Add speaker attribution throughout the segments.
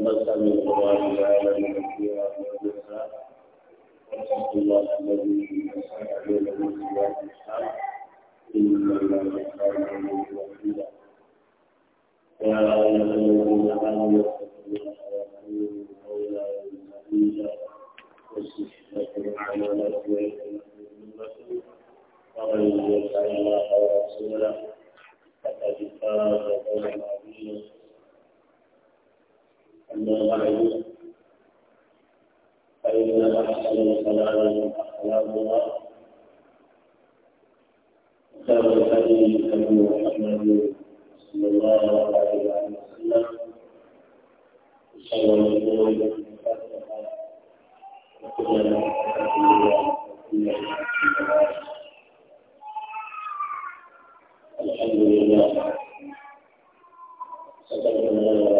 Speaker 1: ونسأل الله تعالى من فيها وجزاء
Speaker 2: ونسأل الله الذي يسعد له سواه الحق إن الله كان وكيلا
Speaker 1: يا أيها
Speaker 2: الذين آمنوا اتقوا الله وقولوا قولا سديدا يصلح لكم أعمالكم ويغفر لكم ذنوبكم ومن يطع الله ورسوله فقد فاز فوزا عظيما أما بعد فإن أحسن الكلام كلام الله وخير
Speaker 1: الهدي هدي محمد صلى الله عليه وسلم وشر الأمور محدثاتها وكل محدثة بدعة وكل بدعة الحمد لله صدق الله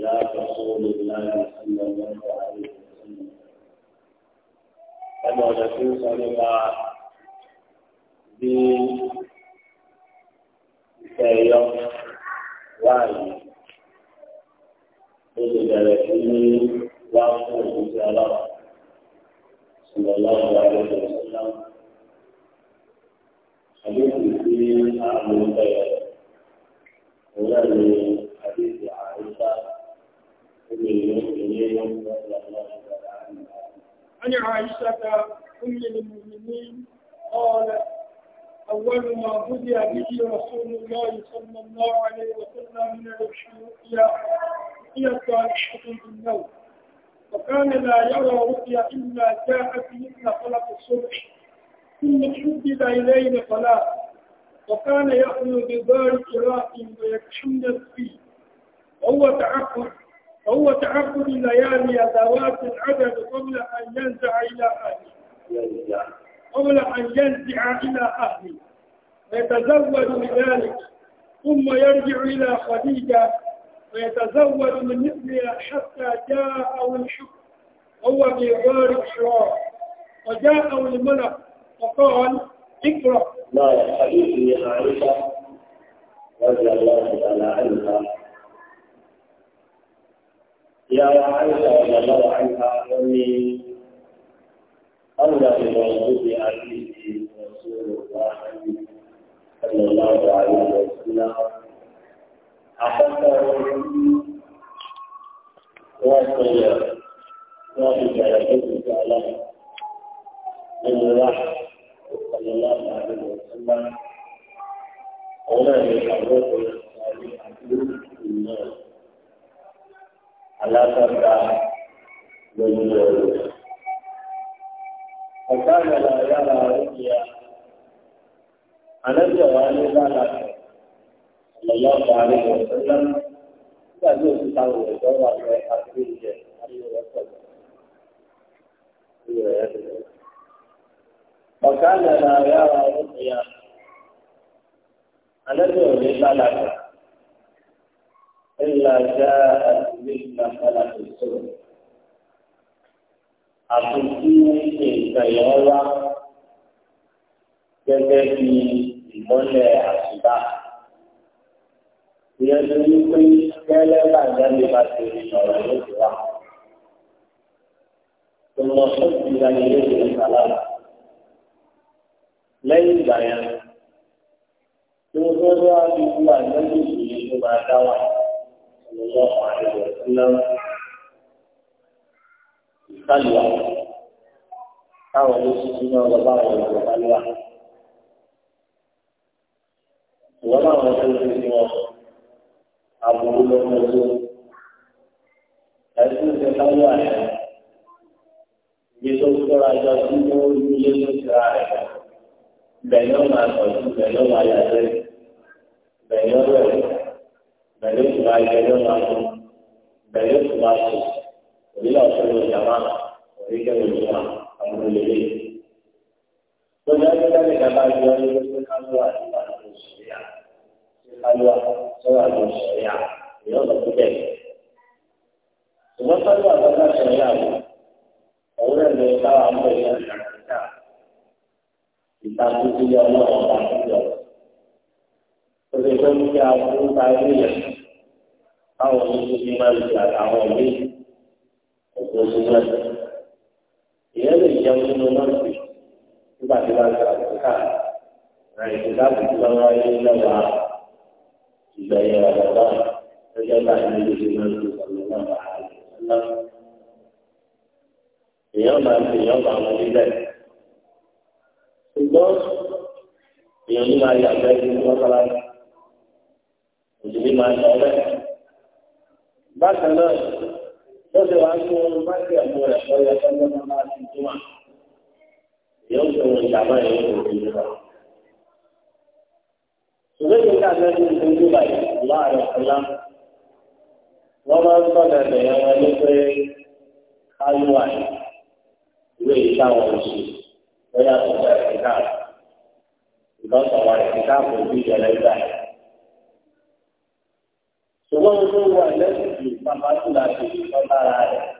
Speaker 2: خلاف رسول الله صلى الله عليه وسلم ẹnu ọ̀dọ̀ tí ń sọ nípa bí iṣẹ́ ẹ̀yọ́ wáyé ó ti bẹ̀rẹ̀ sí ní wá fún òṣìṣẹ́ ọlọ́run ṣùgbọ́n lọ́wọ́ àwọn òṣìṣẹ́ náà àbí kò sí àwọn ọ̀dọ́ yẹn òun náà ní. عن عائشة
Speaker 3: أم المؤمنين قال أول ما بدي به رسول الله صلى الله عليه وسلم من الرؤيا رقية صالحة في النوم وكان لا يرى رؤيا إلا جاءت مثل خلق الصبح ثم حدد إليه صلاة وكان يأخذ بدار راس ويكشن فيه وهو تعقل هو تعبد الليالي ذوات العدد قبل أن ينزع إلى أهله قبل أن ينزع إلى أهله فيتزود بذلك ثم يرجع إلى خديجة ويتزود من مثلها حتى جاءه الحكم هو في غار حراء وجاءه الملك فقال اقرأ لا يا يا
Speaker 2: عائشة رضي الله تعالى عنها يا عائشة رضي الله عنها أني أولى بالموجود عليه رسول الله صلى الله عليه وسلم أحبه وصيا وفي جلسته على من راح صلى الله عليه وسلم أولى بالموجود عليه رسول الله alágbàgbà lójú ẹrù. Ọ̀gá àgbàlá yára oúnjẹ ya. Àlejò wa ní lálàkọ̀ ọ̀lọ́lá parí ọ̀sẹ̀ náà. Nígbà tí òsì ta òwò ẹ̀jọ́ wà lọ àti oúnjẹ ayé rẹ̀ Ọ̀gá àgbàlá yára oúnjẹ ya. Àlejò ní lálàkọ̀. إلا جاءت مثل فلك السبع àtúntí nǹkan yẹn wá gẹ́gẹ́ bí ìmọ́lẹ̀ àṣìbá. Ìyẹn ti ní pé gẹ́lẹ́ bàjẹ́ lè bá ti rí ọ̀rọ̀ lóde wá. Ìmọ̀ sọ́ọ̀tì ìlànà ilé ìwé sàlámà. Lẹ́yìn ìgbà yẹn, tí wọ́n tó wá ní ìlú àjọ́jú ìṣòro tó máa dá wà. صلى الله عليه وسلم الخلوة أو المسلمين والله والخلوة وما هو الذي أبو لهم ẹ̀sùn ti lọ́wọ́ ẹ̀ bí tó kóra jọ sí tó nílé tó tira rẹ̀ bẹ̀yọ́ máa sọ̀tún bẹ̀yọ́ máa yàgbẹ́ bẹ̀yọ́ rẹ̀ pẹ̀lú ìtura ìgbẹ́jọ́ náà tó pẹ̀lú ìtura tó orílẹ̀ ọ̀sẹ̀ ló jàmá orílẹ̀ òjòwà àwọn olèlè. tó ní ọdún tẹ́lẹ̀ dábàá ju ọdún tó ṣe kálúwà nípa àti òṣèré à ṣe kálúwà sọ́wọ́ àti òṣèré à èyí ọ̀dọ̀ tó bẹ̀. ṣùgbọ́n kálúwà tó bá ṣẹlẹ̀ àwọ̀ òun náà lè sáwà ń bẹ̀ yẹn àkàtà ìtàkùn sílẹ̀ ọlọ́run ọ̀pá sílẹ̀ ọ̀pá. Òṣèlú ń fi àwọn orúkọ ayé yẹn táwọn oníṣẹ́ ti máa ń gbà àwọn ìwé ọ̀gbọ́n tó máa ń gbà. ìyẹn lè jẹun nínú nọ́ọ̀sì nígbà tí wọ́n gbà àbúkà náà ìdílé àbùkù bá wá yé lẹ́wàá ìgbà yẹn wà bàbá lọ́jọ́ bá ní ilé tí wọ́n ti sọ̀rọ̀ náà bá a lè sọ́nà. èèyàn máa ń èèyàn máa ń wọlé bẹ́ẹ̀. ṣùgbọ́n èèyàn ní máa yàgbẹ́ ní mọ́sálásí òṣèlú máa ń lọ bẹ́ẹ̀ bákan náà ó ṣe wá ní ohun bá ṣe ẹ̀mú rẹ̀ lọ yẹ fẹ́ lọ́nà máa ti túmọ̀ yóò ṣe wọn ìjàmbá yẹn kò ní lọ. ṣùgbọ́n ìgbà mẹ́rin ní ojú báyìí láàrin ọ̀la wọ́n máa ń sọ̀rọ̀ ẹ̀bẹ̀yẹ wọn ní pé kálíwà ìwé ìtàwọn oṣù lọ́yà tó ṣe ẹ̀ka ìgbọ́sọ̀ wa ẹ̀ka kò bí ìjọba ìgbà. ṣùgbọ́n mo tó wà lẹ́s الذي فقط لا تفقر عليه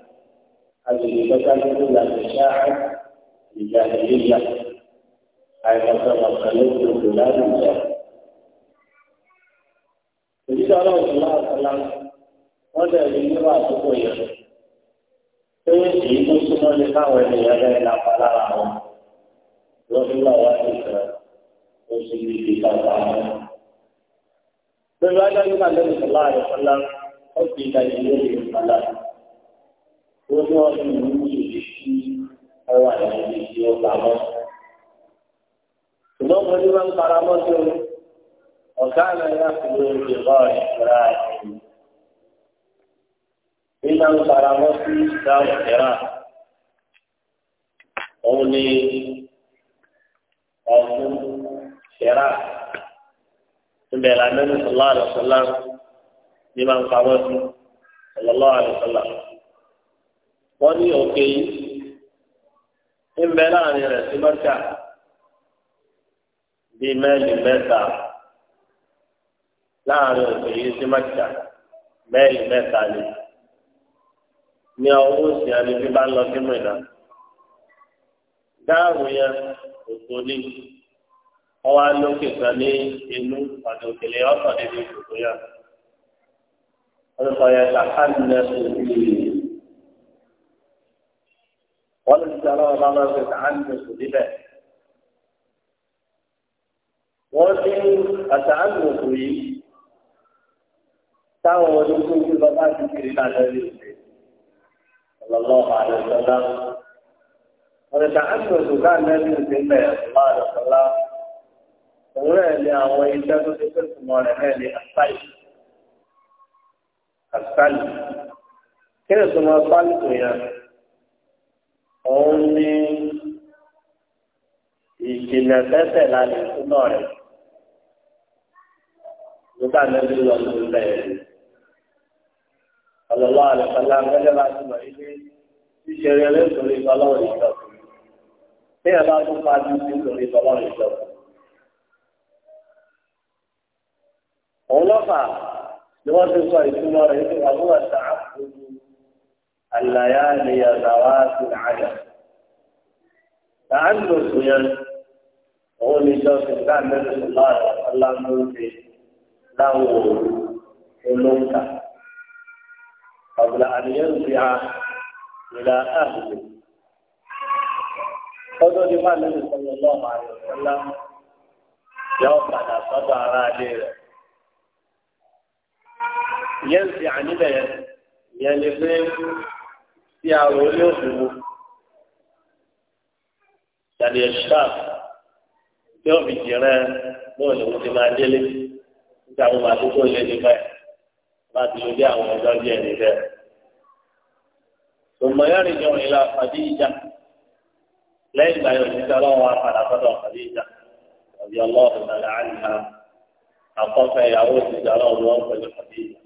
Speaker 2: هذه بدل لا تشاعر الجاهلية حيث تدخلت بلاد الجاهل إن شاء الله صلى الله عليه وسلم وجاء بالنبع سقوية فيجي مسلم لقاوة ليدين فلا رضي الله عنه وسلم في كتابه. Berbeda dengan Nabi Sallallahu Alaihi Wasallam أصبح لله الصلاة وهو المنوط بالشيء أو على الشيء والعمل ثم قدما قرامته وكان يأخذ بغار إسراء إن قرامته دار إسراء أولي أو شراء ثم بلغنا صلى الله عليه وسلم ní máa ń pamọ́ sí sallallahu alaihi wọ́n ní òkè yìí ń bẹ láàrin rẹ̀ sí mọ́tà bíi mẹ́lì mẹ́ta láàrin òkè yìí sí mọ́tà mẹ́lì mẹ́ta ni ní ọwọ́ òsì àti bí bá ń lọ sí mìíràn. dáàbò yẹn òkò ní ọwọ́ alókè kan ní inú فيتحنث به ولم ترى الله يتعنث بها ولكن التعنث به táwọn ológun tí bàbá ti kiri lálẹ́ rí ìpè ọlọ́lọ́wọ́ àlẹ́sọ́lá ọ̀rẹ́ta àtúntò ká lẹ́nu ìpínlẹ̀ ọ̀la àlẹ́sọ́lá òun rẹ̀ ní àwọn iṣẹ́ tó ti pèsè mọ́ rẹ̀ náà ní àṣàyè àtàlì kí tó máa pálí tó yẹn òun ní ìjìnlẹ̀ tẹ́tẹ̀ lálẹ́ ìtúná rẹ̀ nígbà náà lọ sí ilẹ̀ rẹ̀ ọlọ́lá àlùfáàlà gẹ́gẹ́ bá ti ilé ṣíṣe rẹ̀ lẹ́sọ̀rọ̀ ìtọ́lọ́rọ̀ ìjọba bí ẹ bá tún pàdé sí lórí ìtọ́lọ́rọ̀ ìjọba. òun lọ́fà ni wọ́n ti sọ ìtumọ̀ rẹ̀ nípa àbúrò àtàkùn àlàyé àlèyé àtàwọn àti àjà. Tàánù sùnyẹn, òun ni ìjọsìn táàmì ìṣúná ọ̀làmúlùmí láwọn olóńkà. Ọ̀gbìn àníyàn ti ha ìlà àbùkù. Tọ́jú ní máa lẹ́nu sọ̀rọ̀ lọ́wọ́ àyọ̀ sọ́lá yóò padà sọ́dọ̀ ara ilé rẹ̀ ìyẹn ti àníbẹ̀ yẹn ìyẹn lè pé tí a rò ní òṣùwò yàrá ìṣá tí ó fi jìrẹ́ náà lòun ti máa délé nígbà wọn máa dúró lé ní báyìí bá ti àwọn ọjọ́ díẹ̀ níbẹ̀. ثم يرجع إلى خديجة lẹ́yìn ìgbà yóò ti sọ́lọ́ wa padà sọ́dọ̀ Khadija ọ̀bí ọlọ́run náà ánìyà àkọ́fẹ́ ìyàwó ti sọ́lọ́ wọn pẹ̀lú Khadija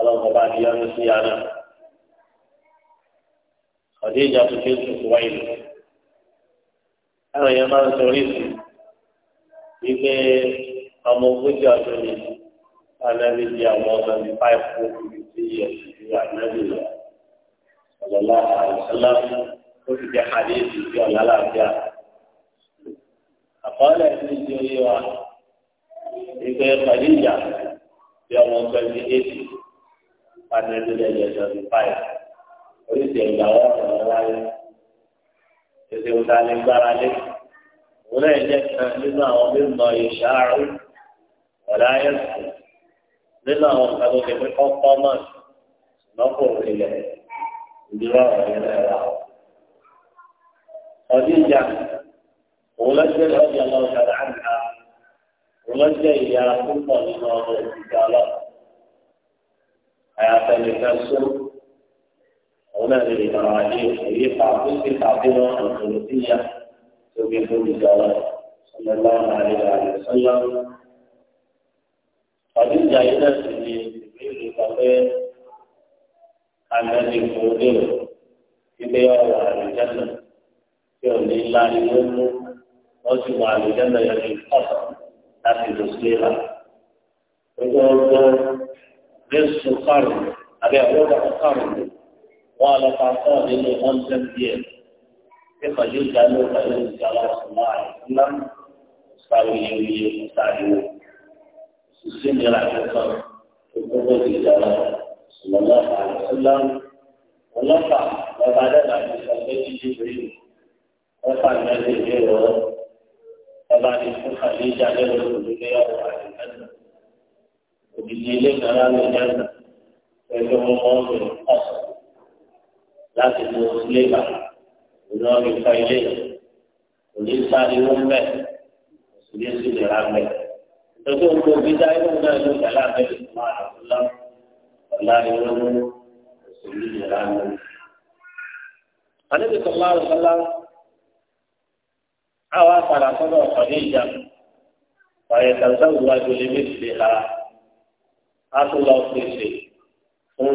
Speaker 2: ọlọ́run bá ní yọnu sí yàrá ọdí ìjà tó ṣe tù wáyé lọ àwọn èèyàn máa ń sọrí sí wípé ọmọ ogójì ọdún ni anábì di àwọn ọmọ ní five four fifty years ju anábì lọ ọlọlá àìsílá ó sì jẹ àdéhùn sí ọlá làbíà àkọọ́lẹ̀ sí ìdí oyé wa wípé pẹ̀lú ìjà bí ọmọ twenty eight 575 oríṣi ìgbà wà lọ́wọ́ wáyé ètò ìdáni gbára lé òun náà jẹ́ kan nínú àwọn mímọ ìṣàárò ọ̀dà ayẹ́sùn nínú àwọn nǹkan tó ti pín kọ́kọ́ náà lọ́pọ̀ òrìlẹ̀ ìdúró ọ̀rọ̀ yẹn náà wà. ọdún ìjà òun àyàfẹ́lẹ́ fẹ́ sún òun náà lè fara wá dé èyí pàtó sí pàtó náà àtúntò sí ya tó fi fún mi jọlọ sọlọ́lá àríwá àríwá sọlọ́. ọdún ìjà yìí náà sì ni ìbéèrè sọ pé àmì kò lérò ilé ọ̀rọ̀ àlùjáde tí ò ní ńlá ni wọ́n mú wọ́n sì wọ àlùjáde yẹn ní ọ̀sán láti نصف القرن أبي ربع القرن قال فأعطاه إلى أمس الدين ثقة جدا له فإن صلى الله عليه وسلم مستعوي يومي مستعوي السن يلعب القرن وقوة الجلال صلى الله عليه وسلم ونفع وبعد ذلك صلى جبريل رفع النبي وبعد الخليج عليه الصلاة والسلام òdìdí ilé kan lábẹ́ ìjẹta pẹ̀lú ọmọ ọ̀gbìn ọ̀sán láti lo sílébà ìlú ìfọ ilé òní sáré wọn bẹ òsìlè sílè rà bẹ ìtọ́jú òkú òbí dá irú náà ló gbà lábẹ́ ìfọ àdúrà ọ̀la ìwọ́n òsìlè sílè rà bẹ. àníbi sọ̀rọ̀ àwọn ọ̀la àwọn àpàdà sọ́dọ̀ ọ̀sán ní ìjà ọ̀yẹ̀tàn sáwùwájú lè mí sílè rà asọlọ pèsè fún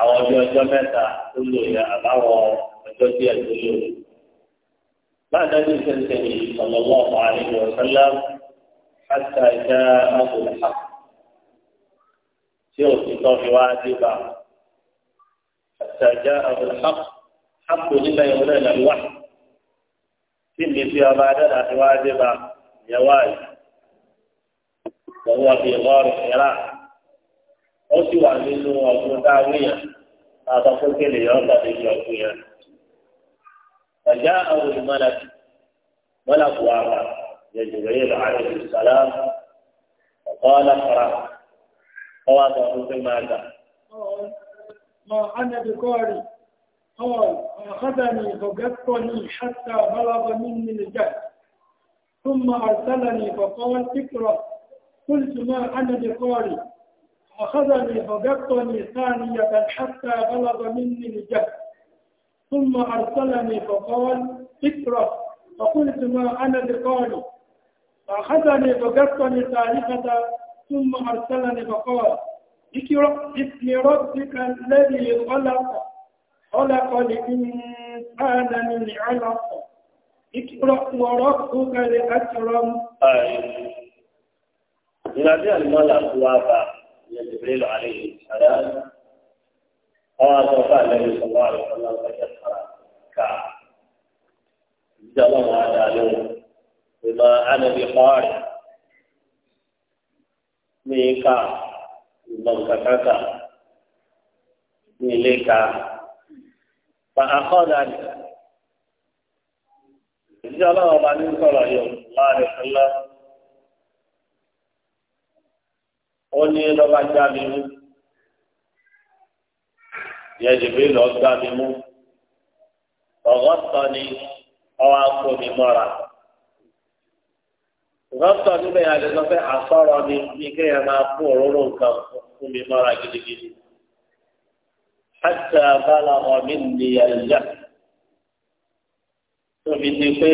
Speaker 2: àwọn ọjọ́ ọjọ́ mẹ́ta tó lò yẹ àbáwọ ọjọ́ díẹ̀ tó lò. بعد سنته صلى الله عليه وسلم حتى جاءه الحق سيرة الله واجبة حتى جاءه الحق حق لله يولد الوحي كل فيها بعد الواجبة جواز وهو في غار حراء ó sì wà nínú ọdún tá a wíyàn àtọ́ fún kéde yọ ọ́tàdé ní ọdún yẹn. Ẹ̀já àwọn ìmọ̀lẹ́kì ملك واقع جبريل عليه السلام وقال اقرا قواته في ماذا؟
Speaker 3: ما انا بقاري قال اخذني فقتني حتى بلغ مني الجهل ثم ارسلني فقال اقرا قلت ما انا بقاري أخذني فضبطني ثانية حتى غلظ مني الجهل ثم أرسلني فقال اقرأ فقلت ما أنا بقارئ فأخذني فضبطني ثالثة ثم أرسلني فقال اقرأ باسم ربك الذي خلق خلق الإنسان من علق اقرأ وربك الأكرم
Speaker 2: آه. Ìgbàdí àlùmọ́là tó wá جبريل عليه السلام
Speaker 3: قال وقال النبي صلى الله
Speaker 2: عليه وسلم فكفر كعب جمع الله يوم بما انا بقارئ ميكا من كتاكا ميليكا فأخذني جلال الله عليه وسلم ó ní lọ́ba já mi mú yẹ́dìbí lọ́ gbá mi mú ọ̀gọ́tọ̀ ni ọwọ́ akó mi mọ́ra ọ̀gọ́tọ̀ níbẹ̀ yà lè sọ pé àsọ̀rọ̀ mi ní kéèyàn máa kó òróró nǹkan fún mi mọ́ra gidigidi. حتى بلغ مني الجهل tóbi ti pé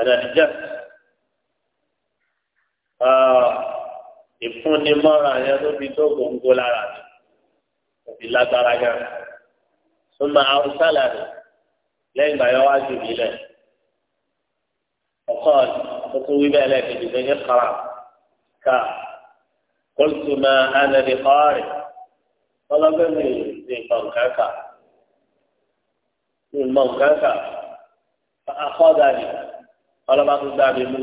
Speaker 2: ẹ̀rẹ̀dìjẹ́ ìfúnnimọ́ra yẹn ló fi tó gbòǹgbò lára mi òbí lágbára gan tó máa arúsálà rẹ lẹ́yìn ìgbà yẹn wá jù mí lẹ̀ ọ̀kọ́ tó tún wí bẹ́ẹ̀ lẹ́ẹ̀kejì ló yẹ kàrà ká kóòtù máa ánàdì kọ́ọ̀rì ọlọ́gbẹ́ mi lè mọ nǹkan kà mi mọ nǹkan kà akọ́dà ni ọlọ́ba tó dá mú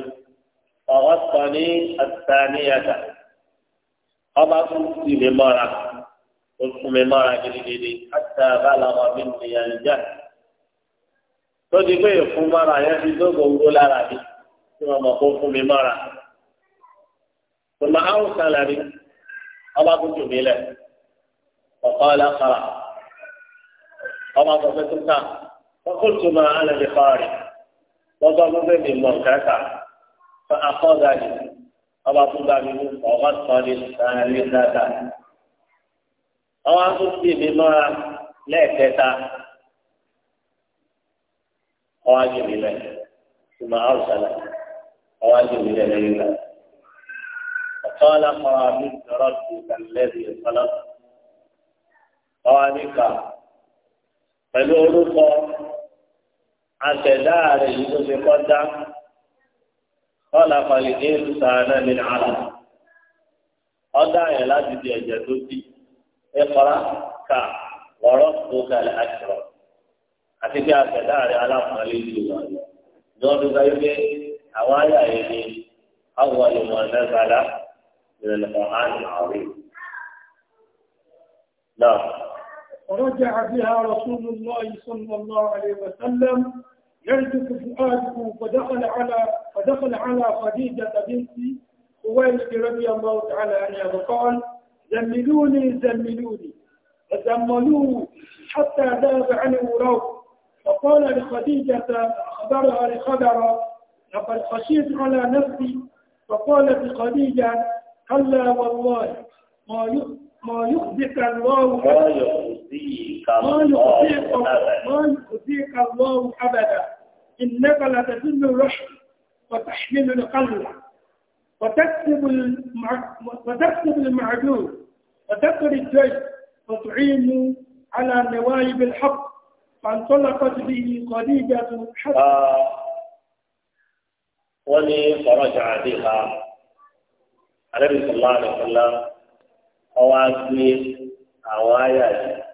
Speaker 2: ọ̀rọ̀ sọ ní àtàníyàtà ọba tún ti mi mọ́ra ó fún mi mọ́ra gidigidi àti àbálàmọ́ mi nìyẹn jà tó di pé ìfún mọ́ra yẹn ti dógò wúrò lára mi tí wọ́n mọ̀ kó fún mi mọ́ra tòmá áwùn sálà mi ọba tún tù mí lẹ̀ ọ̀pá ọlọ́kàrà ọba tó fẹ́ tún tà wọ́n tó máa alẹ́ lè mi mọ̀ kẹ́kà fún akọ́gàdì ọba tó bá mi mú ọba tọ́lé sáré dáadáa. àwọn asòsì mi mọ́ra lẹ́ẹ̀kẹta ọwọ́ ajé mi lẹ̀ ṣùgbọ́n àwùsàlà ọwọ́ ajé mi lẹ̀ lẹ́yìn náà. قال قرابيك ربك الذي خلق قرابيك pẹ̀lú orúkọ àtẹ̀dá rẹ̀ yìí ló fi kọ́ خلق الإنسان من علق ọdá yẹn láti di ẹ̀jẹ̀ tó ti ẹ̀kọ́ra ká wọ́rọ́ tó kalẹ̀ àṣọ àti bí àgbẹ̀dá rẹ̀ aláfọ̀ọ́lẹ́ ìlú wọn ni wọ́n tún bá yẹ àwọn àyà yẹn ni àwọn ìmọ̀ ẹ̀mẹ́gbàdá ìrẹ̀lẹ̀ ọ̀hán àwẹ̀. náà.
Speaker 3: ọ̀rọ̀ jẹ́ àbí àrọ̀ fún mi lọ́ọ̀ yìí sọ́nà àlè يلتف فؤاده فدخل على فدخل على خديجة بنت خويلد رضي الله تعالى عنها وقال زملوني زملوني فزملوه حتى ذهب عنه روح فقال لخديجة أخبرها لخبر لقد خشيت على نفسي فقالت لخديجه هلا والله ما ما يخزيك الله ما يخزيك ما يؤذيك الله أبدا إنك لتدل الرشد وتحمل القلب وتكسب وتكسب المعدوم وتكسب وتعين على نوائب الحق فانطلقت به خديجة حتى
Speaker 2: ولي فرجع بها النبي صلى الله عليه وسلم أواسي أوايا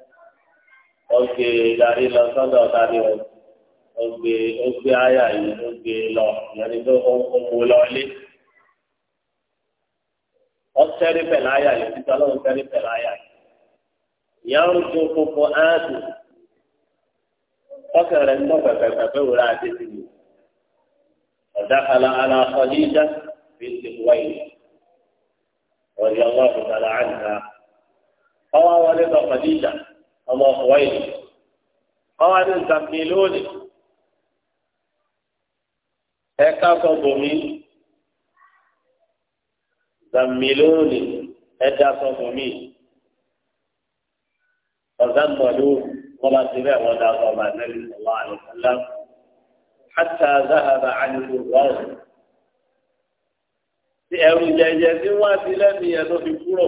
Speaker 2: ọgbẹ darí lọ sọ́dọ̀ tani o ọgbẹ ọgbẹ aya lọ yẹni tó ọwọ lọlé ọsẹrí pẹ̀lú aya yìí títí Ọlọ́run sẹrí pẹ̀lú aya yìí yàrá tó kókó ńlọ àti tìlú ọdá ala ala Khadija fi ti wáyé ọmọ ọ̀wáyé ọwọ́ ní ìtàkì lónìí ẹ̀ka sọ̀bọ̀mí zàmìlónì ẹ̀dá sọ̀bọ̀mí ọ̀zàmọ̀lú wọ́n ti bẹ́ẹ̀ wọ́n dá sọ̀bà nẹ́bí sọ̀lá àlùfẹ́lá hàtà záhàbà àlùfẹ́ wọ́n ti ẹrù jẹjẹ tí wọ́n ti lẹ́nu yẹn ló fi kúrò.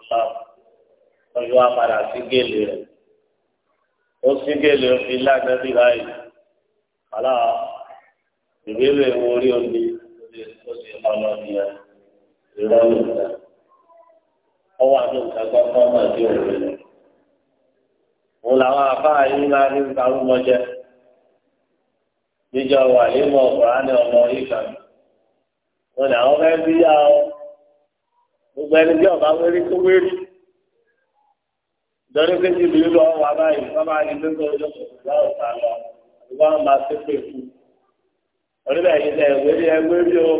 Speaker 2: Ọ ọjọ́ wa padà sí géèlì rẹ̀ ó sí géèlì rẹ̀ lánàá sí báyìí àlá ìbéèrè wo orí omi ó sì ọmọ nìyẹn ìrọ̀ nìyẹn wà ní òǹkàgbọ́ kọ́ náà sí òwe rẹ̀ òun làwọn afáà yìí máa ń gbogbo ẹni tí ọba wérí tó wérí ìdọ́rí kejì lè lọ wà báyìí sábà ní gbogbo ọjọ́ ìgbà ọ̀tá lọ ìgbà ọ̀tá sépè fún orílẹ̀ yìí lẹ̀ wérí ẹ wérí o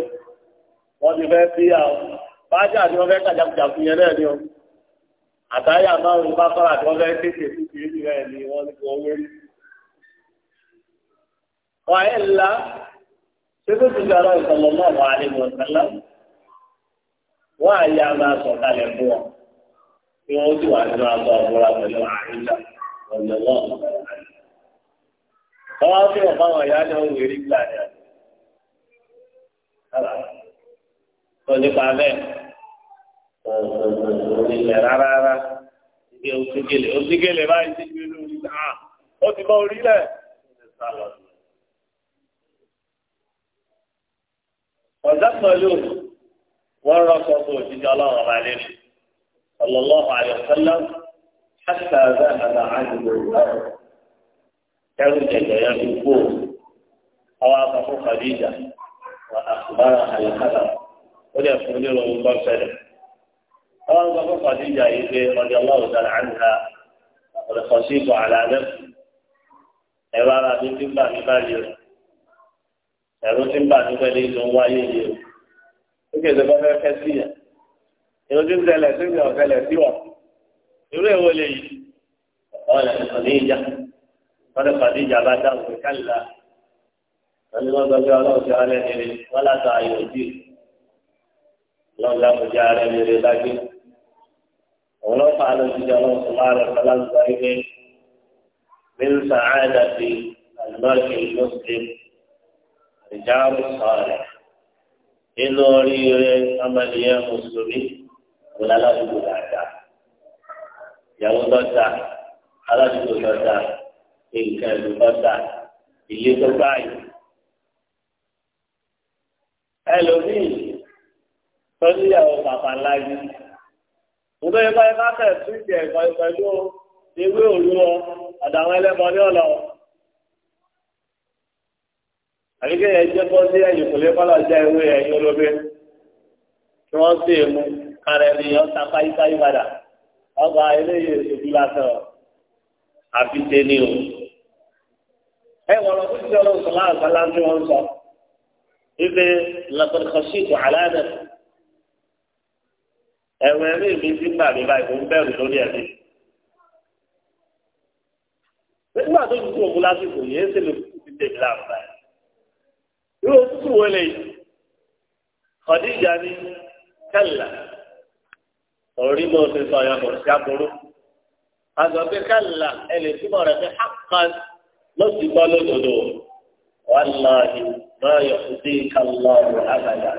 Speaker 2: wọ́n ti fẹ́ bí àwọn bájà ni wọ́n fẹ́ kàjàkùjà fún yẹn náà ni o àtàyà márùn bá kọ́ra tí wọ́n fẹ́ tètè fún kìí ti rẹ̀ ni wọ́n ti wọ́n wérí. wàá ẹ̀ ńlá ṣé tó ti gbàrọ̀ ìsọ̀lọ́ náà wà á wọ́n á yá máa sọ kalẹ̀ fún wọn kí wọ́n ti wà nínú aṣọ àbúrò pẹ̀lú àríjà ọ̀nà náà. wọ́n fi hàn fáwọn ìyá náà wò rí gbà ní àná. tó nípa bẹ́ẹ̀ onílẹ̀ rárá rárá ibi òsígèlè òsígèlè báyìí ti gbé lórí náà ó ti bọ́ orílẹ̀. ọ̀dà kan wọ́n rọ́ṣọ́ fún òjijì ọlọ́run ọba lẹ́nu ọlọ́lọ́hùn àyọ̀sẹ́lá ṣáṣà àgbàdàgbà àdìgbò ẹrù jẹjẹ yẹn ti kú ọwọ́ àkọ́kọ́ kàdíjà wà àkùbára àyọ̀kálà ó lè fún ní ìròyìn kan ọwọ́ àkọ́kọ́ kàdíjà yìí pé ọdí ó kì í ṣe fẹ́fẹ́ fẹ́ sí yẹn ìlú tí ń ṣẹlẹ̀ sí ìgbà ọ̀ṣẹlẹ̀ sí wọ̀ irú èwo lè yí ọ̀lẹ̀ ìsọ̀níjà lọ́dẹ̀ pàdéjà bá dáhùn pé kálíla wọ́n ní wọ́n sọ pé ọlọ́run ti ọlẹ́ nílé wọ́n látà ayò òjì lọ́dà kò jẹ́ ààrẹ nílé lágbé òun lọ́ fà á lọ sí ìjọba ọ̀sùnmáàrẹ̀ fọláńsọ ilé من سعادة المرء المسلم رجال صالح inú oríire ọmọnìyàn mùsùlùmí kò lálàdúgbò dáadáa ìyàwó lọ́tà aládùúgbò lọ́tà nǹkan ìlú lọ́tà ilé tó báyìí. ẹlòmíì tọ́jú ìyàwó bàbá láyé gbogbo ẹgbẹ́ bá tẹ̀ sí ìdí ẹ̀kọ́ pẹ̀lú ewé òru wọn àtàwọn ẹlẹ́bọn ní ọ̀nà wọn àbíkẹ́ yẹn jẹ́ kó sí ẹ̀yìn kò lè kọ́lọ̀ jẹ́ ewé ẹ̀yìn olóbe tí wọ́n sì mú kárẹ̀ ní ọ̀sán páyípáyí padà ọgbà eléyìí èsòjú lásán àfitẹ́ ni o. ẹ wọ́n lọ sí ọlọ́run sọ̀lá àgbàlá tí wọ́n sọ ibi lọ́kọ̀ọ́sì tó àlànà ẹ̀wọ̀n ẹ̀rí mi ti gbà mí báyìí kò ń bẹ̀rù lórí ẹ̀mí. nígbà tó ti kú òkú lásìkò yìí ẹ irú òtútù wo lè Khadija ní kẹlà orí mo ti sọ ọyàn kò sí aburú azọ̀gbé kẹlà ẹ lè túbọ̀ rẹ̀ fi hàkàn lọ́sì gbọ́ lódodo wàláhi máa yọ fúdí kàlọ́ àgàdà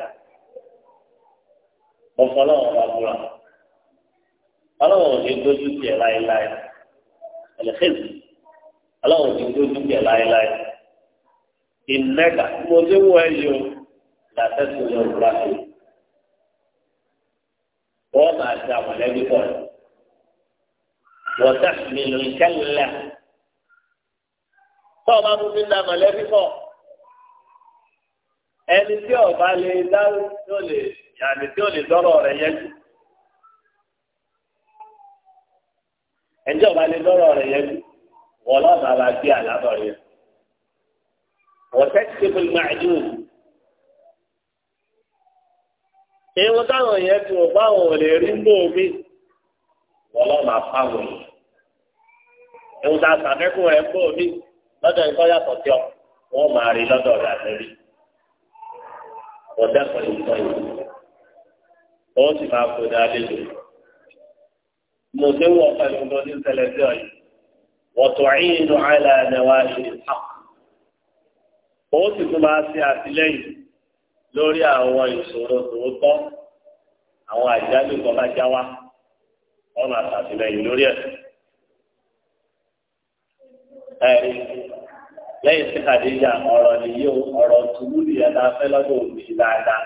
Speaker 2: mo fọlọ́ ọ̀rọ̀ àbúrò ọlọ́wọ́ ò ní gbójú tiẹ̀ láéláé ẹ̀lẹ́kẹ́sì ọlọ́wọ́ ò ní gbójú tiẹ̀ láéláé ìnẹ́gà mo ti wọ ẹyẹ o làtẹ́sí lọ gbà tó wọ́n máa ṣe àmọ̀lẹ́bí pọ̀ wọ́n tẹ̀sí lọ ìkẹ́lẹ́ tó o bá mú mi ní àmọ̀lẹ́bí pọ̀ ẹni tí ọba lè dáró tí ó lè yàrá tí ó lè lọ́rọ̀ rẹ̀ yẹn jù. ẹjọ́ ọba lè lọ́rọ̀ rẹ̀ yẹn jù wọ́n lọ́nà àbájá àlábọ̀ yẹn. وتكسب المعدوم ìwọ táwọn yẹn ti wọ báwọn ò lè rí obi mi wọn máa fa wọn ìwọ tá a sàmẹkùn rẹ mbó mi lọ́dọ̀ ìkọ yàtọ̀ tí ọ wọn máa rí lọ́dọ̀ rẹ àtẹrí ọdẹ pẹ̀lú ìtọ yìí ó sì máa kó ní mo ti wọ ní sí ọ yìí wọ́n tó ó sì tún máa ṣe àtìlẹ́yìn lórí àwọn ìṣòro tòótọ́ àwọn àjálù kan bá já wa wọ́n máa lórí ẹ̀. lẹ́yìn tí kàdéjà ọ̀rọ̀ nìyí ọ̀rọ̀ tùlù nìyẹn náà fẹ́ lọ́dọ̀ òbí dáadáa.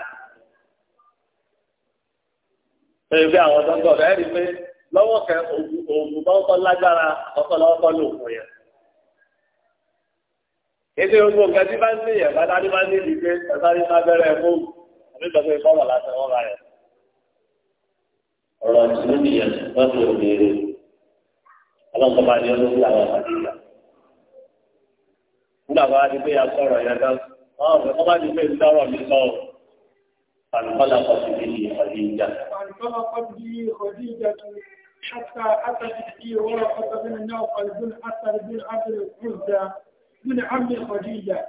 Speaker 2: pé bí àwọn tó ń pé lọ́wọ́ bá ń kọ́ lágbára ọ̀kọ́ Èdè gbogbo nǹkan tí bá ń ṣe yẹn bàtà ní ní ìlú pé ẹ̀ka ní abẹ́rẹ́ ẹ̀kọ́ àbí tọ́jú ìfọ́wọ̀ láti wọ́n rẹ̀. Ọ̀rọ̀ ìṣúná nìyẹn wọ́n ti òbèrè. Ọlọ́run bá ní olóògbé àwọn àti ìgbà. Nígbà bá ti pé asọ̀rọ̀ yẹn dán, wọ́n bá ti pé ìdárọ̀ mi sọ̀rọ̀.
Speaker 3: Àlùfọ́lá kọ̀ sí bí Khadija. Àlùfọ́lá kọ̀ sí Khadija حتى أتت في ورقة بن نوفل بن أسد بن عبد العزة من عم خديجة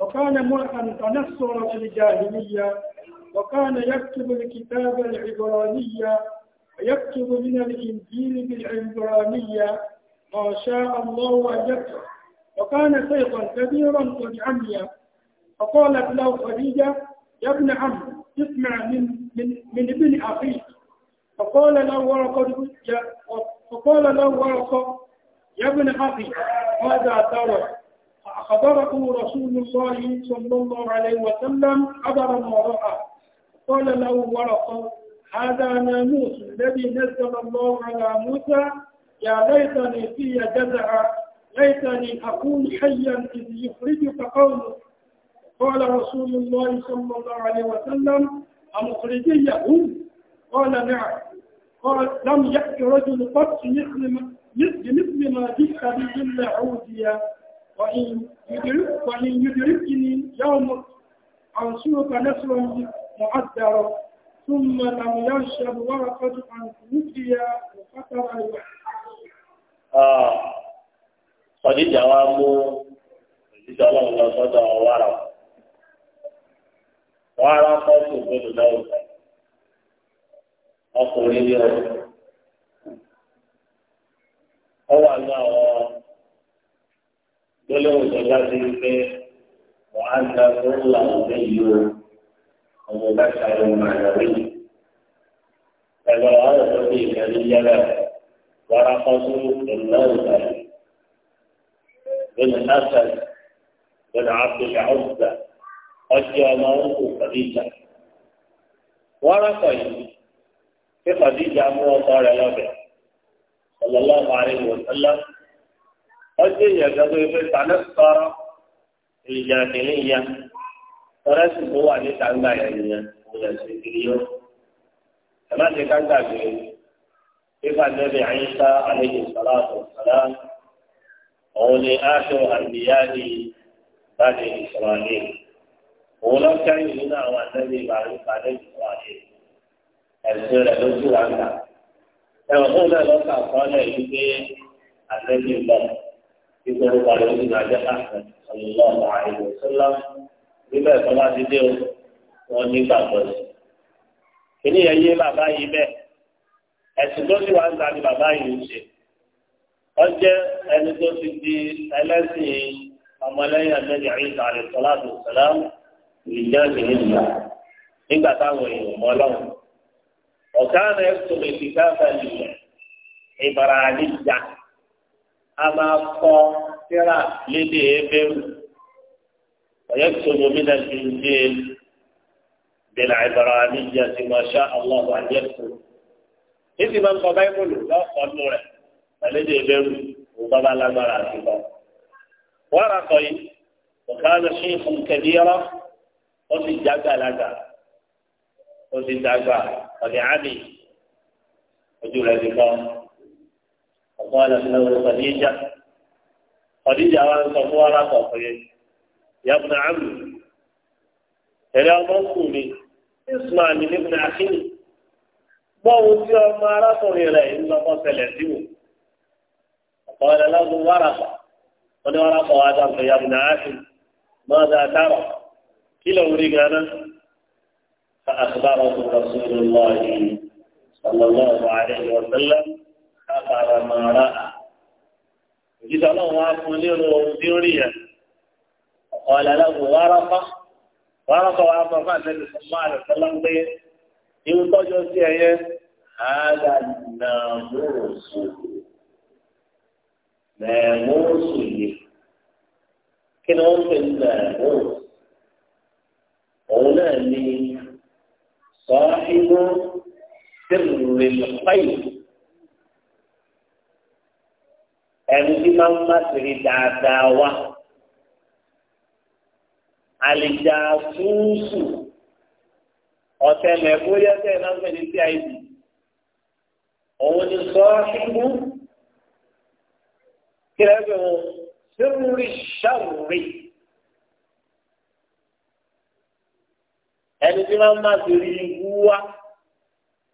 Speaker 3: وكان مرأة تنصر الجاهلية وكان يكتب الكتاب العبرانية ويكتب من الإنجيل بالعبرانية ما شاء الله أن يكتب وكان شيخا كبيرا قد عمي فقالت له خديجة يا ابن عم اسمع من من من ابن أخيك فقال له ورقة فقال له ورقة يا ابن أخي ماذا ترى فأخبره رسول الله صلى الله عليه وسلم خبرا ورأى قال له ورقة هذا ناموس الذي نزل الله على موسى يا ليتني في جزع ليتني أكون حيا إذ يخرجك قومك قال رسول الله صلى الله عليه وسلم أمخرجي هم قال نعم قال لم يأتي رجل قط مثل ما جئت به إلا عوديا وإن يدركني يوم أنشرك نسرا مؤدرا ثم لم ينشب ورقة أن نفي وفتر الوحي
Speaker 2: خديجة وامو خديجة الله صدى ورقة ورقة تقول له أقول له أول ما gbólóhùn ìjọba ti ń pé mọ́ á gba fún làwọn ọ̀gbẹ́ yìí o ọmọ bá ṣàlẹ̀ màdàrí. ẹgbẹ́ wàá lọ sí ìkànnì yára wàrà kọ́sù ìlọ́wọ́ ìbàdàn. بن أسد بن عبد العزة ọjọ́ Khadija wọ́n rákọ̀ yìí pé Khadija mú ọkọ rẹ̀ lọ́bẹ̀ sallallahu alaihi wa sallam. ọjọ́ ìyàgbẹ́ tó fẹ́ tàná sọ̀rọ̀ ìyà kìíní ìyà tọ́lá sì tó wà ní kàńgà yẹn nìyẹn kò lè ṣe kiri yó. ẹ má ṣe kàńgà gbé fífa nẹ́bí àyíká àlejò sọ̀rọ̀ àtọ̀sọ̀rọ̀ òun ni aṣọ àgbéyáde bá lè sọ̀rọ̀ àlè. òun lọ kẹ́yìn nínú àwọn àtẹ́lẹ́ ìbàrú ìbàdàn ìsọ̀rọ̀ àlè. ẹ̀sìn rẹ̀ lójú wa ń gbà. ẹ̀wọ̀n fún mi lọ́kà kọ́lẹ̀ yìí pé àtẹ́lẹ́ ìbàdàn يقول قال إذا جاء أحمد صلى الله عليه وسلم بما فلا تدعو وأني بعض kìnìún yẹn yé bàbá yìí bẹ́ẹ̀ ẹ̀sìn tó sì wà ń gbani bàbá yìí ń ṣe ọjẹ́ ẹni tó ti di ẹlẹ́sìn ọmọlẹ́yìn ẹ̀mẹ́jọ ìta rẹ̀ sọlá tó sọlá ìjà ìjìnlẹ̀ ìjà nígbà táwọn èèyàn mọ́ lọ́wọ́ ọ̀ká rẹ̀ tó lè fi káfẹ́ ìjà ìbára níjà a máa kọ síra lédè ebéru ọ̀yẹ́ tòmù mi náà ti ń dé bẹ̀rẹ̀ àìbára mi jẹ́ ti máa ṣá aláwọ̀ àyẹ̀ tó. Èsì máa ń kọ báyìbùlù lọ́kọ̀ọ́ nù rẹ̀ pẹ̀lédè ebéru kò bábá lágbára àti bọ̀. Wọ́n akọ yìí, ọ̀kan ṣe fún kẹ̀díyàrá, ó sì jágbá lágbára, ó sì jágbá, ọ̀dẹ̀ àmì, ojú rẹ̀ ti kọ́. وقال له خديجة خديجة وأنا صفوارة صفية يا ابن عم إلى موصولي اسمع من ابن أخي موت يا مارسون إلى إن قتلته قال له ورقة قال ورقة هذا يا ابن أخي ماذا ترى كلا أريد أنا فأخبره رسول الله صلى الله عليه وسلم àbàrà màrà à òjijì ọlọ́run wá fún nínú ohun tí ó rí yẹn
Speaker 3: ọ̀pọ̀ aláàbò wárọ́kọ́
Speaker 2: wárọ́kọ́ wá fún ọ̀pá àtẹ́lẹ̀ fún máa rẹ̀ fẹ́ lọ́gbé ihun tọ́jú sí ẹyẹ àádá nàmúròsù nàmúròsù yìí kí ni wọ́n pè ní nàmúròsù òun náà ní sọ́ọ́ ibú sírìlì pẹ́yì. ẹni tí máa ń má sèré dáadáa wá àlejò àtúnṣù ọ̀tẹ̀ mẹ́fúyẹ́ tẹ̀ náà fẹ́ni sí àìsí òun ni sọ ṣubú kí ẹ fẹ́ wọn sírúurì ṣàwùrì ẹni tí máa ń má sèré ikú wá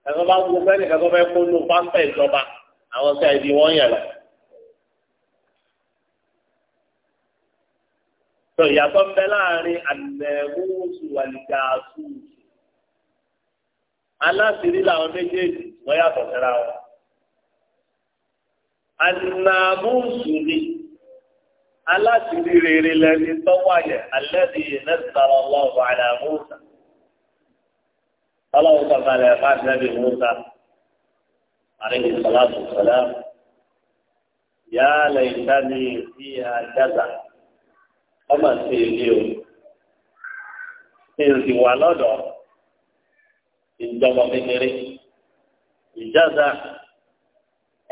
Speaker 2: ẹ̀fọ́ bá ń gbọ́ kẹ́kọ́ fẹ́ kó ló pápẹ́ ìjọba
Speaker 3: àwọn sí wọ́n yẹ̀ lọ.
Speaker 2: tó ìyàtọ̀ ń bẹ láàrin àlẹ́wọ́sù àlìkàásù aláṣìírí làwọn méjèèjì wọ́n yàtọ̀ síra wọn. àlìnàmúsù ni aláṣìírí rere lẹni tọ́wáyẹ̀ alẹ́ni ìnẹ́sàrọ̀ lọ́wọ́ àlàmúsà ọlọ́run bàbá rẹ̀ bá nẹ́bí músà àríyìn sọlá tó sọlá yálẹ̀ ìdáni ìdí àjàdà ọmọ sí ilé o èèyàn sì wà lọ́dọ̀ ìjọba kékeré ìjáza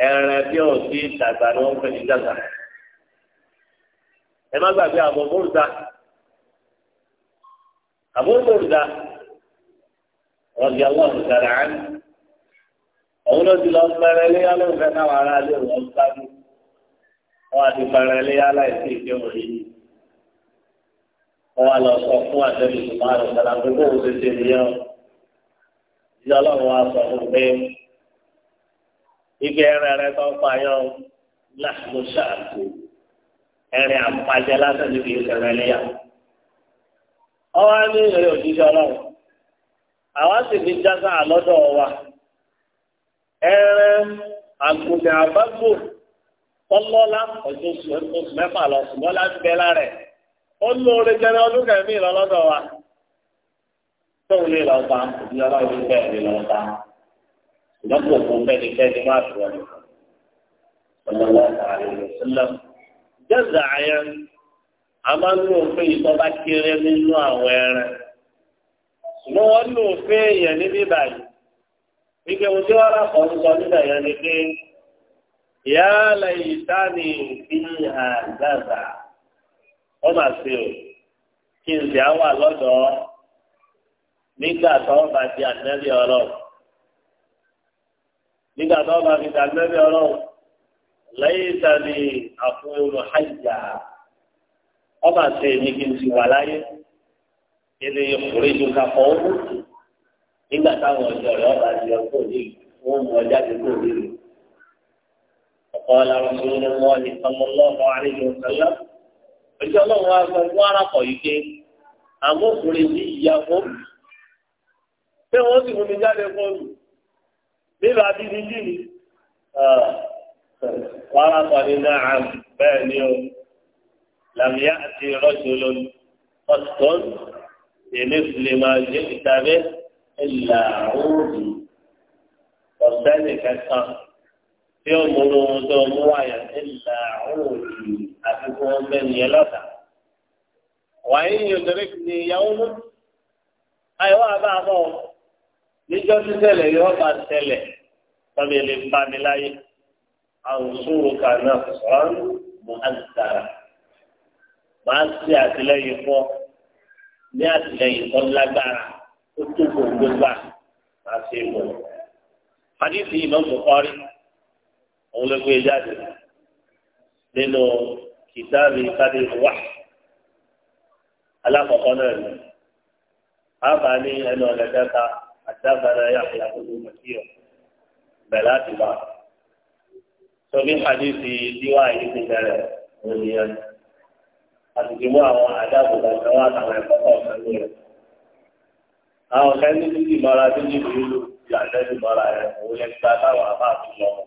Speaker 2: ẹrẹ bí ò sí ìdàgbà ni wọ́n fẹ́ ìjáza ẹ má gbàgbé àbọ̀ mọ́rùdá àbọ̀ mọ́rùdá rọ̀bì aláwọ̀ dára án òun ló ti lọ pẹrẹ léyà ló ń fẹ́ káwọn ará lé wọn wọn àti pẹrẹ léyà láì sí yìí wọ́n lọ sọ fún àtẹ́bí ìgbà rẹ̀ sọ̀rọ̀ àti bó o ṣe ṣe nìyẹn ìyá ọlọ́run wa sọ fún pé ike ẹrẹ rẹ tó ń fàyọ láàbò ṣáàtì ẹrẹ àpàjẹ lásán níbi ìṣẹ̀lẹ̀ níyà ọwọ́ ní ìrẹ òjíṣẹ́ ọlọ́run àwa sì fi jágá àlọ́dọ̀ wa ẹrẹ àgùnbẹ̀ àbágbò tọ́lọ́lá ọjọ́ oṣù mẹ́fà lọ ṣùgbọ́n láti bẹ́ lára ẹ̀ ó lóore jẹrẹ ọdún kẹmí ìlọlọ́dọ̀ wa tóun lè lọ ta ìlọlọ́ ìlú bẹ́ẹ̀ lè lọ ta ìlọ́pọ̀ kò fẹ́nikẹ́ni má fi wọn nìkan ọlọ́wọ́ àlejò sílẹ̀ jẹ́zà ayẹn a máa ń lo òfin ìtọ́ba kéré nínú àwọn ẹran ṣùgbọ́n wọ́n lo òfin èèyàn níbí báyìí wíkẹ́ wọ́n rà kọ́ ń sọ nígbà yẹn ni pé ìyá àlàyé sáà ní ìfihàn jẹ́zà wọ́n máa ṣe o kí n sì á wà lọ́dọ̀ nígbà tó bá di àtẹ́bí ọlọ́run nígbà tó bá fi dàgbẹ́bí ọlọ́run lẹ́yìn ìtàní àfúnrò hajjá wọ́n máa ṣe èmi kí n sì wà láyé ilé ọkùnrin ju ká fọ́ owó nígbà táwọn ọjọ́ rẹ̀ ọba di ọkọ̀ yìí wọ́n mú ọjà tó kò nílò. ọ̀pọ̀ làwọn ọmọ wọn ni sọmọlọ́ọ̀mọ́ ẹjọ́ ọlọ́run wa sọ fún arákọ̀ yìí pé àwọn ọkùnrin ní ìyá fóònù pé wọ́n sì mú mi jáde fóònù nílò bíbí bí mi. wàhálà kan ní náà bẹ́ẹ̀ ni o làmìyá àti rọ́ọ̀ṣì olóyún ọ̀tún èmi lè máa jẹ́ ìtàgé ìlà òòrùn ọ̀sẹ́ nìkan kan tí ó mú lóhun tó mú wáyà ńlá òun àti kó wọn bẹ nìyẹn lọ́tà. wàá yín yóò dẹrẹ́ ní ìyàwó mú. àyẹ̀wò àbá àbọ̀ níjọ́ sísẹ̀lẹ̀ yóò bá ṣẹlẹ̀ tọ́bi lè bá mi láyé. àwùsùn kan náà sọ̀rọ̀ mọ́ àǹtàrà. màá ṣe àtìlẹ́yìn fún ní àtìlẹ́yìn tó lágbára tó tó gbogbo gbà máa ṣe é bọ̀. hadith imam bukhari. òun ló e jáde nínú kìtàbí alákọ̀ọ́kọ́ náà ni àbá ní ẹnu ọ̀nà kẹta àtàbàrà yàtọ̀ àkókò màkìyọ bẹ̀rẹ̀ láti bá tóbi hadithi díwá yìí ti bẹ̀rẹ̀ òun ni àtìkí mú àwọn àtàwọn ẹ̀kọ́ àwọn tó ní ìlú ìlú rẹ̀ òun gba táwọn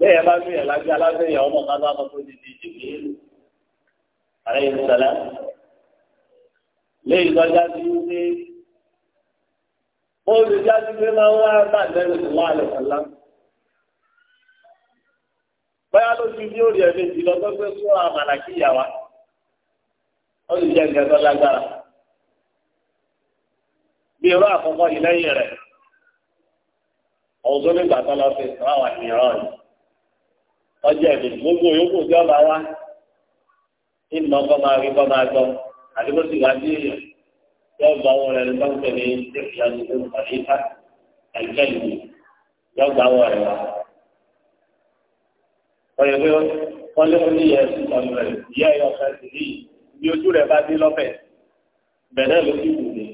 Speaker 2: bẹ́ẹ̀ bá gbé yàrá gbé alágbé yàrá ọmọ kan bá kọ́kọ́ di di jìbì yìí ààrẹ yìí sọlá lọ́jà sí ó máa ń wá ló ẹ̀mí ti àmàlà kí wa lágbára bí irú àkọ́kọ́ yìí lẹ́yìn rẹ̀ nígbà tó lọ sí àwọn ọjọ́ ìbí gbogbo yòókù tí ọba wa ìmọ̀ kọ́ máa rí kọ́ máa gbọ́ àdúgbò sì wá èèyàn tí ọba wọn rẹ̀ ló ń tẹ̀lé ṣèkìyà tó ń pàdé ká àìjẹ́ ìlú tí ọba wọn rẹ̀ wá. ọ̀yẹ̀ pé wọ́n lé wọn ní ìyá ẹ̀sùn ọ̀nà rẹ̀ ìyá ẹ̀yọ̀ kan sì rí ibi ojú rẹ̀ bá dé lọ́fẹ̀ bẹ̀rẹ̀ ló fi wù mí.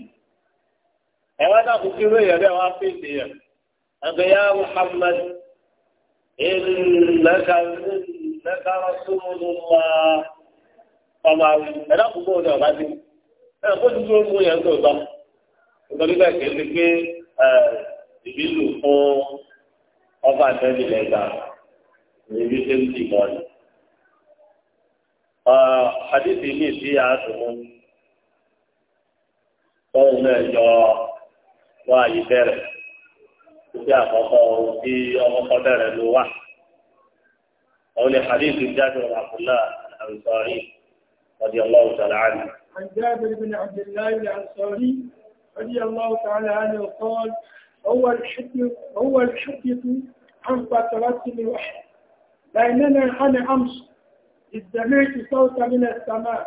Speaker 2: ẹ̀ wá dàkú kí ló yẹ bẹ́ẹ̀ wá fèsì yẹn àgbẹ̀yà Muhammad ìlẹ́ka ìlẹ́ka rọ́sùmùnú máa ọmọ àwọn ẹ̀dá púpọ̀ ní ọ̀la sí ẹ̀ kó tó bá àkọ́kọ́. òbí ọmọkọ bẹ̀rẹ̀ ló wà. àwọn ilé hadith jáde ọ̀rọ̀ àbúlá àǹsọ̀rí ọdí ọlọ́run tàlà ánì.
Speaker 3: عن جابر بن عبد الله الأنصاري رضي الله تعالى عنه قال هو الحدث هو الحدث عن فترة الوحي بيننا أنا أمس إذ سمعت صوتا من السماء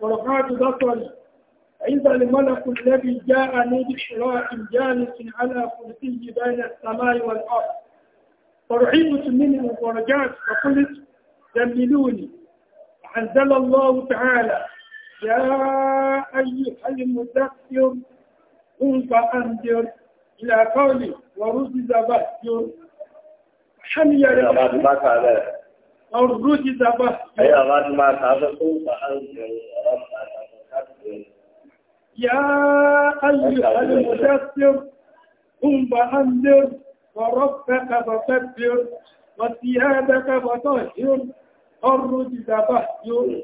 Speaker 3: ورفعت بصري إذا الملك الذي جاءني بشراء جالس على كرسي بين السماء والأرض فرحبت منه ورجعت فقلت دللوني أنزل الله تعالى يا أيها المدثر قم فأنذر إلى قولي ورجز بهجر حمي رقبتي ورجز بهجر أي أغاد ما
Speaker 2: تعرفون فأنذر ربك
Speaker 3: يا أيها المدثر قم فأنذر وربك فكبر وثيابك فطهر والرجز فاهجر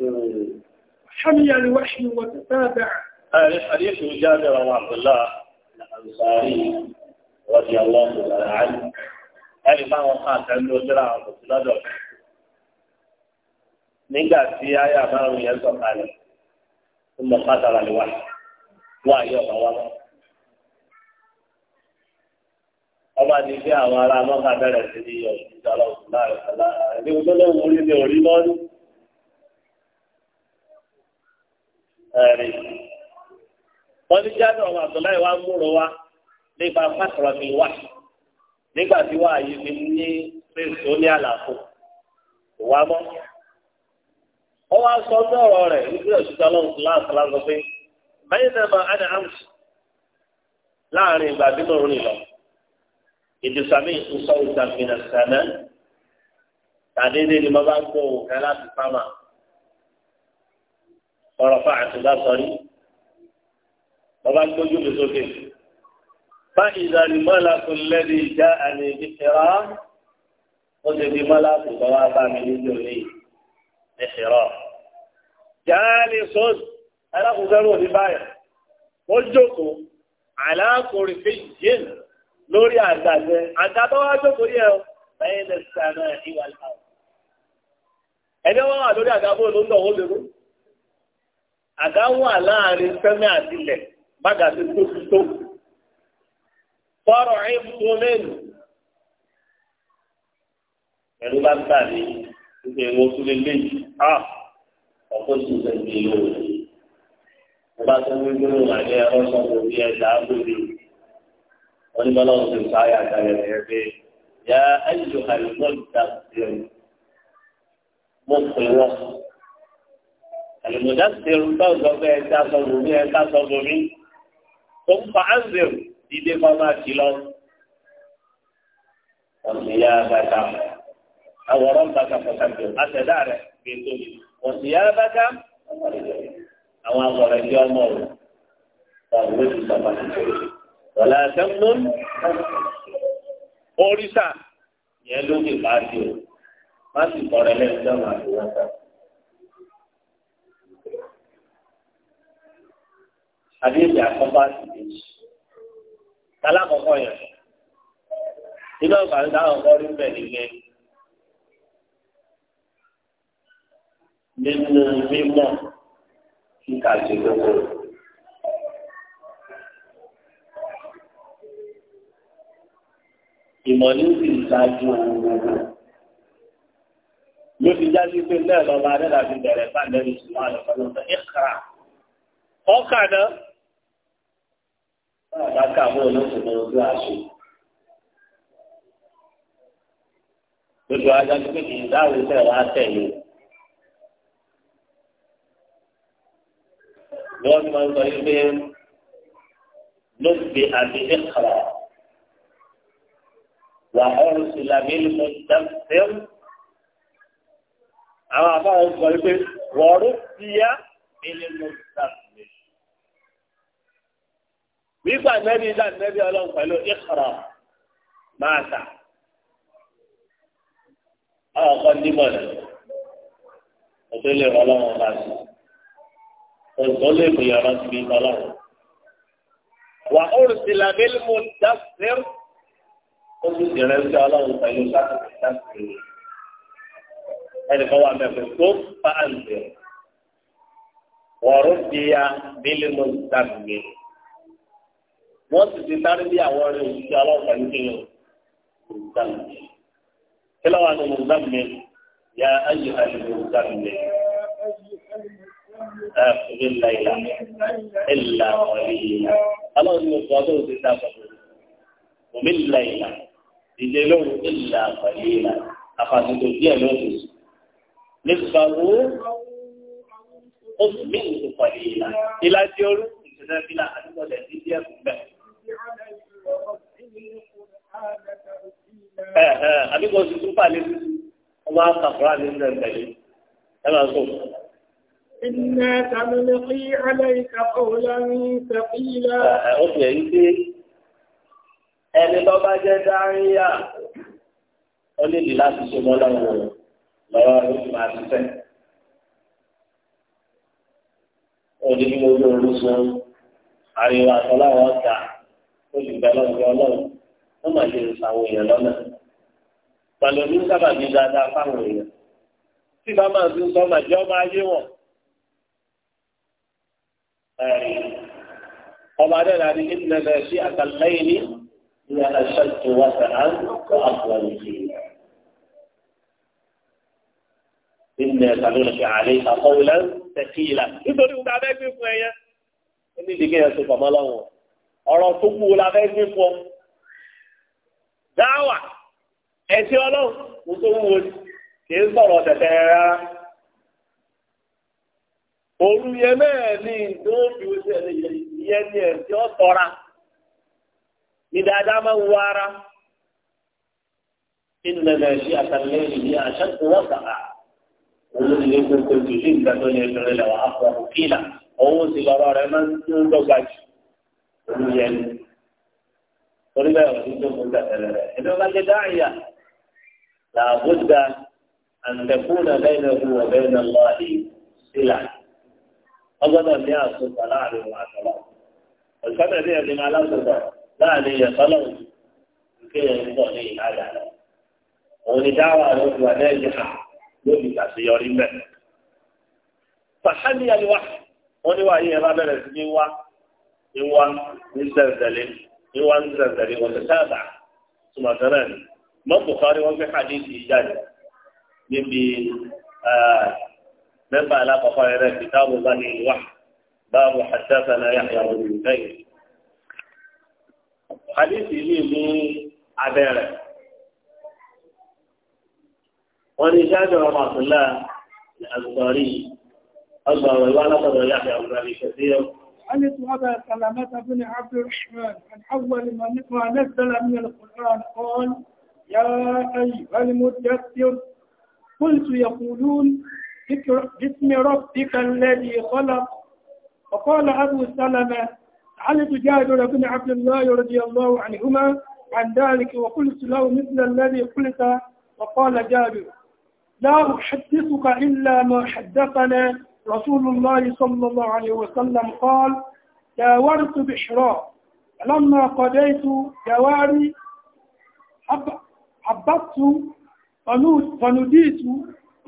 Speaker 3: حمي الوحي وتتابع
Speaker 2: هذا الحديث جابر بن عبد الله الأنصاري رضي الله تعالى عنه ẹni báwọn وقعت عنده lóra àwọn òkú lọ́dọ̀ nígbà tí ayé àbáwọn yẹn ثم tó mọ̀ wá yọ ọ̀bà wa lọ. ọba ti fi àwọn ará mọ́ká bẹ̀rẹ̀ sí ní ọ̀sùnjà lọ́sùn láàrin ọ̀la ní ojú orí ní orí ẹ̀rì wọ́n ní jáde ọmọ wa múrò nípa pàtàkì mi nígbà tí mi ní pèsè ó ní àlàfo wá mọ́. nígbà بينما أنا أمشي لا أعني بعد نورني له إذ سمعت صوتا من السماء تعديني لما بأكو كلام السماء ورفعت بصري وبأكو جمع سوكي فإذا الملك الذي جاءني بحرام قلت بملك بوابا من الدنيا بحرام جالس ẹlẹ́kùnfẹ́rù òní báyà wọ́n jókòó àlàkùnrin fèyí yẹn lórí àgbàgbẹ́ àgbàgbọ́ wa jókòó yẹ ọ bẹ́ẹ̀ lè sàmà ìwà làwọn. ẹni wọn wà lórí àgbàgbọ́ ló ń lọ wọ́n lérò àga wà láàrin sẹ́mi àtìlẹ̀ bàgà tó tóbi tó fọ́rọ̀ ẹ̀ fún mẹ́nu. ẹ̀rú bá ń tà ní ìgbéwọ́ tó lé léyìí ah! ọ̀pọ̀ tó ń sẹ́yìn lóore bá tó ń gbé wà ní ẹ̀rọ sọ̀rọ̀ bí ẹ̀dá gbòdì wọ́n ní bọ́lá òsè sáyà àtàlẹ̀ rẹ̀ pé yà á yọ àlùmọ́ ìta sí ọ mo pè wọ́n àlùmọ́dá sí ẹrù bá ọ̀dọ́ pé ẹ̀dá sọ̀rọ̀ bí ẹ̀dá sọ̀rọ̀ mi tó ń fa ánzẹ̀r dídé kọ́ máa lọ. ọ̀sìyá bàtà àwòrán bàtà pàtàkì àtẹ̀dá rẹ̀ gbé tóbi ọ̀sìyá bàtà ọ̀sìyá bàtà àwọn agbọ̀rọ̀ ẹgbẹ́ ọmọ rẹ̀ ọ̀rọ̀ ló ti sọ̀tà lọ́la sẹ́mún oríṣà yẹn ló ti bá di o má sì kọ́rẹ́ lẹ́yìn tí wọ́n máa fi wọ́n sá. àdéhùn àkọ́kọ́ àti ìdíjì tálákọ̀ọ́kọ́ yẹn nínú àǹfààní táwọn ọkọ rí bẹ́ẹ̀ nìyẹn. nínú mímọ́ kíkà ṣe lóko. ìmọ̀lẹ́ sì ń ṣáájú ohun gbogbo. ló fi jáde pé bẹ́ẹ̀ lọ́ba adẹ́dà fi bẹ̀rẹ̀ bá lẹ́nu ìṣúná àlọ́kọ́lọ́sọ ìkàrà. ọkà náà bá a bá kà mọ́ olóṣù ní ojú àṣẹ. gbogbo ajá pé kì í dáhùn sẹ́wọ̀n á tẹ̀lé. ni wọ́n ti máa ń sọ yìí pé lóṣìṣẹ́ àti ìkàrà wà ọ̀rùn sùlámì ló dáńtẹ́ àwọn àbáwọn sọ yìí pé wọ́ọ̀rù síyá ilé ló dáńtẹ́. wípé ànẹ́bí dá ọlọ́run pẹ̀lú ìkàrà máa tà àwọn kan nímọ̀ rẹ̀ ọ̀tún lè rọ ọlọ́run ọba ọ̀sán lè mú yàrá síbi ìbálà rẹ̀. wà á rò sí làbẹ́lì mú dáṣẹ́rù ó sì jẹrẹ sí ọlọ́run pẹ̀lú sáàtì sáàtì ẹnì kan wà mẹ́fẹ́ tó fà á lè wọ̀rọ̀ sí ya bílí mú dáṣẹ́rù wọ́n sì ti sáré bí àwọn ọ̀rẹ́ òṣìṣẹ́ ọlọ́run pẹ̀lú kí ni ó kí lọ́wọ́ àti mú dáṣẹ́rù yà á yẹ àyè mú dáṣẹ́rù
Speaker 3: àfihàn láìla
Speaker 2: ẹ̀là ọ̀lẹ́yìnlá aláwọ̀ ní oṣù àtọ́wò ti dá pàtó òmí láìla ìdè lóhùn ẹ̀là ọ̀lẹ́yìnlá àfàtúntò díẹ̀ lóhùn nípa wo oṣù mí oṣù pàlẹ́yìnlá ìlàjì orú ìṣẹ̀lẹ̀ fílà àdúgbò lẹ̀ ní díẹ̀ kù bẹ́ẹ̀. àbíkọ̀ oṣù tó pàlẹ́ ọba àkàkọ́ àdéhùn ẹ̀ pẹ̀lú ẹ̀ máa sọ̀rọ̀.
Speaker 3: Iná tàbílẹ̀ kí aláìka ọ̀la ní tàbílá. Ó fi èyí pé ẹni tó bá
Speaker 2: jẹ́ dáríyà ó lè di láti ṣe mọ́lá wọn lọ́wọ́ ló fi máa ṣiṣẹ́. Òní ni mo ní orúkọ àríwá àtọ́láwọ̀ ọ̀gá olùgbẹ́ lọ́gbẹ́ ọlọ́run wọ́n máa lè sàwọn èèyàn lọ́nà. Pàlọ́ ní sábàbí dáadáa fáwọn èèyàn. Tí bá máa fi sọ màjọ́ máa yé wọn. Eh, ọba adẹ́rẹ́ àti ìdílé sí àtàlẹ́yìn ní ìyá aṣáájú wa sàn kó àbúrò yìí. Ìnà ìsàlùmí fi àlè àkọ́wìlẹ̀ tẹ̀kíìlà.
Speaker 3: Nítorí wọn abẹ́ gbé fún ẹyẹ.
Speaker 2: Ó ní ìdíkẹ́ yẹn ti pamọ́ lọ́wọ́. Ọ̀rọ̀ tó kú wo la fẹ́ gbé fún ọ.
Speaker 3: Dáwà ẹ̀sìn ọlọ́run kò tó wúwo kì í sọ̀rọ̀ tẹ̀tẹ̀ rárá òru yẹn náà ní tó fi
Speaker 2: oṣù ẹ̀ yẹn ní ẹ̀ tí ó tọ́ra ní dáadáa máa ń wá ara inú ẹ̀ ṣe àtàlẹ́ ìdí àṣà tó wọ́n kàkà òun ti lè kókó ju sí ìgbà tó yẹ lórí lẹ́wọ̀ àpò kílà òun sì lọ́rọ̀ rẹ̀ máa ń tó dọ́gba jù òru yẹn ní torí bẹ́ẹ̀ wọ́n tó fún gbàtẹ́lẹ̀ rẹ̀ ẹ̀dọ́ bá jẹ dáàyà làbúdà àǹtẹ̀kùnà bẹ́ẹ̀ náà ọgbọ́dọ̀ ní àsopọ láàrin wọn àtọlọ ọgbọ́dọ̀ ní ẹbí máa lásopọ láàrin ìyẹtọlọ kéèyàn ń bọ̀ ní ìlàjà rẹ òun ni dáwà ló ti wà ní ẹ̀jẹ̀ hà yóò fi ṣàṣeyọrí mbẹ. fàhálì àlùwà wọn ní wàá yí ẹ bá bẹ̀rẹ̀ sí ní wá ní wá ní sẹsẹlẹ ní wá ní sẹsẹlẹ wọn ti sábà tùmọ̀tẹ́rẹ́ ni mọ́ Bukhari wọn fi hadith yìí níbi مما لا قفايرا كتاب بني الوحي باب حدثنا يحيى بن زيد حديث لي من عبارة ونجاد رواه الله الأنصاري أصبح الله نقض يحيى بن أبي كثير
Speaker 3: حديث هذا كلمات ابن عبد الرحمن عن أول ما نزل من القرآن قال يا أيها المدثر قلت يقولون باسم ربك الذي خلق وقال أبو سلمة علي تجادل بن عبد الله رضي الله عنهما عن ذلك وقلت له مثل الذي قلت وقال جابر لا أحدثك إلا ما حدثنا رسول الله صلى الله عليه وسلم قال داورت بشراء فلما قضيت دواري عبدت فنوديت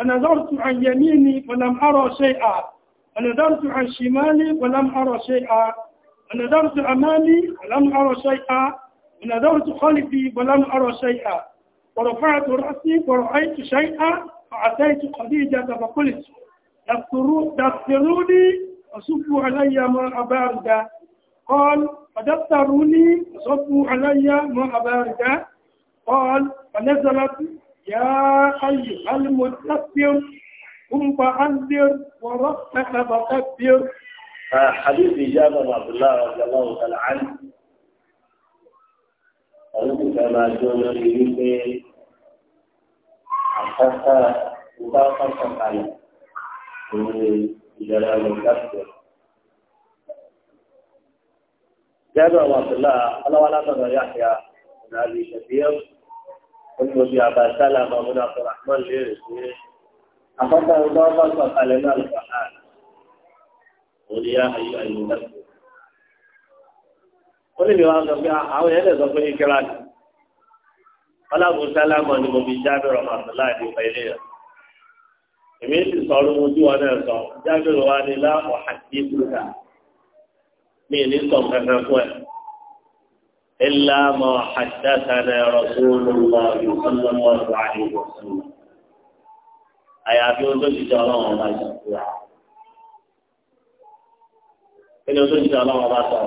Speaker 3: ونظرت عن يميني ولم أرى شيئا ونظرت عن شمالي ولم أرى شيئا ونظرت أمامي ولم أرى شيئا ونظرت خلفي ولم أرى شيئا ورفعت رأسي ورأيت شيئا فأتيت خديجة فقلت دثروني وصبوا علي ماء باردة قال فدثروني وصبوا علي ماء باردة قال فنزلت يا أيها المدثر قم فأنذر وربك فكبر آه، حديث
Speaker 2: جابر بن عبد الله رضي الله تعالى عنه قلت كما جون بيته حتى وطاقه سبحانه من جلال الكفر جابر بن عبد الله قال ولا تضيع يحيى بن أبي شفيق olùdókòwò àbàtàlà mahmood abdulrahman léèrè pé àkọ́kọ́ ọgbà ọgbà sọ̀kalẹ̀ náà lọ́wọ́ hàn òní
Speaker 1: yá ayé ayé lẹ́kọ̀ọ́.
Speaker 2: ó lè wá sọ pé àwọn yẹn lè sọ pé kíkẹ́rà ni ọlọ́run sálámà ni mo fi jábẹ̀rọ̀ màtàlá ní ìpẹ́lẹ́ yẹn. èmi sì sọ ọdún ojú wọn náà sọ jábẹ̀rọ̀ wa ni láwọn àti ìbúta mi ní sọ̀ kankan fún ẹ̀. إلا ما حدثنا رسول الله صلى الله عليه وسلم àyàfi ohun tó ti jẹ ọlọ́run ọba yìí fúra kí ni ohun tó ti jẹ ọlọ́run ọba sọ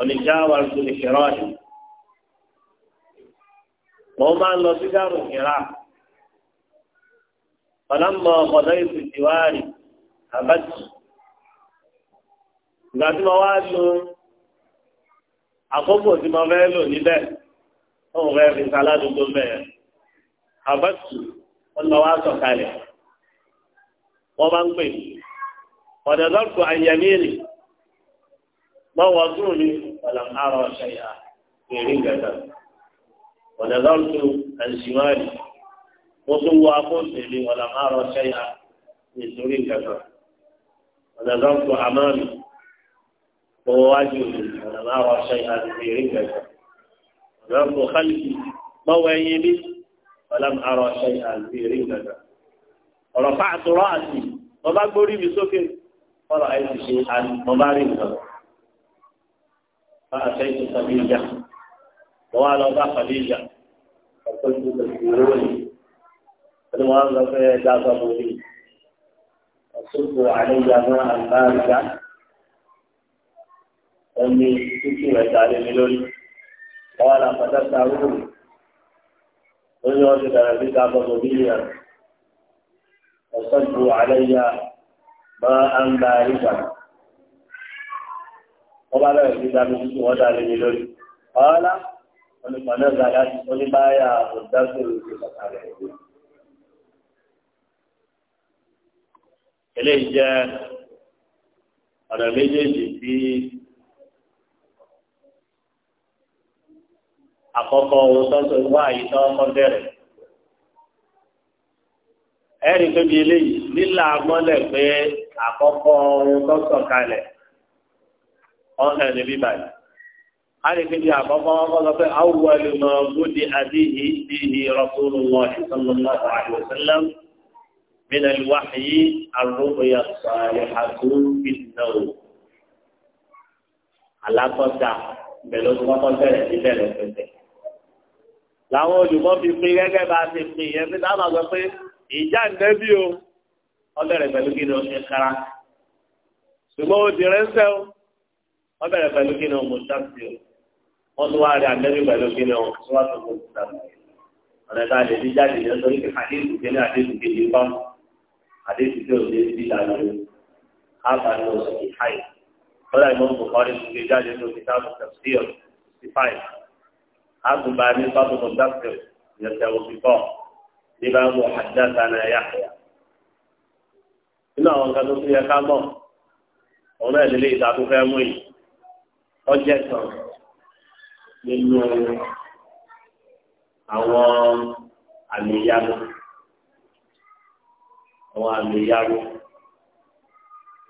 Speaker 2: oníjà wà lóṣù ìṣẹ̀rọ ọ̀dì mo máa ń lọ sí dárò ìṣẹ̀rà ọ̀làmọ̀ ọ̀dọ́ ìsìn ìwárì àbájì ìgbà tí mo wá lo àkókò tí mo fẹ́ lò níbẹ̀ òun fẹ́ fi sàládùúgbò mẹ́ẹ̀ àbẹ́tù ọlọ́wà sọ̀kalẹ̀ wọ́n bá ń pè mí ọ̀dọ̀dọ́kù àyẹ̀mírì mọ́wọ́ dùn mí ọ̀làm àrọ̀ ṣẹ̀yà èrè gẹ̀dẹ̀ ọ̀dọ̀dọ́kù àǹṣìmáàlì mo tún wọ akóso mi ọ̀làm àrọ̀ ṣẹ̀yà ètò rí gẹ̀dẹ̀ ọ̀dọ̀dọ́kù àmọ́mì. وواجب أنا ما أرى شيئا في رجلك رب خلقي موعيني ولم أرى شيئا في رجلك ورفعت رأسي وما قولي بسكر ورأيت شيئا مباركا فأتيت خديجة وقال أبا خديجة فقلت تذكروني فالمؤلف جاز مني وصبوا علي ماء باردا omi títí rẹ̀ ta lé mi lórí. Wọ́n á pàtàkì sàrúrù. Lórí wọn ti bẹ̀rẹ̀ sí ká bọ̀bọ̀ bílíà. Ọ̀sán ju àlẹ́yà máa ń ba ìgbà. Wọ́n bá bẹ̀rẹ̀ sí ká mi títí wọ́n ta mi lórí. Ọ̀ọ́lá onípàdé gàdá ti oníbáyà ọ̀dásòrò ti pàtàkì rẹ̀. Eléyìí jẹ́ ọ̀nà méjèèjì tí àkọ́kọ́ ohun tó ń sọ wá yìí tó ń kọ́ bẹ̀rẹ̀. ẹ̀rí tó di eléyìí lílà mọ́lẹ̀ pé àkọ́kọ́ ohun tó sọ kalẹ̀ ọ̀hún ní bíbá yìí. àríkìtì àkọ́kọ́ wọn kọ́ sọ pé awùwàlù mọ̀ búdi àdìhì ìdìhì Rasulullah sallallahu alaihi wasallam من الوحي الرؤيا الصالحة في النوم alákọ̀ọ́ta bẹ̀rẹ̀ ló kọ́kọ́ bẹ̀rẹ̀ sí bẹ̀rẹ̀ pẹ̀tẹ̀ làwọn olùkọ́ fi pín gẹ́gẹ́ bá ti pín yẹn fi dáhùn àgbẹ̀ pé ìjà nẹ́bí o ọbẹ̀rẹ̀ pẹ̀lú kí ni o ṣe kára ṣùgbọ́n o dìrẹ́ ń sẹ́ o ọbẹ̀rẹ̀ pẹ̀lú kí ni o mo ṣáàtì o wọ́n tún wá rí ànẹ́bí pẹ̀lú kí ni o tí wọ́n tún kó o ṣáàtì ọ̀nà ìta lè ní jáde yẹn torí pé àdéhùn kí àdéhùn kí bá àdéhùn kí o lè fi lànà o ní oṣù kìí háì lọ́dà ìmọ̀ أخبرني فضل الدكتور يتوفيقا لباب حدثنا يحيى إلا أن قد أطيع كابا هنا للي تعطوا فهمي أجلسا من àwọn àmì ìyanu àwọn àmì ìyanu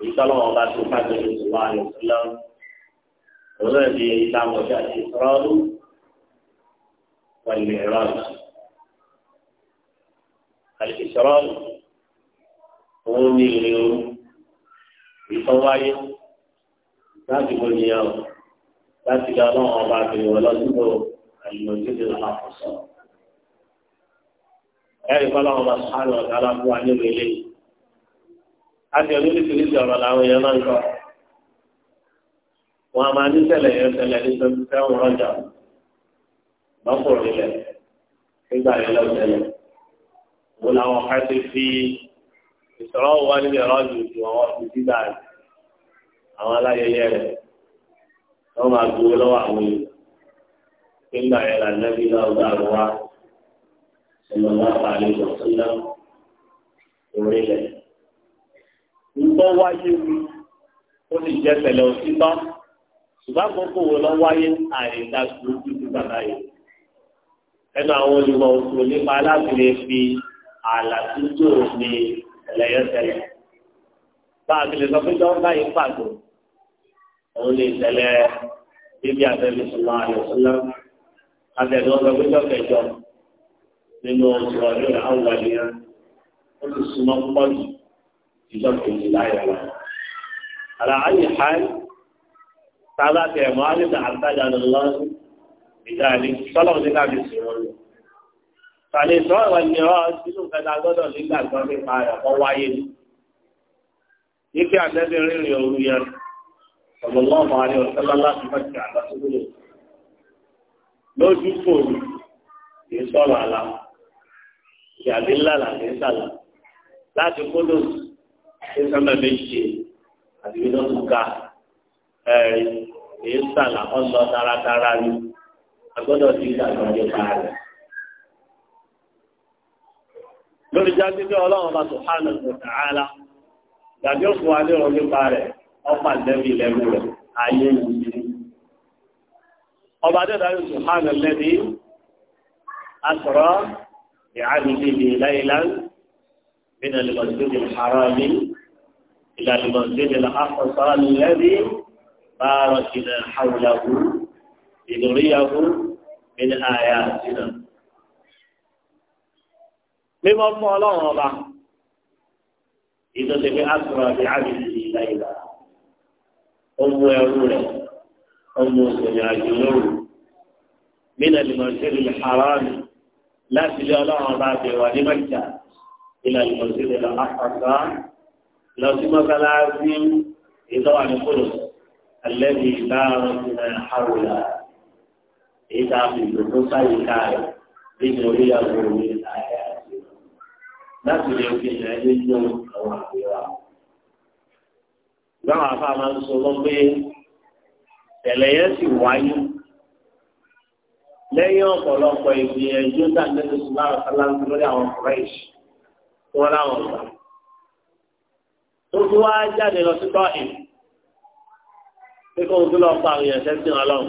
Speaker 2: èyí tọ́lọ́ wọn bá tó ká lórí ìwà àlùfáà lọ́wọ́ òun náà di ìlànà ọjà àti ìsọ̀rọ̀ ọdún. والمعراج الإسراء òun ni ìrìn ìtọ́wáyé láti bó ni yàwó láti dá ọlọ́run ọba àbẹ̀wò ọlọ́dúnbò àyùmọ̀tìdì làkọ̀sọ. ẹ̀rí kọ́lá ọba sùhánù ọ̀gá aláfọwà nínú ilé yìí. láti ọdún ní kìrìsì ọ̀rọ̀ làwọn èèyàn náà ń kọ́. wọn a máa ní ṣẹlẹ̀ yẹn ṣẹlẹ̀ ní sọ́dún fẹ́ràn rọ́jà lọ́kùnrin lẹ̀ nígbà yẹn lọ́wọ́ tẹ́lẹ̀ wọn làwọn ká ti fi ìsọ̀rọ̀ wà níbi ọ̀rọ̀ ju àwọn ti dídà àwọn aláyẹyẹ rẹ̀ wọ́n máa gbowó lọ́wọ́ àwọn yìí nígbà yẹn là nẹ́bí náà gbà wá sọ̀rọ̀ wá pàálí lọ́sùn náà orí lẹ̀. Nǹkan wáyé mi ó sì jẹ́ tẹ̀lé òtítọ́ ṣùgbọ́n àkókò wo lọ wáyé àìdá gbòógì sí bàbá yìí ẹnu àwọn olùmọ̀ òṣèlú nípa láti lè fi ààlà tútù ní ẹlẹ́yẹsẹ̀lẹ̀. bá a ti lè sọ pé jọ́ báyìí pàtó òun lè tẹ̀lé bíbí àtẹ̀lé sùnmọ́ àyọ̀sọ́lá àtẹ̀lé wọn sọ pé jọ́ kẹjọ nínú oṣù ọdún àwọn ènìyàn ó sì súnmọ́ púpọ̀ jù ìjọ kejì láyọ̀ lọ. àlàáyé hàn tábà tẹ̀ mọ́ àdìsá àtàjà lọ́sùn. ìdáàlì sọ́lọ́run ní káàbí sí wọn lò. Tàlẹ́ ìṣọ́ ìwà ni ọ́ sínú kẹta gbọ́dọ̀ nígbàgbọ́ nípa rẹ̀ kọ́ wáyé ni. Ní kí àtẹ́bí yẹn, sàlà. agbọ́dọ̀ ti gbàgbọ́ nípa rẹ̀. lórí jáde pé ọlọ́run bá subhanahu wa ta'ala gbàgbé òkú adéhùn nípa rẹ̀ ọ̀pá lẹ́bí lẹ́bí rẹ̀ ayé ìwúrí. ọba adéhùn subhanahu alladhi asra bi'abdihi laylan min al-masjid al-haram ila al-masjid al-aqsa alladhi barakna hawlahu لنريه nínú àyà àtìnà. mímọ́ fún ọlọ́run ọba ìdọ́sẹ̀ pé àtúrọ̀ àti àbìsí ìlà ìlà ọmọ ẹrú rẹ̀ ọmọ òṣèlú àjò lóru nínú ìmọ̀sílì àrọ́ọ̀nì láti ilé ọlọ́run ọba àbẹ̀wò àdìmọ́jà nínú ìmọ̀sílì àkàtà lọ sí mọ́sálásí ìdọ́wà ní kúrò alẹ́ ní ìlà àrùn ìlà èyí tá a fi ìdòkó sáyíká rẹ̀ nínú oríyàwó orí ayé àti láti lè fi ìrìn ẹni ní àwọn àgbéwà. Ìgbà wà fáwọn máa ń sọ lọ pé tẹ̀lẹ̀ yẹn sì wáyé lẹ́yìn ọ̀pọ̀lọpọ̀ ìgbìyànjú dàgbẹ́sọ lára sáláńtì lórí àwọn fúrẹ́ṣì tí wọ́n láwọn ọ̀gbà. Tó fi wá jáde lọ sí tọ́ìn pé kóun tó lọ pa àwọn èèyàn sẹ́sìn ọlọ́run.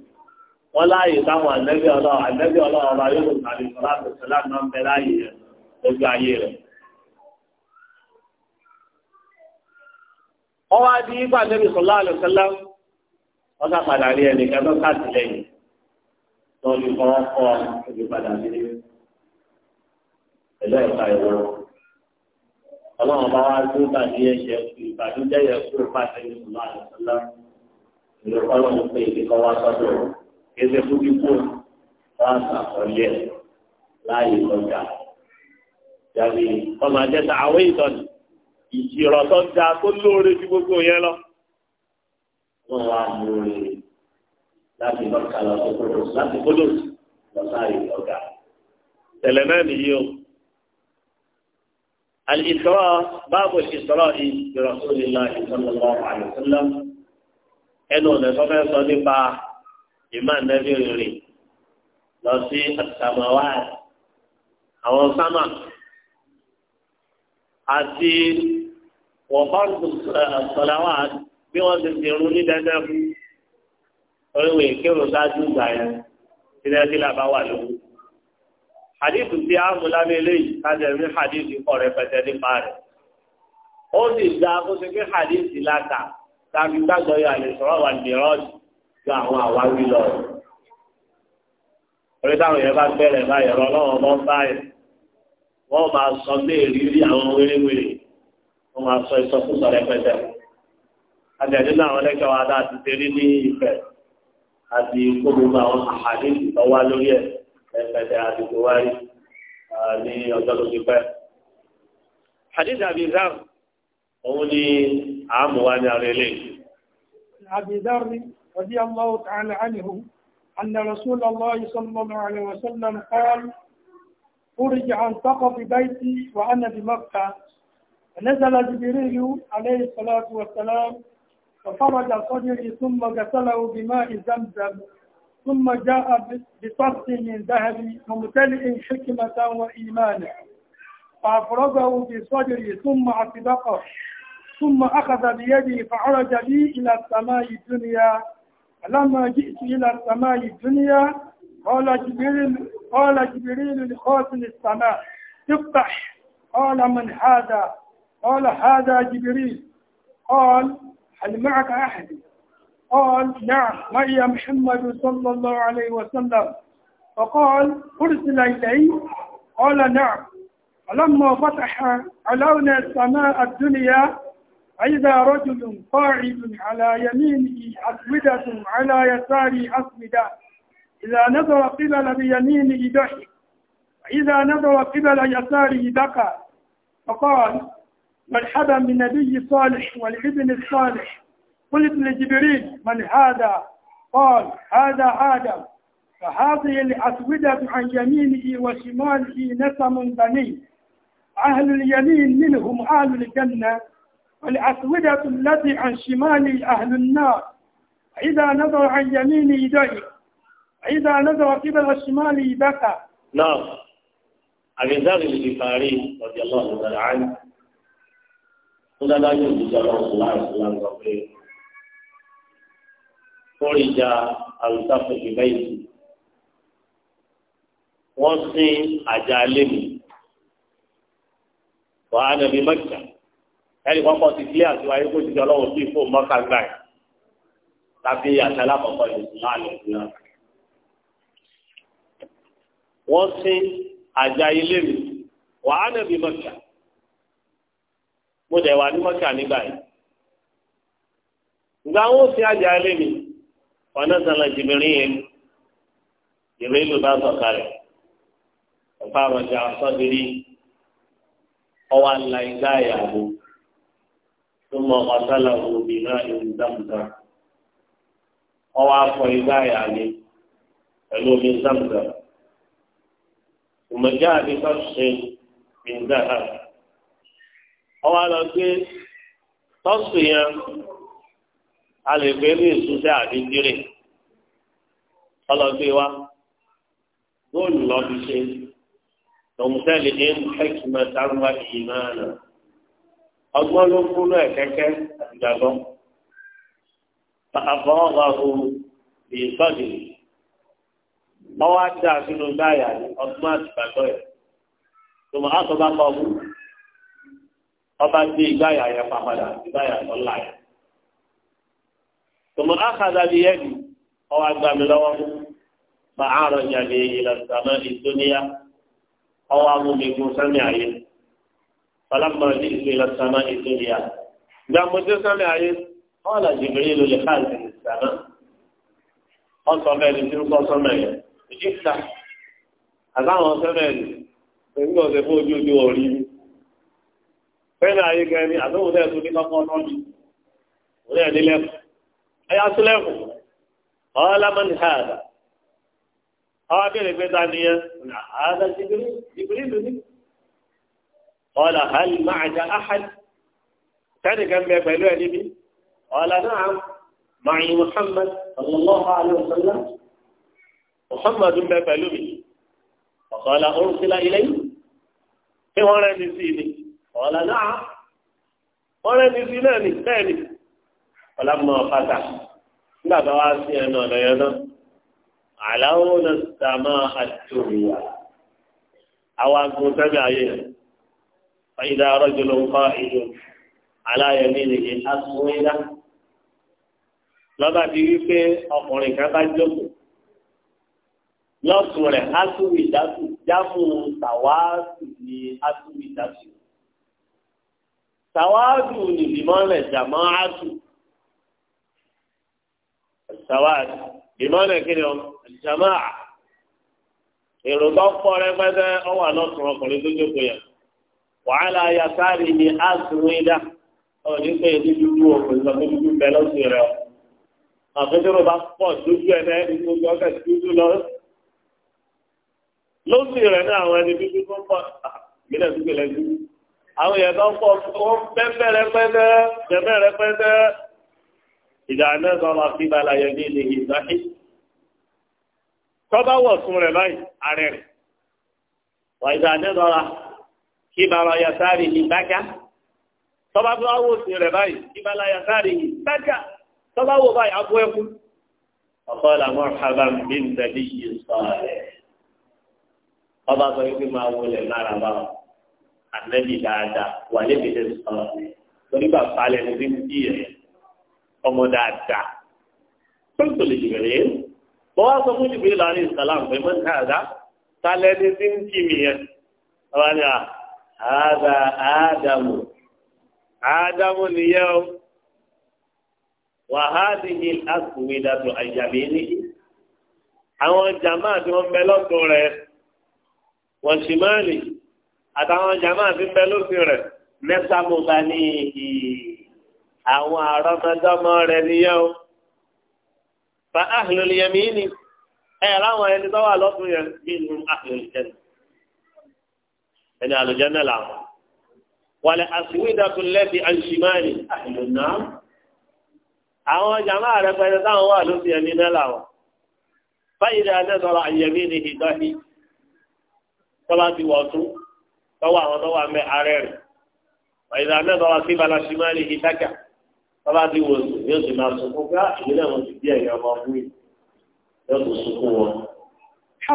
Speaker 2: wọ́n láàyè táwọn ànẹ́bí ọlọ́run ànẹ́bí ọlọ́run ọba yóò tàbí sọlá tó sọlá náà ń bẹ láàyè rẹ̀ lójú ayé rẹ̀. wọ́n wá di ipa ànẹ́bí sọlá àlùsọlá wọ́n sá padà rí ẹnìkan tó sàtìlẹ́yìn tó ní kọ́ kọ́ ibi padà sí ẹ̀lọ́ ìta ìwọ. ọlọ́run ọba wa tó tàbí ẹ̀ṣẹ̀ ìbàdújẹ́ yẹ kó pàṣẹ ìṣúná àlùsọlá ìlú ọlọ́run pé ìdíkọ́ wá sọ́dọ̀ rẹ̀ kéde fúdíkù láàtà ọ̀lẹ́ láàyè lọ́jà jáde ọmọ àjẹta àwọn ìtọ́ni ìṣirò tó da tó lóore ju gbogbo yẹn lọ. wọ́n wá lóore láti lọ́ka lọ sí kódò láti kódò lọ sáàyè lọ́jà. tẹ̀lẹ̀ náà nìyí o. الإسراء باب الإسراء برسول الله صلى الله عليه وسلم ẹnu ọ̀nà tó ìmọ̀ ànábì rere lọ sí àtàmọ́wá àwọn sámà àti wọ̀fáàtù sọ̀làwà bí wọ́n ti ti rún ní dandan fún oríwèé kírun ṣáájú gbà yẹn sílẹ̀ sílẹ̀ bá wà lóhùn. Hadith ti a mú lábẹ́ eléyìí kájẹ ní hadith kọ̀ rẹpẹtẹ nípa rẹ̀. Ó sì dá kó ṣe pé hadith láta tàbí gbàgbọ́ yà lè sọ̀rọ̀ wà ní ìrọ́jì ju àwọn àwáwí lọ. orí táwọn yẹn bá bẹ̀rẹ̀ báyìí ọ̀rọ̀ ọlọ́wọ́ bọ́ báyìí wọ́n máa sọ ní ìrírí àwọn wéréwéré wọ́n máa sọ ìsọkúsọ rẹpẹtẹ. àtẹ̀dé náà wọn lẹ́kẹ̀ẹ́ wa dá ti tẹ̀lé ní ìfẹ́ àti kó gbogbo àwọn àhàdé ìtọ́wá lórí ẹ̀ rẹpẹtẹ àti kó wáyé ní ọjọ́ tó ti pẹ́. حديث أبي ذر أولي عام وأنا عليه
Speaker 3: أبي ذر رضي الله تعالى عنه أن رسول الله صلى الله عليه وسلم قال أرجع عن سقف بيتي وأنا بمكة فنزل جبريل عليه الصلاة والسلام ففرج صدري ثم غسله بماء زمزم ثم جاء بطرس من ذهب ممتلئ حكمة وإيمانا فأفرزه بصدري ثم أطبقه ثم أخذ بيدي فعرج بي إلى السماء الدنيا لما جئت إلى السماء الدنيا قال جبريل قال جبريل لخاتم السماء افتح قال من هذا قال هذا جبريل قال هل معك أحد قال نعم معي محمد صلى الله عليه وسلم فقال أرسل إلي قال نعم فلما فتح علونا السماء الدنيا فإذا رجل قاعد على يمينه أسودة على يساره أسودة إذا نظر قبل بيمينه ضحك إذا نظر قبل يساره بكى فقال مرحبا بالنبي صالح والابن الصالح قلت لجبريل من هذا قال هذا آدم فهذه الأسودة عن يمينه وشماله نسم بني أهل اليمين منهم أهل الجنة والأسودة التي عن شمالي أهل النار إذا نظر عن يميني يدعي إذا نظر قبل الشمال بكى
Speaker 2: نعم أبي ذر الغفاري رضي الله تعالى عنه قلنا لا يوجد رسول الله صلى الله عليه وسلم فرج ألطف في بيتي وصي أجالمي وأنا بمكة ẹnì kọ́kọ́ ti kílé àtiwá yìí kó ti jọ lọ́wọ́ sí fóun mọ́ká gbà ẹ̀ tàbí àtàlà kọ̀ọ̀kan yìí sùn náà lè sùn náà. wọ́n sin àjà ilé mi wà á nàbí mọ́kà mo dẹ̀ wà ní mọ́kà nígbà yìí. ìgbà wọn sin àjà ilé mi wọn náà sàn lọ jìbìrì yẹn jìbìrì ló bá sọ̀kalẹ̀ ọ̀pá àròjà sọ́diri ọwọ́ àlàyé gáyà àbò. ثم غسله بماء زمزم ọwọ́ afọ ìgbà yà ni pẹ̀lú omi zamzam ìmọ̀já àti tọ́sí ní zaha ọwọ́ àlọ́ pé tọ́sí yẹn a lè gbé ní ìsúnṣẹ́ àdídírè ọlọ́gbé wa góòlù lọ́ọ́ fi ṣe tòun tẹ́lẹ̀ ní ẹ̀kí mẹ́ta ń wá ìmáà náà
Speaker 3: ọgbọ́n ló kúrò
Speaker 2: ẹ̀ kẹ́kẹ́ ìgbàgbọ́. àfọwọ́gbàgbọ́ ìsọ́dì wọ́n wá dá sínú báyà ní ọgbọ́n àtìgbàgbọ́ yẹn. tòmọ́ àtọ́ bá kọ́ ọmú ọba gbé ìgbáyà yẹn pàpadà ìgbáyà tó ńlá yẹn. tòmọ́ àkàdá bí yẹn ni ọwọ́ agbami lọ́wọ́ mú bàárọ̀ nyàgbé yìí lọ́sàmọ́ ìdóníyà ọwọ́ amúmi gún sẹ́mi àyè. فلما جئت إلى السماء الدنيا دام مجلسنا عيد قال جبريل لخازن السماء قال صلى الله عليه وسلم جئت هذا هو سمعني nígbà ọ̀sẹ̀ fún ojú ojú ọ̀rí mi fẹ́ẹ̀nà ayé gan ni àtúntò tẹ̀ tó ní kọ́kọ́ náà ni òun ẹ̀ ní lẹ́kùn ẹ̀yà sílẹ̀kùn ọ̀ọ́lámọ́ ní hàdà ọ̀ọ́ bẹ̀rẹ̀ pé ta ni ẹ̀ àádá jìbìrì jìbìrì lónìí ọ̀là hàlì máa jà áhàlì tẹ́nìkan bẹ pẹ̀lú ẹ̀ níbi ọ̀là náà máa yí muhammad sallallahu alaihi wa sallam muhammad bẹ pẹ̀lú mi ọ̀là orísìlá ilé yìí tí wọ́n rẹ́ni sí ni ọ̀là náà wọ́n rẹ́ni sí náà ni bẹ́ẹ̀ ni ọ̀là mọ̀ fàtà nígbà tó wá sí ẹnu ọ̀nà yẹn náà àlàó na sàmà àtúnyà àwọn agbóhùn sẹ́mi ayé yẹn. فإذا رجل قائد على يمينه أسودة lọ́ba di wípé ọkùnrin kan bá jókòó lọ́sùn rẹ̀ asúwìdásù jáfù tàwáàsù ni asúwìdásù tàwáàsù ni bímọ́lẹ̀ jàmáàsù tàwáàsù bímọ́lẹ̀ kíni ọ jàmáà èrò tó pọ̀ rẹpẹtẹ ọwọ́ àlọ́sùn ọkùnrin tó jókòó yẹn wàhálà yasari ni asúnwédà ọ̀ nípa èdè dúdú òkú ìsọ fún dúdú bẹ́ẹ̀ lọ́sùn rẹ̀ ọ́. àfẹ́sọ̀rọ̀ bá pọ̀ dúdú ẹ̀ náà ní gbogbo ọ̀gá dúdú lọ. lọ́sùn rẹ̀ náà àwọn ẹni dúdú tó pọ̀ ìgbélẹ̀ dúdú lẹ́ dúdú. àwọn èèyàn tó ń pọ̀ wọ́n pẹ́pẹ́ rẹpẹ́tẹ́ pẹ́pẹ́ rẹpẹ́tẹ́. ìjà náà sọ̀rọ̀ sí balàyé ní ilé ìgbàhí. tọ́ kí bàrà yasari ní bájá tọ́ba tó wáwó sí rẹ̀ báyìí kí bàrà yasari ní bájá tọ́ba wò báyìí abú ẹkú. ọ̀kọ́lá marhaban bí n dàbí yìí sọ rẹ̀ ọba sọ wípé máa wọlé lára bá wọn ànẹ́bí dáadáa wà lébi lè sọ rẹ̀ torí bàbá lẹ́nu bí n bí rẹ̀ ọmọ dáadáa tó ń tòlè jìbìrì bọ́ wá sọ fún jìbìrì láàrin ìsàlámù pé mọ́ ní káàdá ta lẹ́ni tí ń kí mi yẹn àádá àádámù àádámù nìyẹn o wàhádìí asùnmídàtò àyàmí ní àwọn jàmáà tí wọ́n bẹ lọ́tọ̀ rẹ̀ wọ́n sì máa lè àtàwọn jàmáà tí ń bẹ lófin rẹ̀ mẹ́ta mo bá ní ìhì àwọn àrọ́mọdọ́mọ rẹ̀ nìyẹn o fa ahlul yamini ẹ̀ láwọn ẹni tó wà lọ́tún yẹn bí nu ahlul jannah ẹni àlùjánnà làwọn. wàlẹ̀ àsìwídàtún lẹ́bi àṣìmáàlì àìlò náà. àwọn jàmá àrẹpẹrẹ táwọn wà ló ti ẹni náà làwọn. báyìí ni adé sọ̀rọ̀ àyẹ̀mí ni ìdọ́hí. tọ́lá ti wọ̀ tún tọ́wọ́ àwọn tọ́wọ́ àmẹ́ ààrẹ rẹ̀. báyìí ni adé sọ̀rọ̀ sí bala ṣìmáàlì ìdákà. tọ́lá ti wọ̀ sùn yóò sì máa sunkún ká ìdílé wọn ti bí ẹ̀yà ọmọ fún yìí yóò sì sunkún wọn.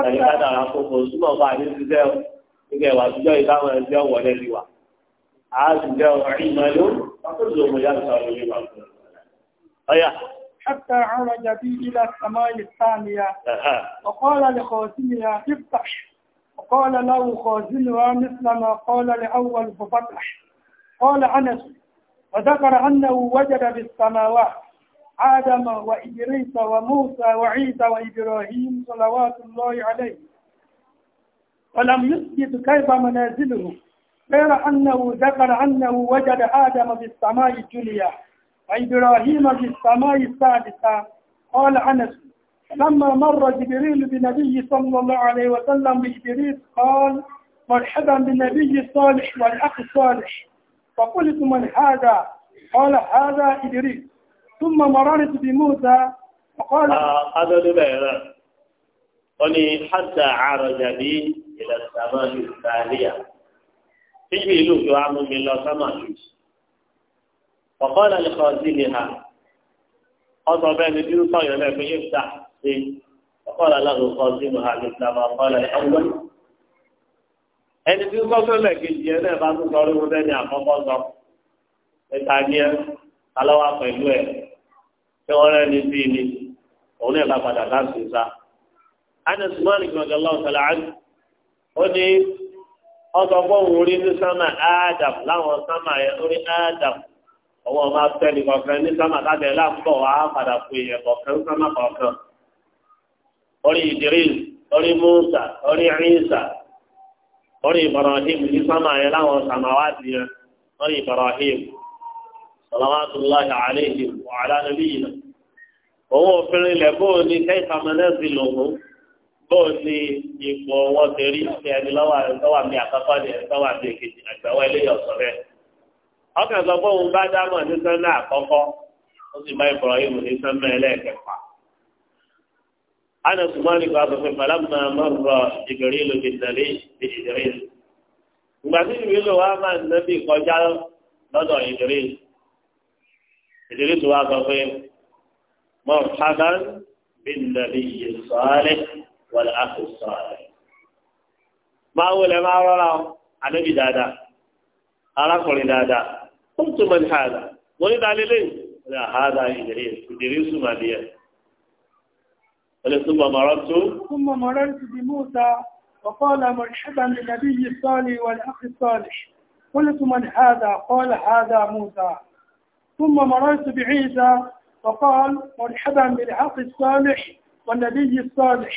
Speaker 2: ẹ̀yin ká dára fún nígbà ìwà àtijọ́ ìdáhùn ẹgbẹ́ wọlé rí wa àtijọ́ ọ̀rìn mẹ́lú fàkóso ọmọ yá sọ lórí
Speaker 3: حتى عرج بي إلى السماء الثانية وقال لخازنها افتح وقال له خازنها مثل ما قال لأول ففتح قال أنس وذكر أنه وجد في السماوات آدم وإدريس وموسى وعيسى وإبراهيم صلوات الله عليه ولم يثبت كيف منازله غير أنه ذكر أنه وجد آدم في السماء الدنيا وإبراهيم في السماء السادسة قال أنس لما مر جبريل بنبي صلى الله عليه وسلم بجبريل قال مرحبا بالنبي الصالح والأخ الصالح فقلت من هذا قال هذا إدريس ثم مررت بموسى فقال
Speaker 2: آه، هذا آه دبيرة قلي حتى عرج بي ìlẹ̀ sàmà ní ìtàlíyà síbi ìlú kí wàá mú mi lọ sọ́mà jù. ọ̀kọ́lá lè kọ́ kejì sọ alọ́wà pẹ̀lú ẹ̀ tí wọ́n rẹ̀ ní sí ó ní ọsọgbọ́n wò rí ní sámà Adam láwọn sámà yẹn lórí Adam ọwọ́ ọmọ abẹ́ni kọ̀ọ̀kan ní sámà lábẹ́ láàbọ̀ wà padà fún ìyẹn kọ̀ọ̀kan sámà kọ̀ọ̀kan orí Idris orí Musa orí Isa orí Ibrahim ní sámà yẹn láwọn sámà wá sí yẹn orí Ibrahim salawatullahi alayhi wa ala òun òfin ilẹ̀ bóun ní kẹ́hìn lòun. bóò ní ipò wọn ti rí ní ẹni lọ́wọ́ mi àkọ́kọ́ ní ẹni lọ́wọ́ mi èkejì àgbàwọ́ eléyìí ọ̀sọ̀ rẹ̀. ọkàn sọ pé òun bá dámọ̀ ní sẹ́nà àkọ́kọ́ ó sì bá Ibrahim ní sẹ́nà ẹlẹ́ẹ̀kẹfà. ana sumali ko aso fẹfẹ lamna marra Jibril bi tali bi Idris. ìgbà tí ìwé lò wá máa nàbí kọjá lọ́dọ̀ Idris. Idris tó wá sọ pé mọ̀ wọ́n á kò sọ rẹ̀. máa wọ lẹ́ máa rọra ọ ànábì dáadáa arákùnrin dáadáa ó ń túmọ̀ ní hàdà wọ́n ní dalẹ́ lẹ́yìn wọ́n ní àhádà ìdèrè ìdèrè sùnmọ̀ adìyẹ. wọ́n ní súnmọ̀ mọ̀rọ̀ tó.
Speaker 3: súnmọ̀ mọ̀rọ̀ tó di mọ́ta وقال مرحبا بالنبي الصالح والأخ الصالح قلت من هذا قال هذا موسى ثم مررت بعيسى فقال مرحبا بالحق الصالح والنبي الصالح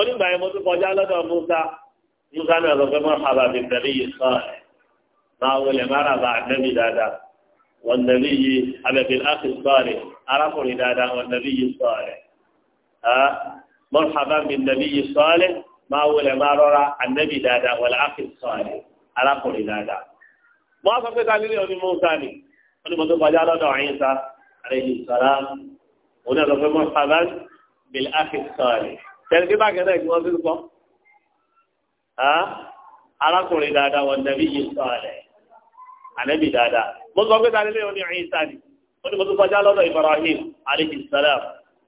Speaker 2: onígbà yẹn mo tún kọjá lọ́dọ̀ musa musa náà lọ fẹ́ mọ́ àbàbí tẹ̀lé yìí sàn ẹ̀ máa wọlé mara bá àdébí dáadáa wọn nàbí yìí àbẹ̀bí láti sàn ẹ̀ arákùnrin dáadáa wọn nàbí yìí sàn ẹ̀ mọ́ àbàbí nàbí yìí sàn ẹ̀ máa wọlé máa rọra àdébí dáadáa wọlé àfi sàn ẹ̀ arákùnrin dáadáa. mo á sọ pé nílé oní musa ni wọn mo tún kọjá lọ́dọ̀ àyínsá tẹ̀lé bí báàgì náà ni wọ́n fi ń kọ́ arákùnrin dáadáa wọn nàbí yìí sọ rẹ̀ ànábì dáadáa mo sọ pé ta nílé òní ẹ̀yìn sáàdì ó ní mo tún kọjá lọ́dọ̀ Ibrahim alayhi salam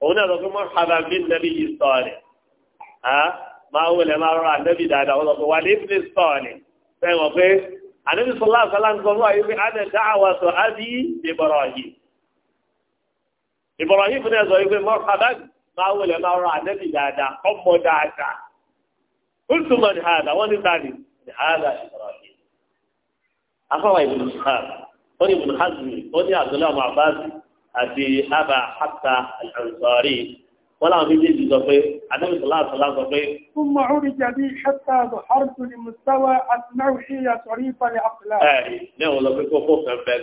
Speaker 2: òun náà sọ pé mo hàbà bí nàbí yìí sọ rẹ̀ máa wọlé máa rọra ànábì dáadáa wọn sọ pé wà ní ìfúnni sọ rẹ̀ sẹ́wọ̀n pé ànábì sọlá sọlá ń sọ Ibrahim Ibrahim fúnni sọ máa wọlé máa rọ ànẹ́bì dáadáa ọmọ dáadáa kúrùtùmọ̀ ní hàdà wọ́n ní sáàdì ní hàdà ìbùrọ̀lì afọwọ́ ìbùrù sàr wọ́n ní ìbùrù hàzmi wọ́n ní àdúrà ọmọ àbáàsì àti àbà hàtà àlùsọ̀rì wọ́n láwọn méjèèjì sọ pé ànẹ́bì sọlá sọlá sọ pé.
Speaker 3: ثم عرج بي حتى ظهرت لمستوى أسمع حين طريف الأقلام.
Speaker 2: ẹ̀ẹ́dì ní òun lọ pé kókó fẹ́ fẹ́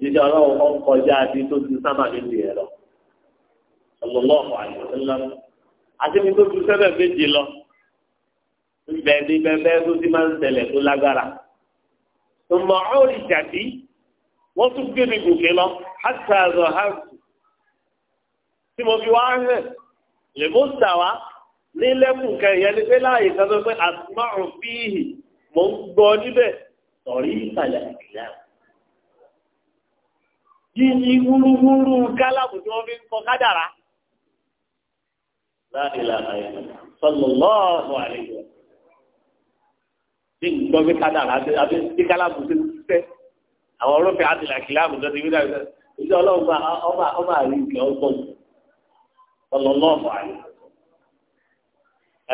Speaker 2: jíjẹ ọlọ́run kan kọjá àti tó ti sábà níbi ẹ̀ lọ ọlọ́lọ́ọ̀fọ̀ àyọ̀sílá àti mi tó ti sẹ́fẹ̀ méje lọ ńbẹ ní bẹ́ẹ̀ tó ti máa ń ṣẹlẹ̀ tó lágbára tòmọ̀ ọ̀rì jàdí wọ́n tún gbé mi gòkè lọ hàtà àzọ̀ hàtù tí mo fi wá hẹ̀ lèmó sàwá ní lẹ́kùn kẹyẹ ni pé láàyè kan pé àtúmọ̀ òfìhì mo ń gbọ́ níbẹ̀ sọ̀rí ìsàlẹ̀ àkìlẹ̀ yíyí wúrúwúrú gálàbù tí wọ́n fi ń kọ kádàrá. láàrínlá sọlọ́ọ̀hún àlejò tí nǹkan fi kádàrá àti tí gálàbù ti tẹ́ àwọn olófin àtìlá kìláàbù tó ti wí dáadáa ìjọ ọlọ́ọ̀gbà ọba ọba àríkè ọgbọ̀n sọlọ́ọ̀hún àlejò.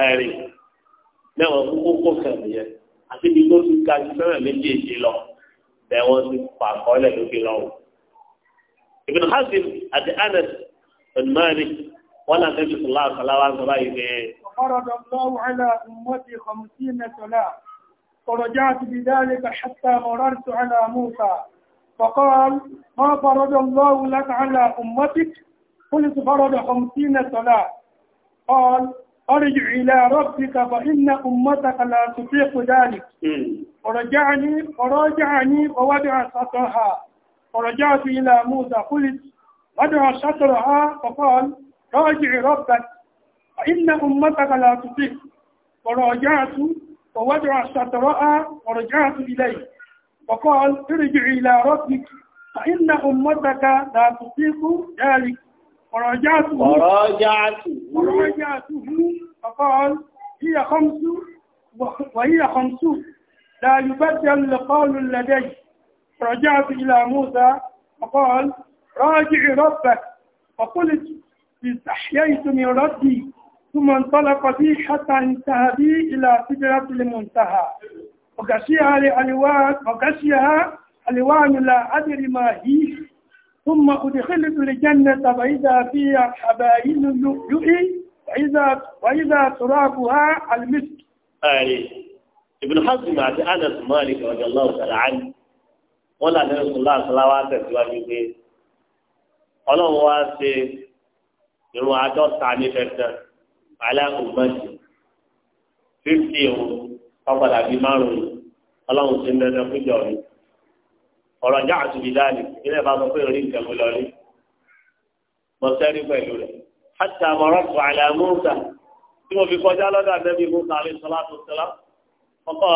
Speaker 2: ẹ̀rí mẹ́wọ̀n kókó kó kẹ̀mí yẹn àti ibi tó ti ga ju fẹ́rẹ̀ méjèèjì lọ bẹ́ẹ̀ wọ́n ti pàkọ́ lẹ̀ lókè lọ́wọ́. Ibn Hazm àti Anas bin Malik wọ́n náà tẹ́jú sọ̀lá àkàlà wa ń sọ báyìí pé.
Speaker 3: ọ̀rọ̀dọ̀ lọ́wọ́ àlà ummati khamsina sọ̀lá فرجعت بذلك حتى مررت على موسى فقال ما فرض الله لك على أمتك قلت فرض خمسين صلاة قال أرجع إلى ربك فإن أمتك لا تطيق ذلك ورجعني فراجعني ووضع سطرها فرجعت إلى موسى قلت ودع شطرها فقال راجع ربك فإن أمتك لا تطيق فرجعت ووضع شطرها ورجعت إليه فقال ارجع إلى ربك فإن أمتك لا تطيق ذلك فراجعته وراجعته وراجعته فقال هي خمس وهي خمسون لا يبدل لقول لدي رجعت إلى موسى فقال راجع ربك فقلت استحييت من ربي ثم انطلق بي حتى انتهى بي إلى سدرة المنتهى وغشيها لألوان وغشيها ألوان لا أدري ما هي ثم أدخلت الجنة فإذا فيها حبائل يؤي وإذا وإذا ترابها المسك.
Speaker 2: آه. ابن حزم بعد أنس مالك رضي الله تعالى عنه wọ́n là nínú sùn láàsùnlá wa tẹ̀síwájú pé ọlọ́run wa ṣe irun àádọ́ta ní fẹ́fẹ́ aláàkùnmọ́sì fífi òun ọ̀padà bíi márùn-ún ọlọ́run ṣe ń dandan fún ìjọ rẹ̀ ọ̀rọ̀ ajá àtúndì dáàlì ilé ìbá sọ pé orí nǹkan mi lọ rí mo sẹ́rí pẹ̀lú rẹ̀ hàtà mọ̀rọ̀ fún àlẹ́ tí mo fi kọjá lọ́dọ̀ àdẹ́bí mú sàlẹ̀ sọlá tó sọlá ọkọ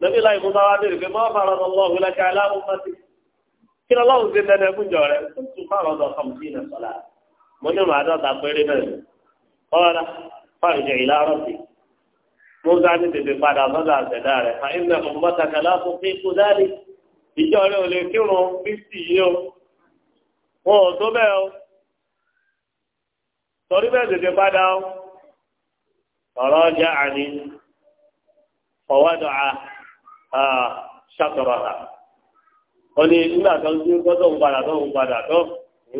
Speaker 2: lẹbi láì mú báwa bèrè pé máa fara lọ lọ́wọ́ lẹ́ka aláwọ̀ pàṣẹ kí lọ́wọ́ ṣe tẹ́lẹ̀ fún jọ rẹ̀ tó fara lọ kàmùtì náà sọ̀la mo ní màá dọ́ta péré náà ni ọ̀rọ̀ fáwọn ìjọ ìlà rọ̀bì mo ń sáà ní tètè padà sọ́dọ̀ àtẹ̀dá rẹ̀ mà ń nà fún mọ́tàkà láàfún pé kó dáàlì ìjọ rẹ̀ ò lè kírun fífì yìí o wọn ò tó bẹ́ẹ̀ o torí bẹ́ẹ̀ tètè padà o ọ̀rọ̀ ọjà àní ọ̀wádọ̀ a ṣàtọ̀rọ̀ ha wọ́n ní nígbà tó ń gbé gbọ́dọ̀ ń padà tó ń padà tó ń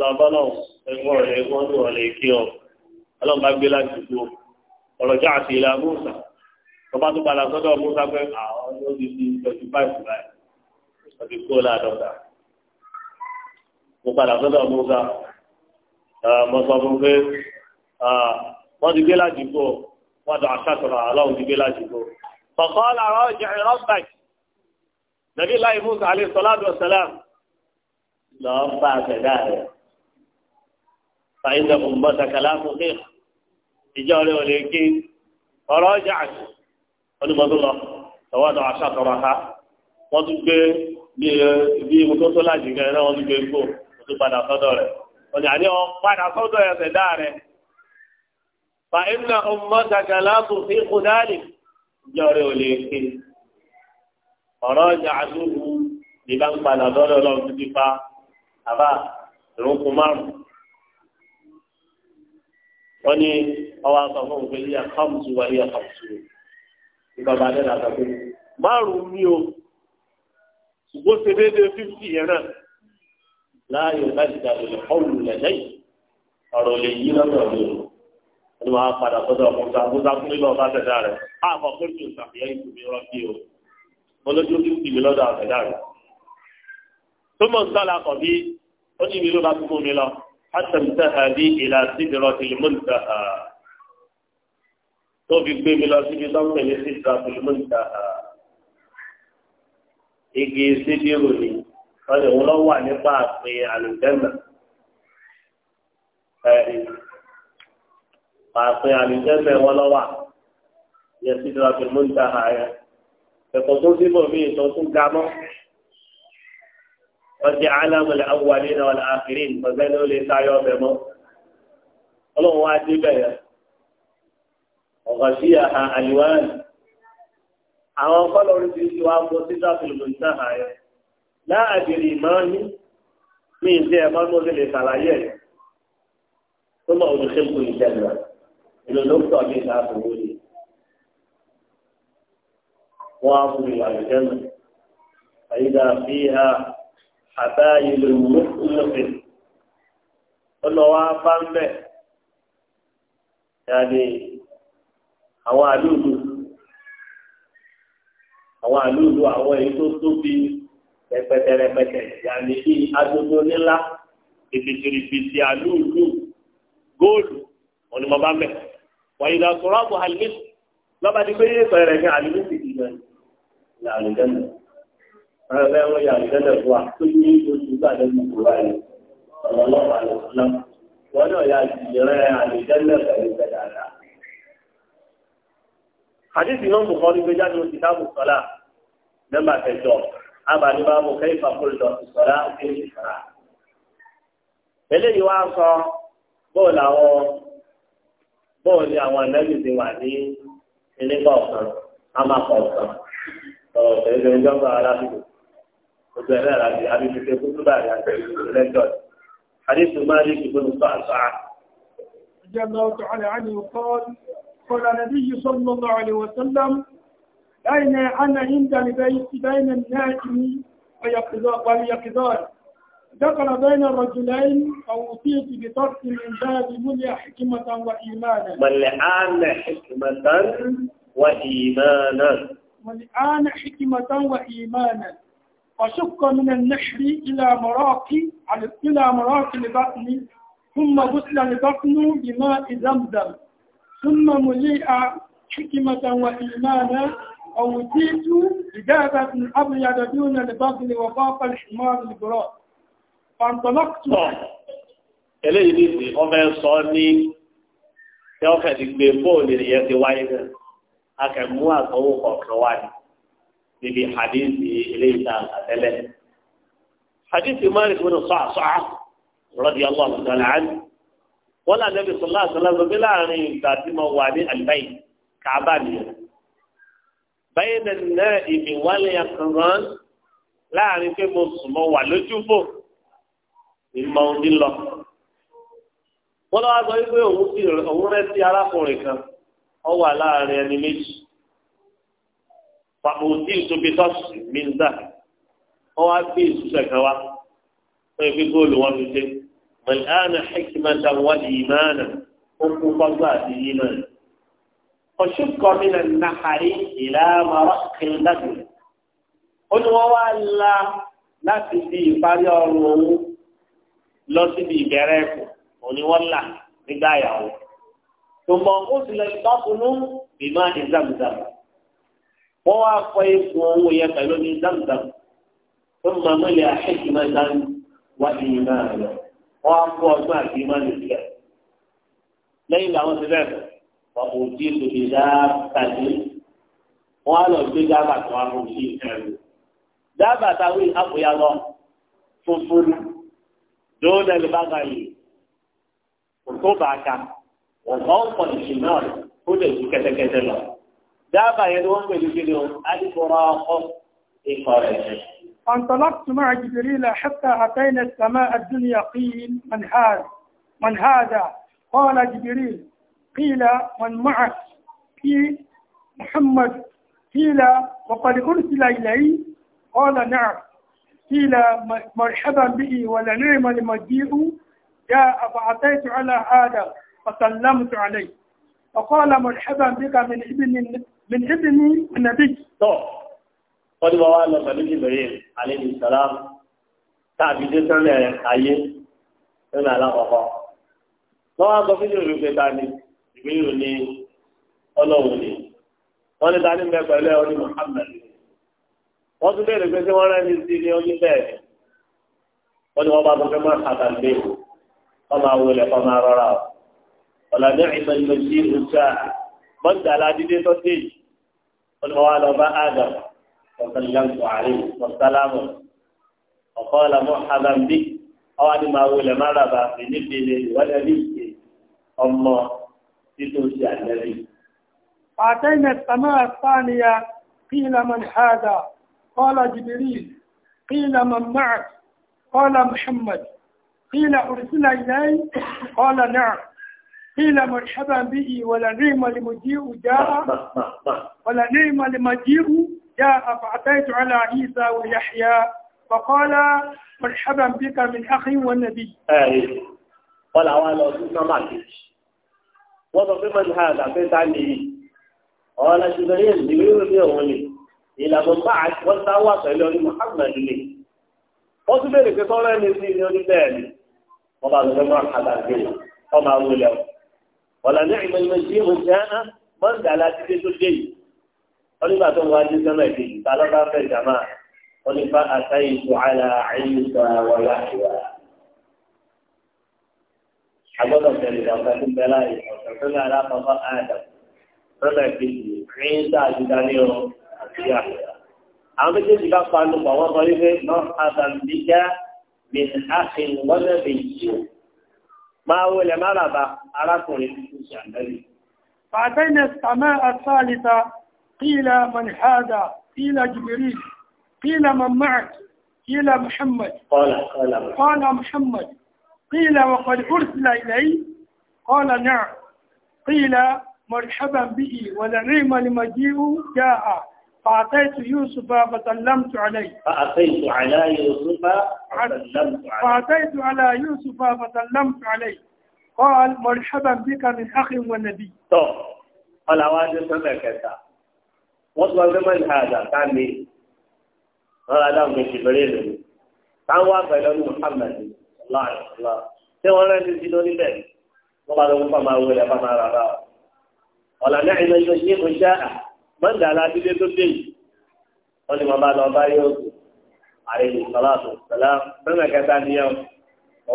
Speaker 2: lọ rẹ̀ wọ́n ní ọ̀lẹ̀ kí ọ ọlọ́run bá gbé láti dúró ọ̀rọ̀ jẹ́ àti ìlà mùsà ọba tó padà sọ́dọ̀ mùsà pé àwọn ló ti di twenty five báyìí ọdún kó láàdọ́ta mo padà sọ́dọ̀ mùsà mo sọ fún pé wọ́n ti gbé láti dúró wọ́n فقال راجع ربك نبي الله موسى عليه الصلاة والسلام لا أنفع كذلك فإن أمتك لا تطيق إجارة وليكين فراجعت ونمض الله توادع شطرها وتبقى bí mo tó tó láti gan náà wọn ti gbé gbò mo tó padà sọ́dọ̀ rẹ̀ wọn ni àdé wọn padà sọ́dọ̀ ẹsẹ dá rẹ. fa iná ọmọ sàkàlà kò sí kúdálì jọ́rẹ́ ò lè fi ọ̀rọ̀ ọjà àdúgbò ní bá ń padà lọ́dọ̀ lọ́wọ́ títí pa àbá ìrúnkù márùn-ún. wọ́n ní ọwọ́ aṣọ fún òun pé yíyá kọ́ọ̀mùsù wà yíyá kọ́ọ̀mùsù rẹ̀ nípa bá dé làtọ̀ pé márùn mi o ṣùgbọ́n ṣe déédéé fífì yẹn náà láàyò láti dàbí ọ̀rùn lẹ́yìn ọ̀rọ̀ lè yí lọ́dọ̀ lóru ó máa padà sọ́dọ̀ musa musa fún mi lọ́ọ́ bá tẹ̀dá rẹ̀ á mọ̀ pé kí o sàfihàn ìtumí rọ́bì o olójú kí n kì mí lọ́dọ̀ àtẹ̀dá rẹ̀ tó mọ̀ sálà kọ̀ bí ó ní ìlú bá tún mú mi lọ àtẹ̀mtẹ̀ àbí ìlà sídìrọ̀ tìlímọ́ǹtà tó fi gbé mi lọ síbi tó ń pèlè sídìrọ̀ tìlímọ́ǹtà igi sídìrò ni wọ́n lọ wà nípa àpè àlùjẹ́nà ẹ̀rí pàṣẹ àlùjẹ́sẹ̀ wọn lọ́wà yẹsí ìdúrà tó ló ń ta ààyè ẹ̀kọ́ tó síbò mí ìtọ́ tún ga mọ́ wọ́n ti alámọ̀lẹ̀ awùwàlẹ̀ náà wọ́n àfìrí nǹkan ló lè sáyọ ọbẹ̀ mọ́ ọlọ́run wá dé bẹ̀yẹ ọ̀gá sí àhà àlùwárẹ̀ àwọn kọ́lọ̀ orí ti wá mọ́ sídà tó ló ń ta ààyè láàbìrì máa ní mí ìdí ẹ̀ máa ń mọ́ sí lè ṣàlàyé ẹ̀ tó mọ̀ òdùkẹ́ kù ìjẹ́ náà ìlú ló ń tọ́ ní ìta àbòwò ni wọ́n á fún ìwà ìjẹ́nu àyíká fi ha àbá ìlú mùsùlùmí ọlọ́wọ́ bá ń bẹ̀ yàní àwọn àlùlù àwọn àlùlù àwọn èyí tó tóbi rẹpẹtẹ rẹpẹtẹ yàní bí adodo nílá ìfìtìrìfìtì àlùlù góòlù onímọ̀ bá ń bẹ̀ wà ìdá sọ̀rọ̀ àbò àlùmísì lọ́ba ti pé yé sọ̀rọ̀ rẹ̀ ní àlùmísì ti gbẹ̀ ní àlùjẹ́nà
Speaker 1: ọ̀rọ̀ bẹ́ẹ̀ wọ́n yà àlùjẹ́nà fún wa
Speaker 2: tó ní oṣù gbàdé gbogbo wa yìí ọ̀lọ́lọ́pàá lọ́sọ̀lá wọn náà yà jìrẹ́ àlùjẹ́nà pẹ̀lú gbẹ̀dàdà. àdìsí náà mú kọ́ni gbéjà ní oṣù táàbù sọ́lá nọ́mbà kẹjọ abàdí bá mú kẹ́yìfà bóòlù àwọn bọ́ọ̀ ni àwọn ànábì ti wà ní nípa ọ̀kan amakọ ọ̀kan ọ̀rọ̀ tẹ̀lé ìjọba arábìlú oṣù ẹ̀rẹ́ àti abibite kúkú báyìí àti lẹ́jọ́ حديث مالك بن صعصع
Speaker 3: رضي الله تعالى عنه قال قال النبي صلى الله عليه وسلم أين أنا عند البيت بين الناجم ويقظان دخل بين الرجلين أو أطيت بطرف من باب مليا حكمة وإيمانا ملعان
Speaker 2: حكمة وإيمانا
Speaker 3: ملعان حكمة وإيمانا فشق من النحر إلى مراقي إلى مراقي البطن ثم غسل البطن بماء زمزم ثم مليء حكمة وإيمانا أوتيت إجابة أبيض دون البطن وفاق الحمار البراق pàǹtọ́lọ́kùtọ̀
Speaker 2: eléyìí ní ìsìn ọmọ ẹ sọ ní tí wọ́n fẹ̀ẹ́ ti gbé bóòlù nìyẹn ti wáyé náà akẹ̀mú àtọwò kọ̀ọ̀kan wá ní níbi hadithi eléyìí tá a tẹ́lẹ̀ hadithi Malik bin Sa'sa'a radiyallahu ta'ala anhu wọ́n là nẹ́bi sọ̀lá àtàlà lọ́bí láàrin ìgbà tí mo wà ní àlùbáyì kàábà nìyẹn báyìí nà ìbí wálé ẹ̀kọ́ rán láàrin pé mo sùn mo wà lójú ìmọ̀ òní lọ. wọ́n lọ́wọ́ sọ wípé òun sì òun rẹ́ sí arákùnrin kan ọ wà láàrin ẹni méjì. pàpọ̀ òtí ìtòbi tọ́sí mi ń dà wọ́n wá gbé ìtúsẹ̀ kan wá wọ́n fi góòlù wọn fi dé. mọ̀lẹ́ánà hẹ́kìmẹ́ta wà ní ìmáàna ó kú kọ́gbà àti ìmáàna. ọ̀ṣùkọ́ mi nàkàrí ìlà màrọ́ kìlá ó ní wọ́n wá la láti di ìparí ọrùn òun lọ síbi ìbẹ̀rẹ̀ ẹ̀kọ́ òní wọ́n là nígbà ìyàwó. tòmọ̀ ó sì lọ ìbá kunú bímọ ní zamzam. wọ́n wá fọ ikùn owó yẹn pẹ̀lú ní zamzam. tó màmú ilẹ̀ àṣẹ́kì máa dá wá ìyìn náà lọ. wọ́n á fọ ọdún àti ìmọ̀ nìkẹ́. lẹ́yìn làwọn ti bẹ̀rẹ̀ wọ́n kò tí ì tòbi wọ́n á lọ gbé dáàbà tó wá fún sí ìfẹ́ dáàbà táwé àpòyá lọ funfun دون البغل وطبعك وخوف الشمال كل كذا كذا لا دابا يدوم بالجنون الفراق إقارة
Speaker 3: فانطلقت مع جبريل حتى أتينا السماء الدنيا قيل من هذا من هذا قال جبريل قيل من معك قيل محمد قيل وقد أرسل إليه قال نعم قيل مرحبا به ولا ولنعم المجيء جاء فأتيت على هذا فسلمت عليه فقال مرحبا بك من ابن من ابن النبي
Speaker 2: قد الله النبي جبريل عليه السلام tàbí dé sọ́lẹ̀ ayé nínú alákọ̀ọ́kọ́. wọ́n wá gbọ́ fídíò ìlú pẹ̀ta ni ìgbéyìí ní ọlọ́run ni wọ́n tún bẹ̀rẹ̀ pé tí wọ́n rẹ́ ní sí ní oyún bẹ́ẹ̀ ni wọ́n ní wọ́n bá tó fẹ́ máa kàtà lé o wọ́n máa wọlé wọ́n máa rọra o ọ̀là ní ìmọ̀ ìmọ̀ sí ìlú sáà mọ́tì aládídé tó dé yìí wọ́n ní wọ́n wá lọ bá Adam ọ̀sánlámù àárín ọ̀sálámù ọ̀kọ́ ọ̀làmú àdàmbí ọwọ́ àti máa máa rà bá mi níbi ilé ìwádìí ní ìṣe
Speaker 3: قال جبريل قيل من معك قال محمد قيل أرسل إلي قال نعم قيل مرحبا به ولا نعم لمجيء جاء ولا نعم لمجيء جاء فأتيت على عيسى ويحيى فقال مرحبا بك من أخي والنبي أي
Speaker 2: قال أولا أسمع معك وضع هذا بيت عني قال جبريل جبريل يومي ìlànà máa wọ́n sá wà pẹ̀lú ọdún Muhammad ni wọ́n tún bèèrè pé sọ́rọ́ ẹni sí ní oní bẹ́ẹ̀ ni wọ́n bá lọ́wọ́ máa kàdà gbé wọ́n máa wọlé ọ. ọ̀là ní ìmọ̀ ìmọ̀ sí ìmọ̀ sí ẹ̀hán mọ́ǹdà láti dé tó dé yìí wọ́n nígbà tó ń wá dé sẹ́mẹ̀ dé yìí tálọ́ bá fẹ́ jàmá wọ́n ní fa àtàyè tó àlà àyè sọ àwọn láìwá. agbọ́dọ̀ tẹ̀lé ọ̀sẹ̀ tó bẹ́ẹ̀ láì ọ̀sẹ̀ tó ní يحيى عمل الذي بقى عنه بقى وضعيه مرحبا بك من أخ ونبي ما هو لما لبا على كل
Speaker 3: الفتوش بعدين السماء الثالثة قيل من هذا قيل جبريل قيل من معك قيل محمد قال قال قال محمد قيل وقد أرسل إلي قال نعم قيل مرحبا به ولنعم المجيء جاء فأتيت يوسف فسلمت عليه
Speaker 2: فأتيت على يوسف فسلمت عليه
Speaker 3: فأتيت على يوسف فسلمت عليه قال مرحبا بك من أخ ونبي طب
Speaker 2: قال واجه سمكتا وصل من هذا كان لي قال هذا من جبريل كان واقع محمد صلى الله تقول أنا سوى لنا الجنون بيت والله لو ما هو ولا ما رأى ولا نعم يجيب شاءه wọ́n dà aládìlé tó dé yìí wọ́n ní bàbá lọ bá yóò kù àlejò sọláàtò sọláà mẹ́rin kẹta níyàwó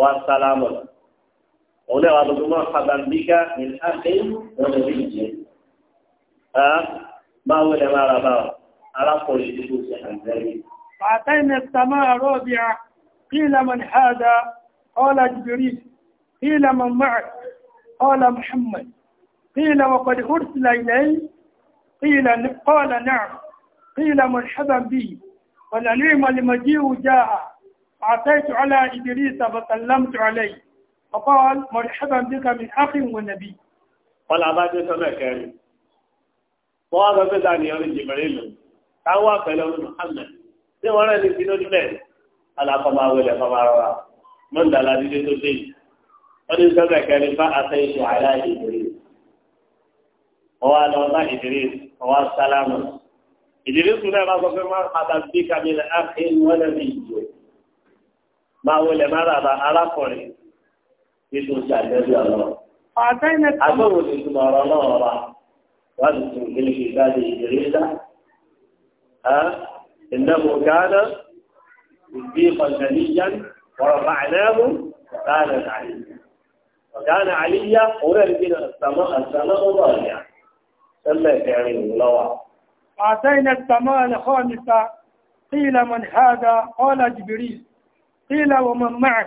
Speaker 2: wọ́n wá sálámù lọ. òun náà wà lọ́dún mọ́ àbàmbíkà ní àṣẹ wọn lè fi jẹ. máa wọlé máa ra bá wọn alákùnrin tó ṣe àǹtẹ̀lẹ̀.
Speaker 3: فأتينا السماء رابعة قيل من هذا قال جبريل قيل من معك قال محمد قيل وقد أرسل إليه قيل قال نعم قيل مرحبا بي ولنعم المجيء جاء أعطيت على إدريس فسلمت عليه فقال مرحبا بك من أخ ونبي
Speaker 2: قال عبادة سنة كريم وهذا بدأني يوم جبريل تعوى كلام محمد tí wọ́n rẹ̀ lè fi lórí bẹ́ẹ̀ alákọ̀ọ́mọ awẹ́lẹ̀ kọ́mọ ara wa mọ́ ń dàlá dídé tó dé wọ́n ní bá àtẹ ìṣù àyà ìdòrí ọwọ́ àlọ́ bá ìdílé ọwọ́ sálámù ìdílé tún náà bá sọ pé máa pàtàkì bí kàmílẹ̀ ákè wọlé ní ìjọ máa wọlé má bàbá arákùnrin nínú ìjà ìjẹ́jú ọ̀rọ̀ agbóhùn ti túnmọ̀ ọ̀rọ̀ náà wà wọ́n ti tún ilé ìgbàlè ìdílé dá إنه كان صديقا نبيا ورفعناه وكان عليا وكان عليا قرر بنا السماء السماء ضاريا tẹ́lẹ̀ kẹrin ìlú lọ́wà.
Speaker 3: àtẹ́yìnà sàmọ́ ẹ̀lẹ́kọ́ nípa kíla mọ̀ hádá ọ́lá jìbìrì kíla wọ mọ̀ máà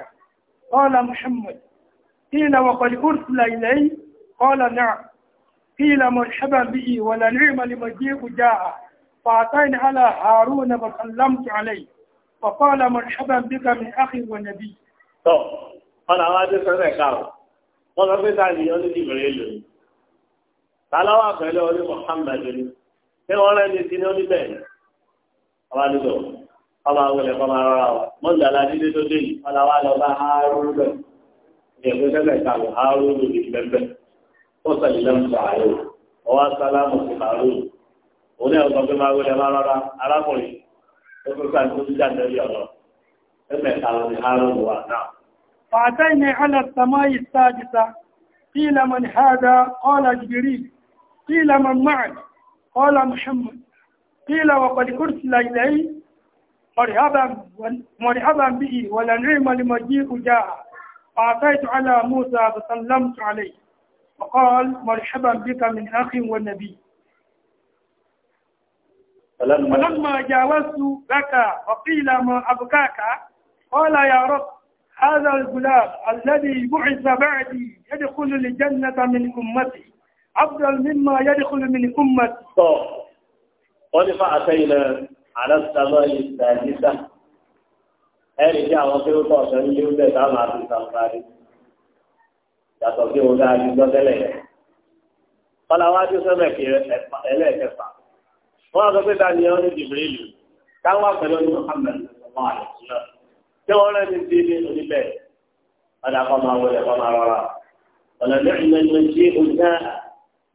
Speaker 3: ọ́lá muhammad kíla wọ kọ̀lì ursula ilẹ̀ ọ́lá náà kíla mọ̀ ṣẹ́bà bí i wà lẹ́nu ìmọ̀lì mọ̀jíkù jáà فأعطينا على هارون وسلمت عليه فقال مرحبا بك من أخي ونبي.
Speaker 2: طب أنا ما أدري سنة كارو. ما أدري سنة كارو tàlàwà pẹ̀lú orí Muhammad ni ṣé wọ́n rẹ́ni sí ní oníbẹ̀ ọba dúdú ọba wọlé kọ́ máa rọra wa mọ́tò aládídé tó dé yìí ọba wa lọ bá Hárúnà ní ẹ̀kọ́ sẹ́lẹ̀ kàlù Hárúnà ní pẹ́pẹ́ ó sàlì lẹ́mùsọ̀ ààrẹ ọwọ́ sálámù sí Hárúnà
Speaker 3: على السماء السادسة قيل من هذا قال جبريل قيل من معك قال محمد قيل وقد أرسل إليه مرحبا مرحبا به نعم لمجيئه جاء فأتيت على موسى فسلمت عليه وقال مرحبا بك من أخ ونبي
Speaker 2: فلما
Speaker 3: جاوزت بكى وقيل ما أبكاك قال يا رب هذا الغلام الذي بعث بعدي يدخل الجنة من أمتي أفضل مما يدخل من أمة
Speaker 2: قال فأتينا على السماء الثالثة ẹ̀rì tí àwọn tí ó tọ̀ ọ̀sẹ̀ ní ilé táwọn àti sàǹfààní yàtọ̀ sí òun dáa ní gbọ́tẹ́lẹ̀ yẹn. ọ̀làwájú sẹ́mẹ̀kì ẹlẹ́ẹ̀kẹfà wọ́n á sọ pé dání ọ́ ní jìbìrìlì táwọn àpẹẹrẹ ní Muhammad ọmọ àlùsílẹ̀ tí wọ́n rẹ́ni sí ní oníbẹ̀ ọ̀dà kọ́ máa wọlé kọ́ máa rọra ọ̀nà mẹ́rin mẹ́rin ṣe òun náà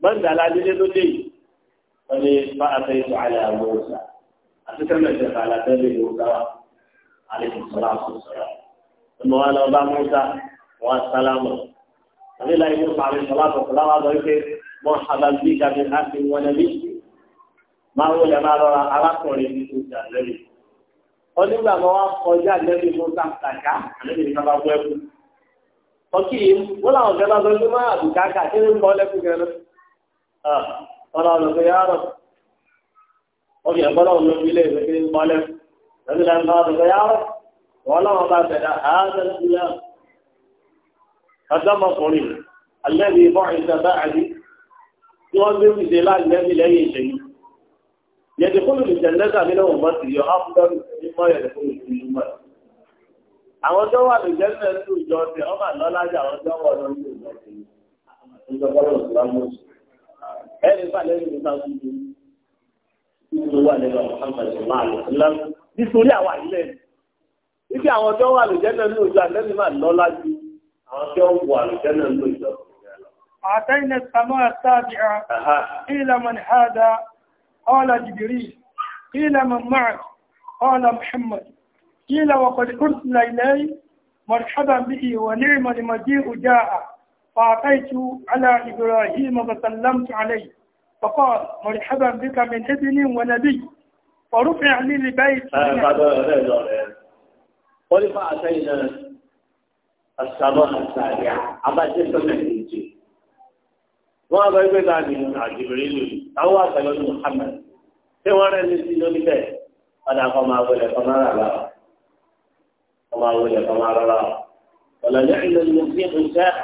Speaker 2: gbọ́dọ̀ aládélé ló dé yìí wọ́n lè bá abẹ́ ètò àlẹ́ àwọn òòsà àti sẹ́lẹ̀ ìjọba aládélé ló dá wa alẹ́ kò ọmọ wa lọ bá mọ́tà wọn sálámù àbí láì ní pàmì sọ̀rọ̀ àkó sọ̀rọ̀ wa lọ wípé mọ́ abàbí kàbí àti wọn ẹbí máa wọlé máa rọra arákùnrin ní oṣù àlẹ́bí onígbà máa wá kọjá àlẹ́bí mọ́tà kàkà àlẹ́bí ní kábàbọ̀ ọkì yìí wọ́n làwọn fẹ́ Ah, ọlọ́run pé yára ọbẹ̀ ẹ̀gbọ́lọ́run ló fi lé ìwé kí ní mọ́lẹ̀ lẹ́nu lẹ́nu bá ọdún pé yára wọ́n lọ́wọ́ bá bẹ̀rẹ̀ àádọ́ ìlú ọ̀dọ́mọkùnrin alẹ́bí bọ́ ìjọba àdí tí wọ́n gbé wùdé láàrínlẹ́bí lẹ́yìn ìṣẹ́yìn yẹ̀dẹ̀ kúrò lè jẹ̀ nínú ọmọ sí yọ áfúdọ́rù nímọ̀ yẹ̀dẹ̀ kúrò sí ìlúmọ̀ àwọn tó wà lè jẹ́ ìjọ ọ̀sẹ̀ ọmọ àlọ́lájà àwọn tó wà lórí ìjọ ọ̀sẹ̀ ẹ̀rí balẹ̀ ẹ̀rí nípa gbogbo nítorí wà lẹ́nu Muhammad sallallahu alaihi wasallam nítorí àwọn àyílẹ̀ ibi àwọn tó wà lójẹ́ náà ní ojú àlẹ́ mi máa lọ lájú àwọn tó wà lójẹ́ náà ní ojú
Speaker 3: أعطينا السماء السابعة قيل من هذا قال جبريل قيل من معك قال محمد قيل وقد أرسل إليه مرحبا به ونعم المجيء جاء فأتيت على إبراهيم فسلمت عليه فقال مرحبا بك من ابن ونبي فرفع لي البيت
Speaker 2: قل فأتينا السماء السابعة أما جسم الإنجيل wọ́n bá gbé láàrin ìlú àjìbìrì ìlú àwọn àgbàlọ́ ní Muhammad tí wọ́n rẹ̀ ní sí lórí bẹ́ẹ̀ ọ̀dà kan máa wọlé kan máa rà láwọ̀ kan máa wọlé kan máa rà láwọ̀ ọ̀làjẹ́ ìlú ní sí ìṣẹ́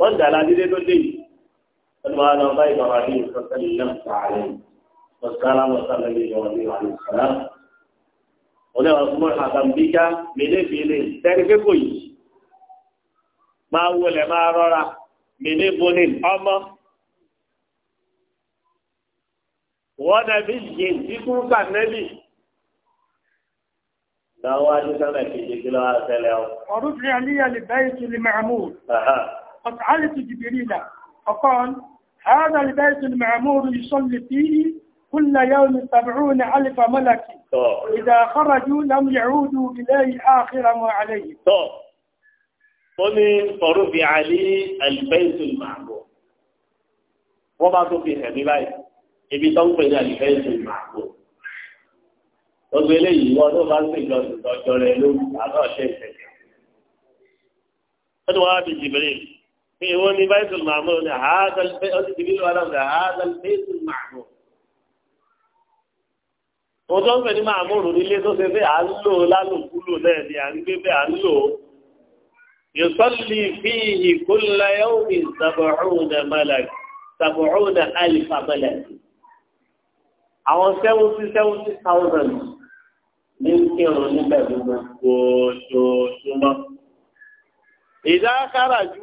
Speaker 2: wọ́n dà ládídé tó dé yìí wọ́n máa lọ bá ìbára ní ìsọ́sẹ́lì náà sàárẹ̀ ọ̀sára mọ̀sálà ní ìyọ̀ ní àlùsàlá. wọ́n lè wọ́n fún àtàmbíkà mélébélé tẹ́rí pépò yìí máa wọlé máa rọra mélébólé ọmọ. wọ́n dàbí yìí dínkù kànẹ́bì láwọn adúgbò náà kejì kí lọ́wọ́ àtẹlẹ ọ.
Speaker 3: ọdún tí a níyà lè báyìí tún lè máa فسألت جبريل فقال هذا البيت المعمور يصلي فيه كل يوم سبعون ألف ملك إذا خرجوا لم يعودوا إليه آخر ما عليه
Speaker 2: قل فرفع لي البيت المعمور وما تفي هذه ibi tó ń pè ní àlìfẹ́ǹsì màgbò gbogbo eléyìí wọn tó bá ń pè lọ sí ọjọ́ lórí àná ìṣẹ̀lẹ̀. ó ti bí jìbìrì ní ìwọ ní baitul ma'mur هذا البيت ọdún ti bílú aláwọ̀ ní àádọ́lùfẹ́sùn ma'mur. òun tó ń pè ní ma'mur nílé tó ṣe fẹ́ à ń lò lálùkúlò náà ni à ń gbé bẹ́ẹ̀ à ń lò. yusalli fihi kulla yawmin sab'una àwọn seventy ní kírun níbẹ̀ gbogbo ojoojúmọ́. ìdá kára ju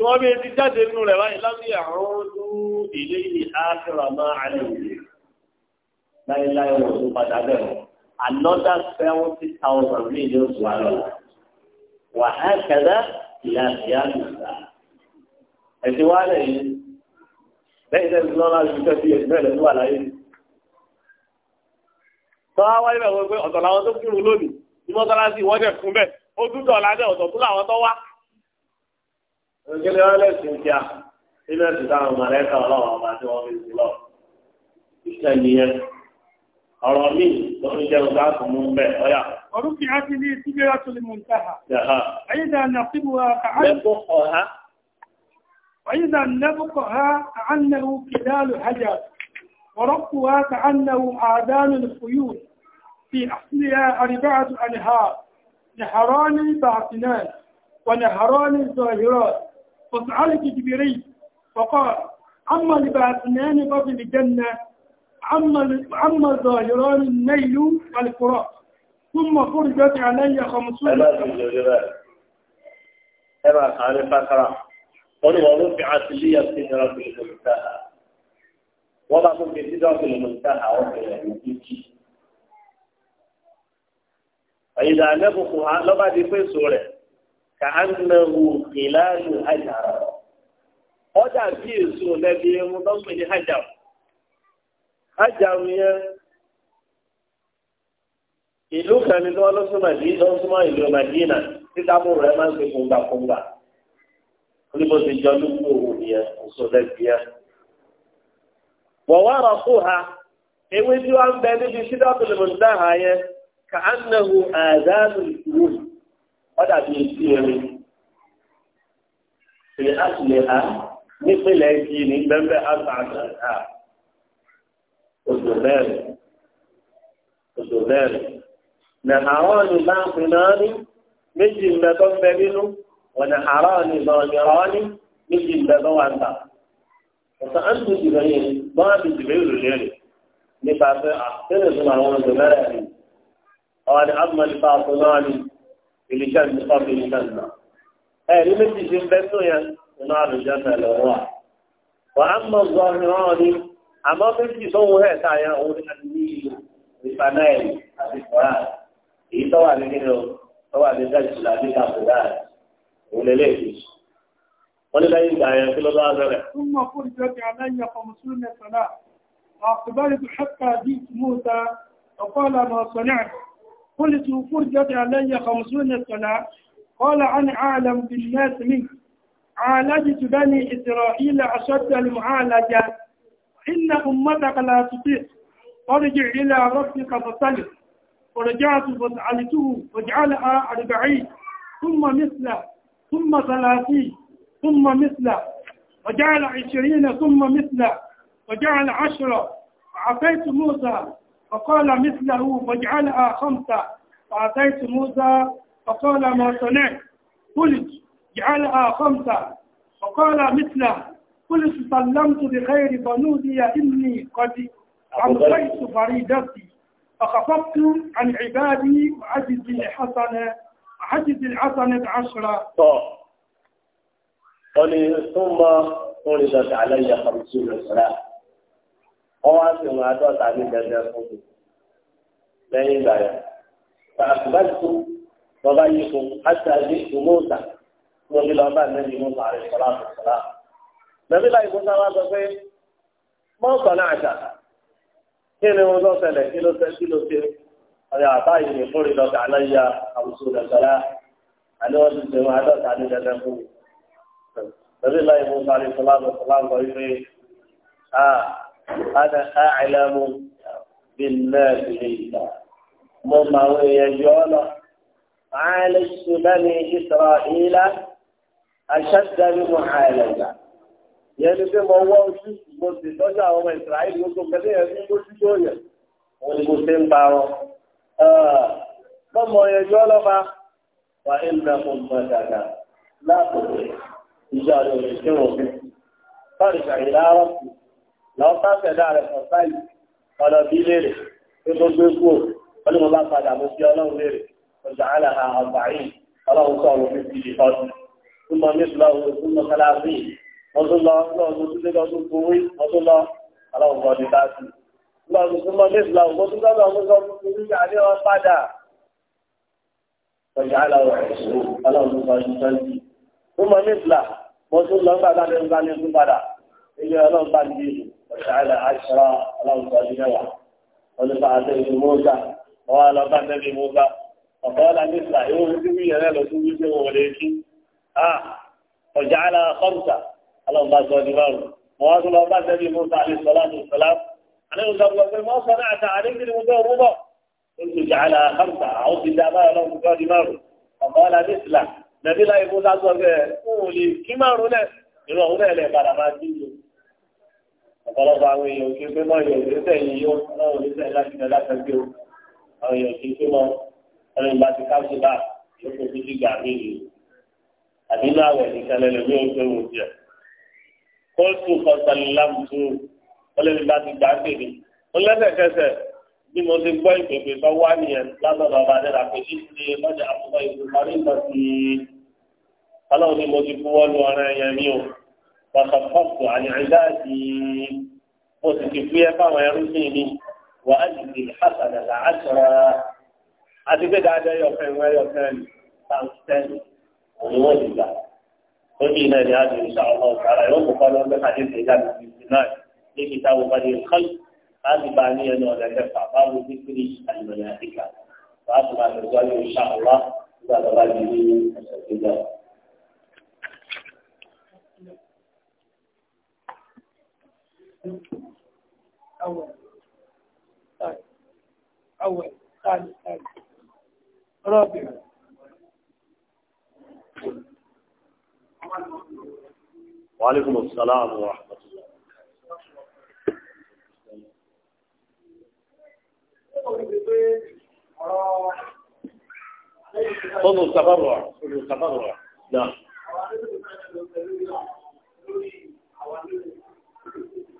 Speaker 2: tí wọ́n bí ti jáde nínú rẹ̀ báyìí lábí àwọn tó ilé ìlú ákẹ́rọ máa àlẹ́ òde láéláé wọn tó padà bẹ̀rẹ̀ another seventy thousand ní ilé oṣù wa lọ́la wà á kẹ́lá ìyá ìyá nìyà ẹ̀sìn wa lẹ̀ yìí lẹ́yìn tẹ́lẹ̀ lọ́la ju tẹ́tí ẹ̀ bẹ́ẹ̀ lọ́wọ́ àlàyé tọ́ wáyé bẹ̀ wọ́n pé ọ̀tọ̀ làwọn tó kírun lónìí ní mọ́sálásí wọ́n jẹ̀ fún bẹ́ẹ̀ ó dúdọ̀ ládẹ́ ọ̀tọ̀ tó làwọn tó wá. òṣèlú ọlẹ́sìn kíá nínú ẹ̀sìn táwọn mọ̀lẹ́kà ọlọ́run ọba tí wọ́n fi sí lọ. iṣẹ́ nìyẹn ọ̀rọ̀ míì tó ń jẹ́ ọ̀gá tó mú bẹ́ẹ̀ ọ̀yà.
Speaker 3: ọ̀rùn fi hàn ní síbíra tó lè mú ń káha. ayédà nàfíbùwà kàá. lẹ́kọ̀ọ́ ọ̀há. ayédà nàfíbùwà kàánàwó kìdálù hajar وربها كأنه آذان الخيول في أصلها أربعة أنهار نهران باطنان ونهران ظاهرات فسألت جبريل فقال أما الباطنان ففي الجنة أما أما الظاهران النيل والفرات ثم فرجت علي خمسون
Speaker 2: كما قال الفقرة قل ورفعت لي السدرة المنتهى وضع في السدرة المنتهى وفي فإذا نفخها لما دي في سورة Ka kìláàlù hajara ọjà bí èso lẹbi ẹmu tó ń pè ní hajar hajar yẹn ìlú kan ní wọn lọ sí màdí lọ sí màdí ìlú màdínà títa mú rẹ máa ń pè ti jọ lóko òwò lẹbi ha
Speaker 3: ewé tí bẹ níbi
Speaker 2: dáhà àdánù ìlú ọjà ìrìn fi àṣìlẹ̀ ha nípìnlẹ̀ kí ní bẹ́ẹ̀ àtàkà ha òjò bẹ́ẹ̀rẹ̀ òjò bẹ́ẹ̀rẹ̀ nà àwọn ọ̀nì bá ń pin náà ní méjì ń bẹ tó ń bẹ nínú wọn nà àwọn ọ̀nì bá ń yọrọ ní méjì ń bẹ tó wà ń tà ọ̀sán á ń tún jìbẹ̀ yẹn bọ́n á ti jìbẹ̀ yìí lòlẹ́rì nípa pé àtẹ́rẹ̀ tó àwọn òjò bẹ́ẹ̀rẹ̀ ni ọ̀nì àbúmọ̀lì bá a tó náà ni. iléeṣẹ́ ìjọba iléeṣẹ́ ìjọba ẹ̀rí méjì ṣe ń bẹ́ tó yẹn nínú àlùjá tẹ̀lẹ̀ wà. wà á mọ̀ gbọ́ ìran ni àmọ́ méjì tó wọ ẹ̀ ta yẹn òun ni ìfanáì àti kọ́ra èyí tó wà nínú ìlú tó wà ní dẹ́sù láti kàkúrà òun lè léèkì. wọ́n ní lẹ́yìn ìgbà yẹn kí ló bá bẹ̀rẹ̀.
Speaker 3: ثم فرجت علي فمسلم صلاة وأقبلت حتى جئت فقال ما صنعت قلت فرجت علي خمسون صلاة قال أنا أعلم بالناس منك عالجت بني إسرائيل أشد المعالجة إن أمتك لا تطيق ارجع إلى ربك فاصطلب ورجعت فسألته واجعلها أربعين ثم مثل. ثم ثلاثين ثم مثل. وجعل عشرين ثم مثل. وجعل عشرة وعفيت موسى فقال مثله واجعلها خمسة فأتيت موسى فقال ما صنعت قلت اجعلها خمسة فقال مثله قلت سلمت بخير بنودي إني قد أمضيت فريدتي فخففت عن عبادي وعجز الحسنة وعجز الحسنة عشرة
Speaker 2: قال ثم قلت علي خمسون سلام wọ́n wá sí wọn àádọ́ta ní dandan fún mi lẹ́yìn ìgbà yẹn fàkùbá tó lọ́ba yìí fún àtàlẹ́ ìmọ̀ọ́ta tí wọ́n fi lọ́ọ́ bá nẹ́bí mú sàrẹ́ sọ́lá sọ́lá. nàbí láì fún sábà sọ pé mọ́ọ̀tọ̀ náà jà kí ni wọn lọ ṣẹlẹ̀ kí ló ṣe kí ló ṣe ọ̀rẹ́ àbá yìí ní fún ìlọ́ta aláya àwùjọ dàgbàlá àní wọ́n ti sèwọ́n àádọ́ta ní dandan fún mi. nàbí láì fún sàrẹ́ sọ́lá أنا أعلم بالنافعين مما هو يجعل عالجت بني إسرائيل أشد بمعالجة يعني في موضوع مسلم تجا أمم إسرائيل يقول كذا يعني مسلم شوية والمسلم باو آه مما يجعل ما وإنهم مدنا لا تضيع إجارة الجوف فارجع إلى ربك lọ́wọ́ sáfẹ̀dá rẹ̀ sọ̀sáì ọ̀dọ̀ bí léèrè tí tó gbé kúrò wọ́n ní mo bá padà mo fi ọlọ́run léèrè ọjà àlàhà àgbàyìn ọlọ́run sọ ọ̀rọ̀ fífi lè ọdún tó mọ ní ìṣúná owó tó mọ kálásì wọ́n tó lọ ọlọ́run tó lé lọ́dún kúrú wọ́n tó lọ ọlọ́run kọ́ ní láti lọ́run tó mọ ní ìṣúná owó tó gbọ́dọ̀ ọmọ sọ fún mi àní ọ padà ọjà àlàhà ọlọ́run sọ ọdún tó mọ ní ìṣúná wọ́n tó lọ ní ìṣúná padà ilé وجعل عشرة الأنصار جمعا ودفع سيد موسى وقال النبي موسى وقال مثل يوم سبي أنا لو سبي وليكي آه وجعل خمسة الأنصار جمعا وقال النبي موسى عليه الصلاة والسلام أنا أقول ما صنعت عليك المدربة قلت جعلها خمسة أعوذ بالله ما لهم قادمار فقال مثله نبي لا يقول عز وجل قولي كما هنا إنه هنا لا يقال ما تجيب ọ̀pọ̀lọpọ̀ àwọn èèyàn òkè pé mọ́ ìyẹn ìgbésẹ̀ yìí yóò ọlọ́run oníṣẹ́ láti lọ látàgbé o àwọn èèyàn òkè pé mọ́ ọlọ́run bá ti káṣí bá yóò kó fún gíga mí yìí àbí náà wẹ̀ nìkan lẹ́nu ní oúnjẹ wò jẹ. kóòtù kọ̀ọ̀tàlélámùtò ọlọ́run bá ti gbà á pè mí ọlọ́sẹ̀kẹsẹ̀ bí mo ti gbọ́ ìpèpè tó wá nìyẹn látọ̀dọ̀ ọba dẹ́ra pé kí ni lọ́jà àkókò ìlú parí nǹkan sí i ni mo ti mo sì ti fi ẹ fáwọn ẹrú sí mi wà á sì ti hasan àlà àṣọra àti pé dáadáa yọkẹ ìwé yọkẹ ní pàǹtẹ́n òní wọ́n ti gbà
Speaker 3: ó ní ilẹ̀ ní adùn
Speaker 2: ìṣàwọn ọ̀sán ara yóò kópa lọ́wọ́ bẹ́ẹ̀ kájí ìgbéga ní fifty nine ní kìtà wọ́n bá dé kọ́lù láti bá a ní ẹnu ọ̀dà ẹ̀fà báwo ní kiri àlùmọ̀nì àdìgà wàá tó máa tẹ̀síwájú bá di ní ọ̀sẹ̀
Speaker 3: أول طيب. أول ثالث رابع
Speaker 2: وعليكم السلام ورحمة الله
Speaker 3: خذوا التبرع خذوا التبرع نعم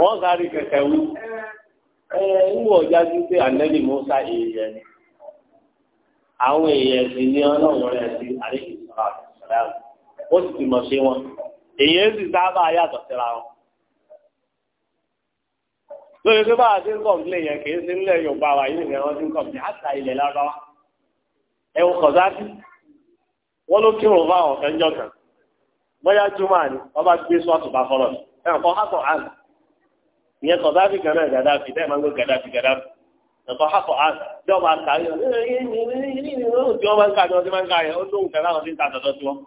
Speaker 3: wọ́n sáré kẹ̀kẹ́ wú
Speaker 2: ń wọ̀ jáde pé ànẹ́lì mọ́sá èèyàn ni àwọn èèyàn sì ní ọlọ́run rẹ̀ sí àríkì sọ̀rọ̀ ó sì ti mọ̀ sí wọn èèyàn sì sábà yàtọ̀ síra wọn. lórí pé báwa ti ń kọ̀ǹpilẹ̀ yẹn kì sí nílẹ̀ wọ́n ló kírun fáwọn ọ̀fẹ́ ńjọ kan bóyá júmọ̀ ni wọ́n bá gbé sọ́ọ̀tù bá fọ́lọ́ ẹ̀kọ́ hàtọ̀ àn ìyẹn kọ̀dáfì kan náà gàdáfì bẹ́ẹ̀ máa ń gbé gàdáfì gàdáfì ẹ̀kọ́ hàtọ̀ àn bí wọ́n bá ń kàrí ọ̀hún tí wọ́n máa ń kàrí tí wọ́n ń kàrí ọ̀hún tó ń kàrí àwọn tí ń ta àtọ̀tọ̀ tí wọ́n.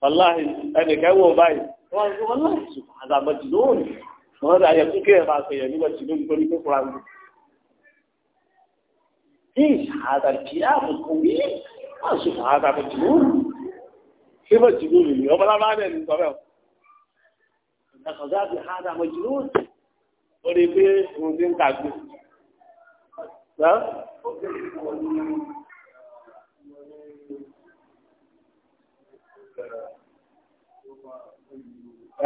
Speaker 2: wàláhì ẹnìkan wọ́n àtàkùn jùlọ fífọ̀ jùlọ lè lè ọmọlábá bẹ́ẹ̀ ní sọ́fẹ́ o ẹ̀kọ́sá ti ha àtàkùn jùlọ ó lè pé òun ti ń kàgbé náà.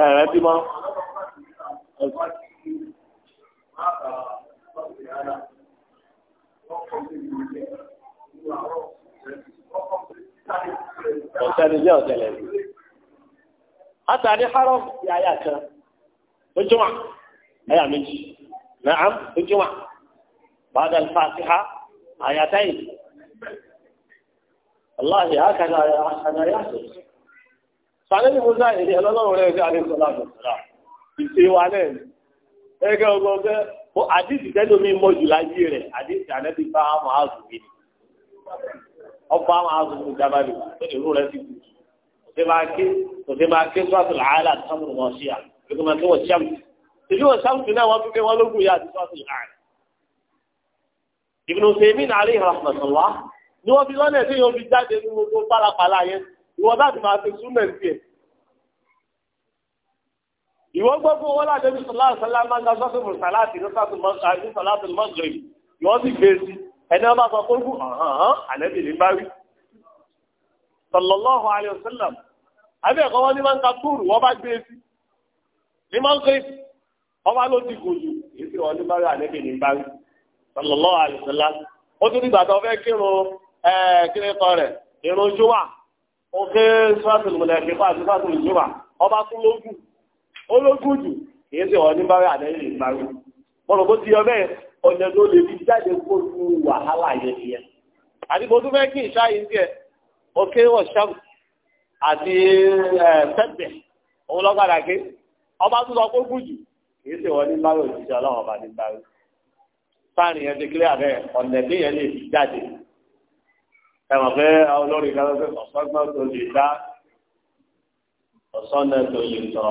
Speaker 2: ẹ̀rẹ́ tí mọ́ Thank ọ̀sẹ̀ni jẹ́ ọ̀sẹ̀lẹ̀ rí. haram ya yà kan, ojúmọ̀, Na méjì, na'am, ojúmọ̀, bàdà al sí àdéhùn sọ́lá àbọ̀sọ́lá. Ìṣe wa náà ni. Ẹgẹ́ ọgbọ̀gbẹ́, àdìsí tẹ́lómi mọ́jú láyé rẹ̀, ànẹ́bí bá ọba àwọn azùnkù jábàlì tó ní irú rẹ ti kù òde máa ké òde máa ké sọ́ọ̀tù làálà sọ́ọ̀tù wọn ṣíà òde máa ké wọn ṣíà ìlú wọn ṣáàmùtù náà wọn fi ké wọn lógun yá àti sọ́ọ̀tù làálà. Ibn Uthaymeen alayhi rahmatullah ni wọ́n fi lọ́nà tí yóò fi jáde ní gbogbo pálapàla yẹn ìwọ láti máa fi súnmọ̀ sí ẹ̀. ìwọ gbogbo wọn láti ẹbí sọlá sọlá máa ń ga sọ́ọ̀tù mùsàlá àti sọ́ọ̀tù mọ́gàrì ẹni ọba sọ pé gùn hàn ànẹ́bì ní báwí sallallahu alayhi abẹ́ ẹ̀kọ́ wọn ní máa ń ka túrù wọ́n bá gbé sí ní máa ń ọba ló ti gùn èyí wọ́n ní ànẹ́bì ní ó tún nígbà tó fẹ́ kírun rẹ̀ irun ó ké sọ́ọ̀tún múlẹ̀ àti sọ́ọ̀tún lógún ó lógún jù èyí wọ́n ní ọ̀nà ló lè fi jáde kó nu wàhálà yẹn nìyẹn. àdìgbò tó fẹ́ kí ìṣá yìí díẹ̀ òkè wọ̀ ṣáàbù àti sẹ́tẹ̀ òun lọ́gbàdà ké ọba tó lọ kó gùjù
Speaker 3: kì í ṣe wọ́n ní báyọ̀ òṣìṣẹ́
Speaker 2: ọlọ́run ọba ní báyọ̀. sáàrin yẹn ti kílẹ̀ àbẹ́ ọ̀nà tí yẹn lè fi jáde. ẹ mọ̀ pé olórí kan lọ́sẹ̀ ọ̀sọ́gbọ́n tó lè dá ọ̀sọ́nà tó lè sọ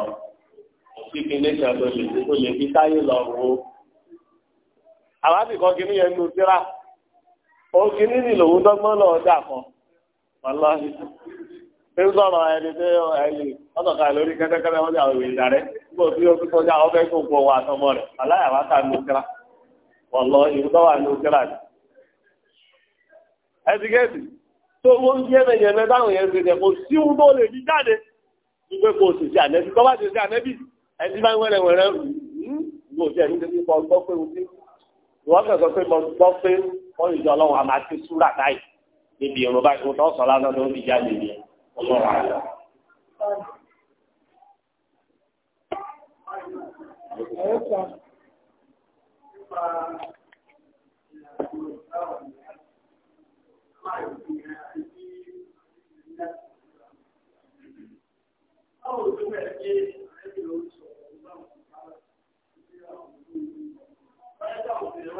Speaker 2: àwa sì kọ́ kínní yẹn ń lu síra òkínní ni lòun kan wàláhi ṣé ń sọ̀rọ̀ ẹni tí ẹni ọ̀tọ̀ka lórí kẹ́tẹ́kẹ́tẹ́ wọ́n ti àwọn ìrìnà nígbà tí ó tún sọjá ọ̀fẹ́ tó gbọ́ wa àtọmọ rẹ̀ aláya wa ta lu síra wọ̀lọ́ ìrúdọ́ wà lu ni. tó ń táwọn yẹn tó lè fi jáde wípé sì bá ti bá ń wọ́n kẹ́kọ̀ọ́ pé mo gbọ́ pé wọ́n yìí jọ ọlọ́run àmà ti súrà báyìí níbi ìrún báyìí kò sọ lásán tó fi jáde ní ọlọ́run àlọ́.
Speaker 3: Thank you.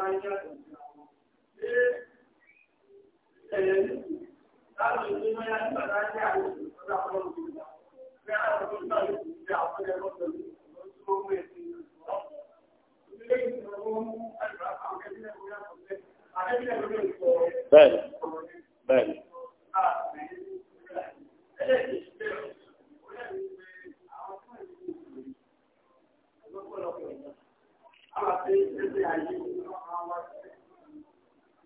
Speaker 3: bá ń yàtọ̀ sí àwọn ṣé ẹ̀yẹ nìkú láti ṣe mọ́yá nígbà tá a jẹ́ àwọn ìṣòro àwọn olùdíjà ní àwọn olùdíjà yóò ti ṣe àwọn ẹ̀rọ pẹ̀lú ìṣòro tí ó mú ẹ̀sìn ìṣòro. ilé ìṣòro ló mú àjọ àwọn ẹgbẹ́ ìṣòro yàtọ̀ sí àdébílẹ̀ lórí ìṣòro. bẹ́ẹ̀ni bẹ́ẹ̀ni. Thank you.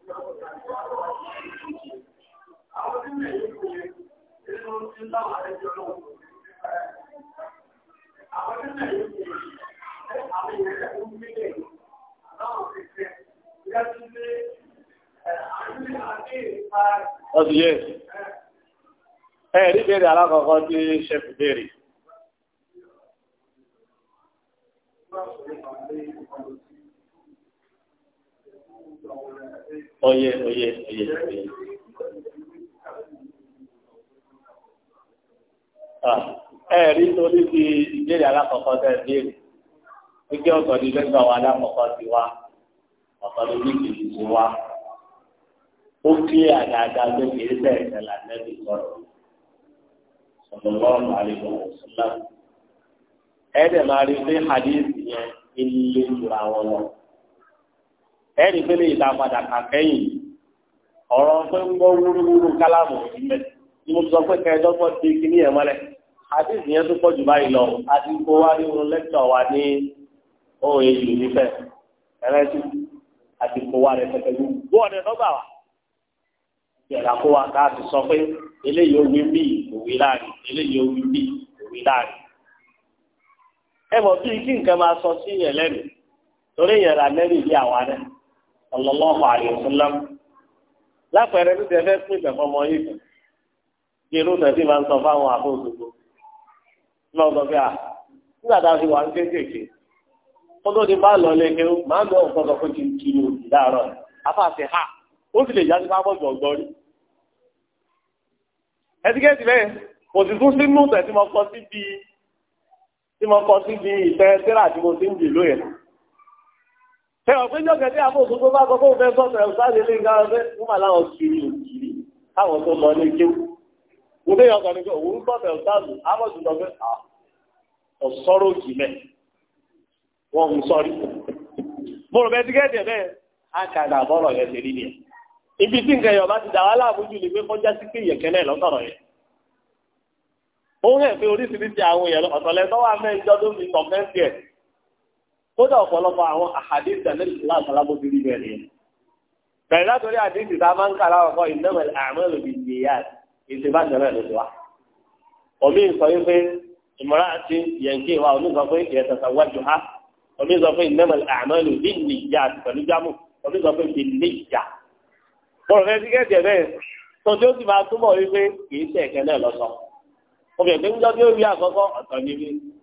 Speaker 3: Ọdún yẹ́
Speaker 2: ẹ̀rí bèèrè alákọ̀ọ́kọ́ tí ṣẹ́fì bèèrè.
Speaker 1: Thank you. Oye oye oye ọyẹ.
Speaker 2: Ah, ẹ̀rí torí ti ìbéèrè alákọ̀ọ́kọ́ tẹ̀ béèrè gbígbé ọ̀tọ̀ ní lẹ́gbẹ̀ẹ́ àwọn alákọ̀ọ́kọ́ ti wá ọ̀tọ̀ ní méjèèjì ti wá ó kí àdáadá ló kì í bẹ̀rẹ̀ sẹ́la lẹ́bi sọ̀rọ̀ sọ̀rọ̀lọ́rùn àlejò ọ̀sùnlá ẹ̀ẹ́dẹ̀ máa rí pé hadith yẹn ilé ìtura wọn lọ ẹ̀rí pé lè dá padà kà kẹ́yìn ọ̀rọ̀ pé ń gbọ́ wúrúwúrú kálámù ìbẹ̀ ni mo sọ pé kẹẹ̀dọ́gbọ́n ti kíní ẹ̀ mọ́lẹ̀ àti ìsìnyẹn tó pọ̀ jù báyìí lọ àti kó wá ní oorun lẹ́kítọ̀ wa ní ohun èlò nífẹ̀ ẹlẹ́sì àti kó wá rẹ̀ pẹ̀pẹ̀ gbogbo ọ̀dẹ̀ lọ́gbà wa ìjọba kó wa ká ti sọ pé eléyìí ó wí bí òwe láàrin eléyìí ó bí òwe láàrin ẹ mọ̀ bí kí nǹkan máa sọ sí yẹn lẹ́nu torí yẹn ra lẹ́nu ìdí àwa náà sallallahu alaihi wasallam lápẹẹrẹ bí tẹ fẹ́ pín ìgbàgbọ́ ọmọ yìí kan bí irú tẹ̀sí máa ń sọ fáwọn àbóòdòdó lọ sọ fẹ́ à nígbà tá a fi wà ń kéékèèké kó tó di bá lọ lé ké máa ń lọ nǹkan sọ kí n kí ni òbí láàárọ̀ afáàfẹ́ ha ó sì lè já sí pápọ̀ gbọ̀ngbọ̀ rí. ẹtíkẹ́tì bẹ́ẹ̀ kò sì tún sínú tẹ̀ tí mo kọ sí bíi tí mo kọ sí bíi ìfẹ́ tẹ́lá tí mo ti ń dì lóye náà. Ẹ̀rọ pé ndị tí àbò òṣogbo bá sọ fóun fẹ́ sọ́tọ̀ ẹ̀rù tó lọ ní kéwù. Mo dé ọkọ̀ ni pé òun pé ah, ọ̀sọ́rọ̀ mẹ́. Wọ́n sọ́rí. Mo rò yẹn rí ni Ibi tí nǹkan bá kódà ọ̀pọ̀lọpọ̀ àwọn àhàdìsì àlẹ́sìlá àtàlábó ti rí bẹ́ẹ̀ ni. bẹ̀rẹ̀ látọ̀rí àdìsì tá a máa ń kà láwọn kọ́ ìnáwó àmọ́ lòdì ìyá ìṣèbá tẹ̀lé ló ti wá. omi sọ wípé ìmọ̀ra àti yẹ̀ǹkì wa omi sọ pé ìrẹsẹ̀sẹ̀ wájú ha omi sọ pé ìnáwó àmọ́ lòdì ìyá pẹ̀lú jámù omi sọ pé ìdílé ìjà. bọ̀rọ̀ fẹ́ tíkẹ́ẹ̀tì ẹ̀ bẹ́ẹ̀ tọ́jú ó sì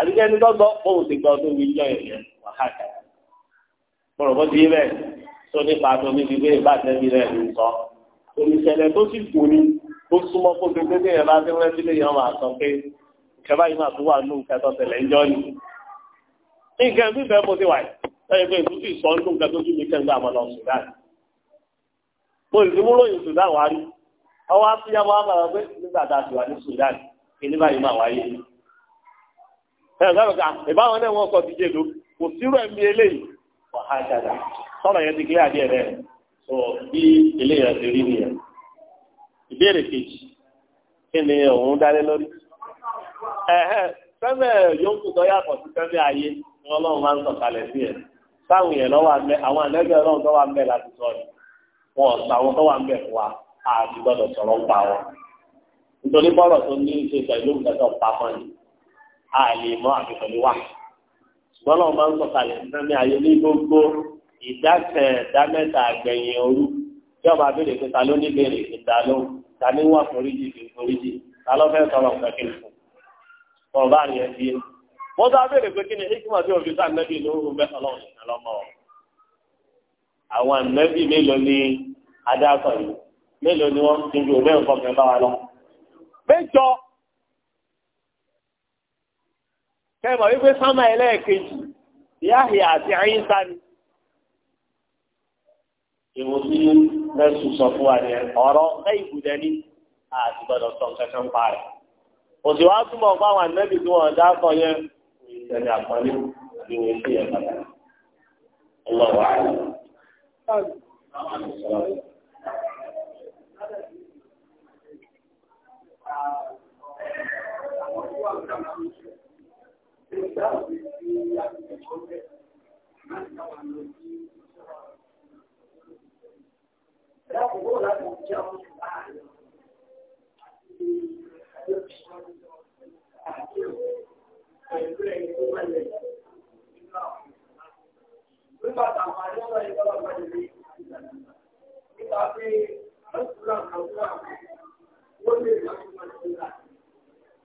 Speaker 2: àdúgbò ẹni tó gbọ́ òun ti gbọ́ tó wíjọ ìyẹn wàhálà mọ̀rọ̀ bọ́ ti yé bẹ́ẹ̀ tó nípa tó níbi pé ìbáṣẹ́ mi rẹ̀ ń sọ olùṣẹ̀lẹ̀ tó sì kù ni tó súnmọ́ kó gbogbo ní ẹ̀rọ adéwọ́n sílé yẹn máa sọ pé ìkẹfà yìí máa tún wà ní nǹkan tó tẹ̀lé ńjọ́ ni. nǹkan bí bẹ́ẹ̀ mo ti wà lẹ́yìn pé ìtútù ìsọ ní nǹkan tó tún mi kẹ́ńgbà ẹ̀ẹ́dọ́gba ah, ìbáwọn náà wọ́n kọ́ ti jẹ́ ló kò sírò ẹ̀mí eléyìí wà á dada sọ̀rọ̀ yẹn ti kílẹ̀ adìẹ rẹ̀ sọ bí eléyìí ti rí nìyẹn. ìbéèrè kejì kí ni òun dálé lórí. yàtọ̀ sí ayé ni ọlọ́run máa sí ẹ̀ sáwọn yẹn lọ́wọ́ àwọn ọlọ́run wà láti sọ a lè mọ àti pẹ̀lú wa ṣùgbọ́n lọ́wọ́ máa ń sọ̀kalẹ̀ sẹ́mi ayé ní gbogbo ìdáṣẹ ìdámẹ́ta àgbẹ̀yìn òru yóò máa béèrè pé ta ló ní béèrè ìdá lóhùn ta ní wà foríjì fi foríjì ta ló fẹ́ sọ̀rọ̀ kẹ́kẹ́ fún ọ̀rọ̀ bá rẹ̀ bí i. wọ́n sá béèrè pé kí ni hikima tí òfin sáà nẹ́bí lóhùn bẹ́ ọlọ́run ìṣẹ́ lọ́mọ. àwọn ànẹ́bí mélòó ni adákọ̀ yìí mélòó ni wọ́n ti ju bẹ́ẹ̀ fọ́ mẹ́fà kẹ́mọ̀ wípé sánmà ẹlẹ́ẹ̀kejì Yahya àti ayínṣá ni. ìwòsí mẹ́sùn sọ fún wa ni ọ̀rọ̀ lẹ́yìn ìbùdẹ́ ní àti gbọ́dọ̀ sọ kankan pa rẹ̀. òsì wa túbọ̀ fún àwọn ànábì tí wọ́n dá sọ yẹn ìṣẹ̀lẹ̀ àpọ́nlé ni wọ́n ti yẹ padà. ọlọ́wọ́ àyè. Thank you. Nípa pé,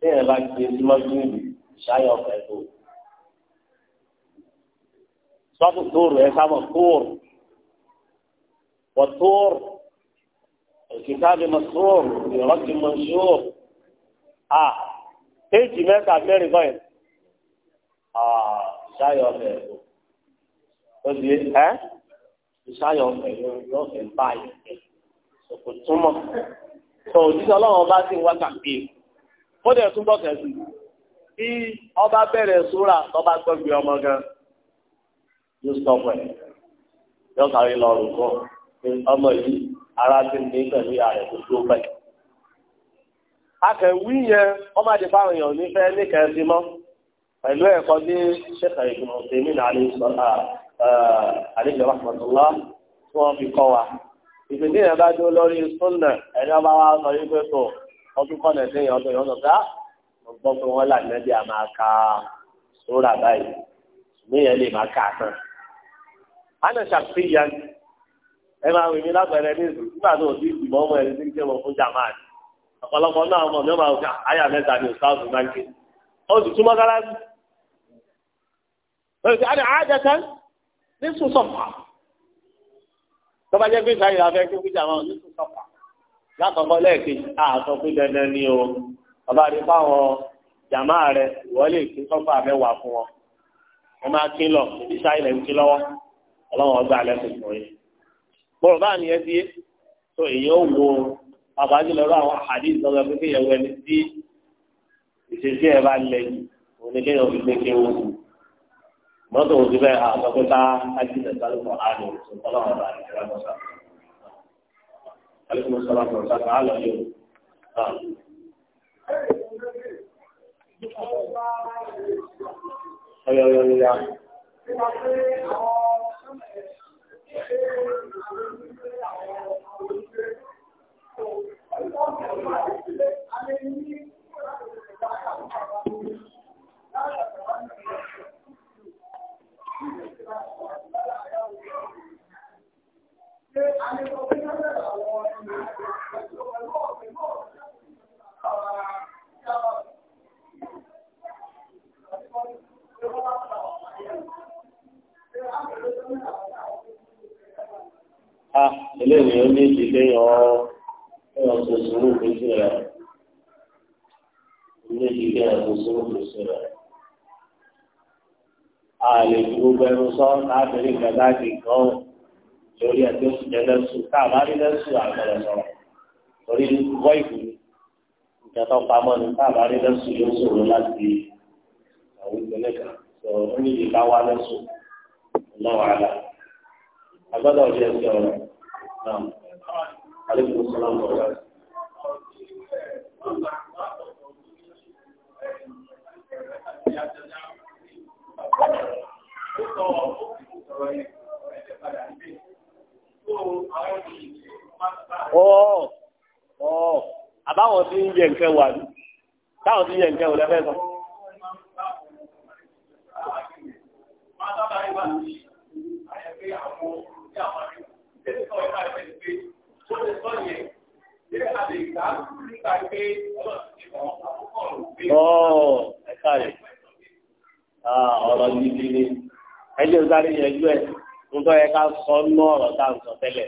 Speaker 2: téèyàn bá gbé sí mọ́júlì ṣáyọ̀ ọ̀fẹ́ tó. sọ́tù tóòrù ẹ sábà tóòrù wọ́n tóòrù òkìtàbí mọ́ tóòrù ìrọ́jì mọ́ ṣóòrù. a kéèjì mẹ́ta mẹ́rin kọ́ yẹn ṣáyọ̀ ọ̀fẹ́ tó. ó di ẹ́ ṣáyọ̀ ọ̀fẹ́ yóò fẹ́ báyìí. sọ̀kò túmọ̀. sọ òjíṣẹ́ ọlọ́run ọba sì ń wá kàkiri ó dẹ̀ tún bọ̀ kẹ̀sì bí ọba bẹ̀rẹ̀ sóra ọba gbọ́gbé ọmọ gan yóò sọ̀pọ̀ ẹ̀ yóò sáré lọ rùn ọmọ yìí ara ti ní pẹ̀lú ìyá rẹ̀ tó tó bẹ̀. akẹ̀wí yẹn ọmọ àti fáwọn èèyàn nífẹ̀ẹ́ ní kẹ̀sì mọ́ pẹ̀lú ẹ̀kọ́ ní ṣẹ́kà ìgbìmọ̀ tèmi náà ní sọ́ta àlejò rahmatullah tí wọ́n fi kọ́ wa ìpínlẹ̀ yẹn bá dúró lórí sunna ẹ̀dá ọdún kọ́nà ẹ̀sẹ̀ yẹn ọdún yẹn ọdún ká ọgbọ́n pé wọ́n là nẹ́bí à máa ka sóra báyìí ṣùgbọ́n yẹn lè máa kà á tán. àná ṣàfihàn ẹ máa wèmí lábẹ́rẹ́ ní ìlú nígbà tó o ti ìgbìmọ̀ ọmọ ẹni tí ń jẹ́wọ́ fún jamaat ọ̀pọ̀lọpọ̀ náà ọmọ mi ọmọ àwùjọ àyà mẹ́ta ní ọ̀sáàtù báńkì ó sì túmọ̀ gáràjì. lórí àdé àjẹsẹ́ ní sùn sọ̀fà tó gbé ìsáyìí la fẹ́ kí ó fi jàmọ́ ní sùn sọ̀fà lákọ̀ọ́kọ́ lẹ́ẹ̀kejì àtọ pé dandan ni o ọba rí fáwọn jàmá rẹ wọ́n lè kí sọ́fà mẹ́wàá fún wọn ẹ máa kí lọ ibi sáyé ń kí lọ́wọ́ ọlọ́wọ́n ọgbà lẹ́sìn fún yín. bọ́ọ̀ bá nìyẹn ti tó èyí ó wo àbájú lọ́rọ́ àwọn àdìs lọ́dọ̀ pé kí ẹni tí ìṣesí ẹ̀ bá lẹ̀ yìí òun fi gbé kéwò kù mọ́tò òsì bẹ́ẹ̀ àtọ́kọ́ta ájì عليكم السلام ورحمة الله تعالى اليوم أيوة أيوة أيوة Thank you. èèyàn ní ìdí kéèyàn kéèyàn tó rẹ̀ rẹ̀. a lè fi gbogbo ẹnu sọ gan lórí ẹgbẹ́ lẹ́sùn a rí lẹ́sùn àgbẹ̀rẹ̀ sọ̀rọ̀ wọ́ ìbò pamọ́ a rí lẹ́sùn yóò láti àwọn ìpínlẹ̀ kan sọ wá lẹ́sùn lọ́wọ́ نعم عليكم السلام ورحمة الله Ọ̀ ọ̀ àbáwọn tí ń jẹ nǹkan wà ní, táwọn tí ń jẹ nǹkan wò lẹ́fẹ́ sọ. sáré yẹjú ẹ̀ nítorí ẹ ká sọ nínú ọ̀rọ̀ tá à ń sọ tẹ́lẹ̀.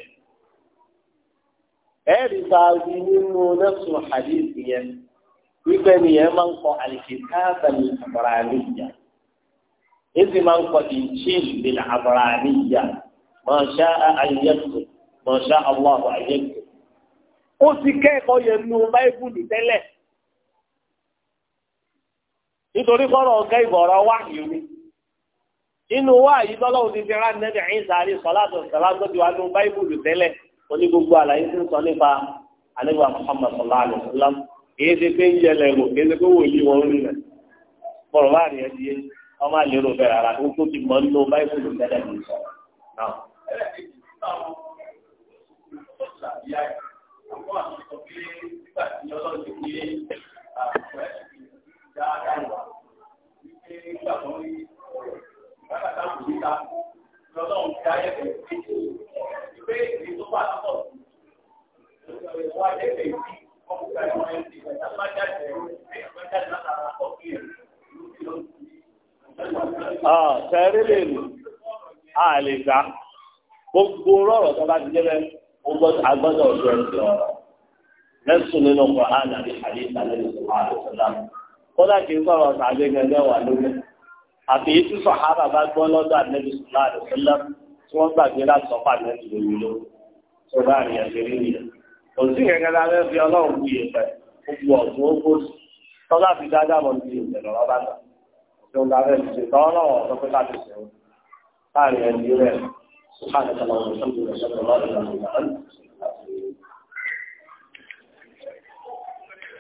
Speaker 2: ẹ̀rí ta wí nínú nẹ́sùn hadith yẹn wípé nìyẹn máa ń kọ èsì máa ń kọ máa ṣá àyẹ̀kù máa ṣá àyẹ̀kù.
Speaker 3: ó ti kẹ́kọ̀ọ́ yẹn báíbùlù tẹ́lẹ̀ nítorí ọ̀gá ìbọ̀rọ̀ wáyé mi. inú wa yìí tọ́lọ́wọ́
Speaker 2: ti fi rán nẹ́bí ẹ̀yìn sáré sọ́látọ̀ sọ́látọ̀ ti wà nínú báíbùlù tẹ́lẹ̀ oní gbogbo àlàyé ti ń sọ nípa àlẹ́wà Muhammad sallallahu alayhi wa sallam kìí ṣe pé ń yẹlẹ̀ wò kìí ṣe pé wò ní wọn rí rẹ̀ bọ̀rọ̀ bá rí ẹdí ọmọ àlérò bẹ̀rẹ̀ ara tó tó ti mọ̀ nínú báíbùlù tẹ́lẹ̀ ní sọ. Thank you. Ah, bàbá Gbogbo rọ̀rọ̀ tó bá ti jẹ́ bẹ́ẹ̀, agbọ́dọ̀ ọ̀dọ́ ẹ̀sìn ọ̀rọ̀. Lẹ́sùn nínú Kùránì àti àdéhùn àlẹ́ ìṣòwò àlùfáà. Kọ́lá kìí sọ̀rọ̀ tàbí gẹ́gẹ́ wà lórí àti tí sọ̀hárà bá gbọ́ lọ́dọ̀ ànẹ́bí sọ̀lá àdùsọ́lá tí wọ́n gbàgbé láti sọ́pà ànẹ́bí lórí ló tó bá rìn ẹ̀sẹ̀ rí kò sí kẹ̀kẹ́ la fẹ́ fi ọlọ́run bu ìyẹ̀fẹ̀ gbogbo ọ̀tún ó kó sí tọ́lá fi dáadáa mọ̀ ní ìyẹ̀fẹ̀ lọ́wọ́ bá tà tó ń darẹ̀ ṣe tọ́wọ́ náà wọ̀ sọ́pẹ́ láti sẹ́wọ́ láàrin ẹ̀sẹ̀ rẹ̀ sọ́pà àdùsọ́lá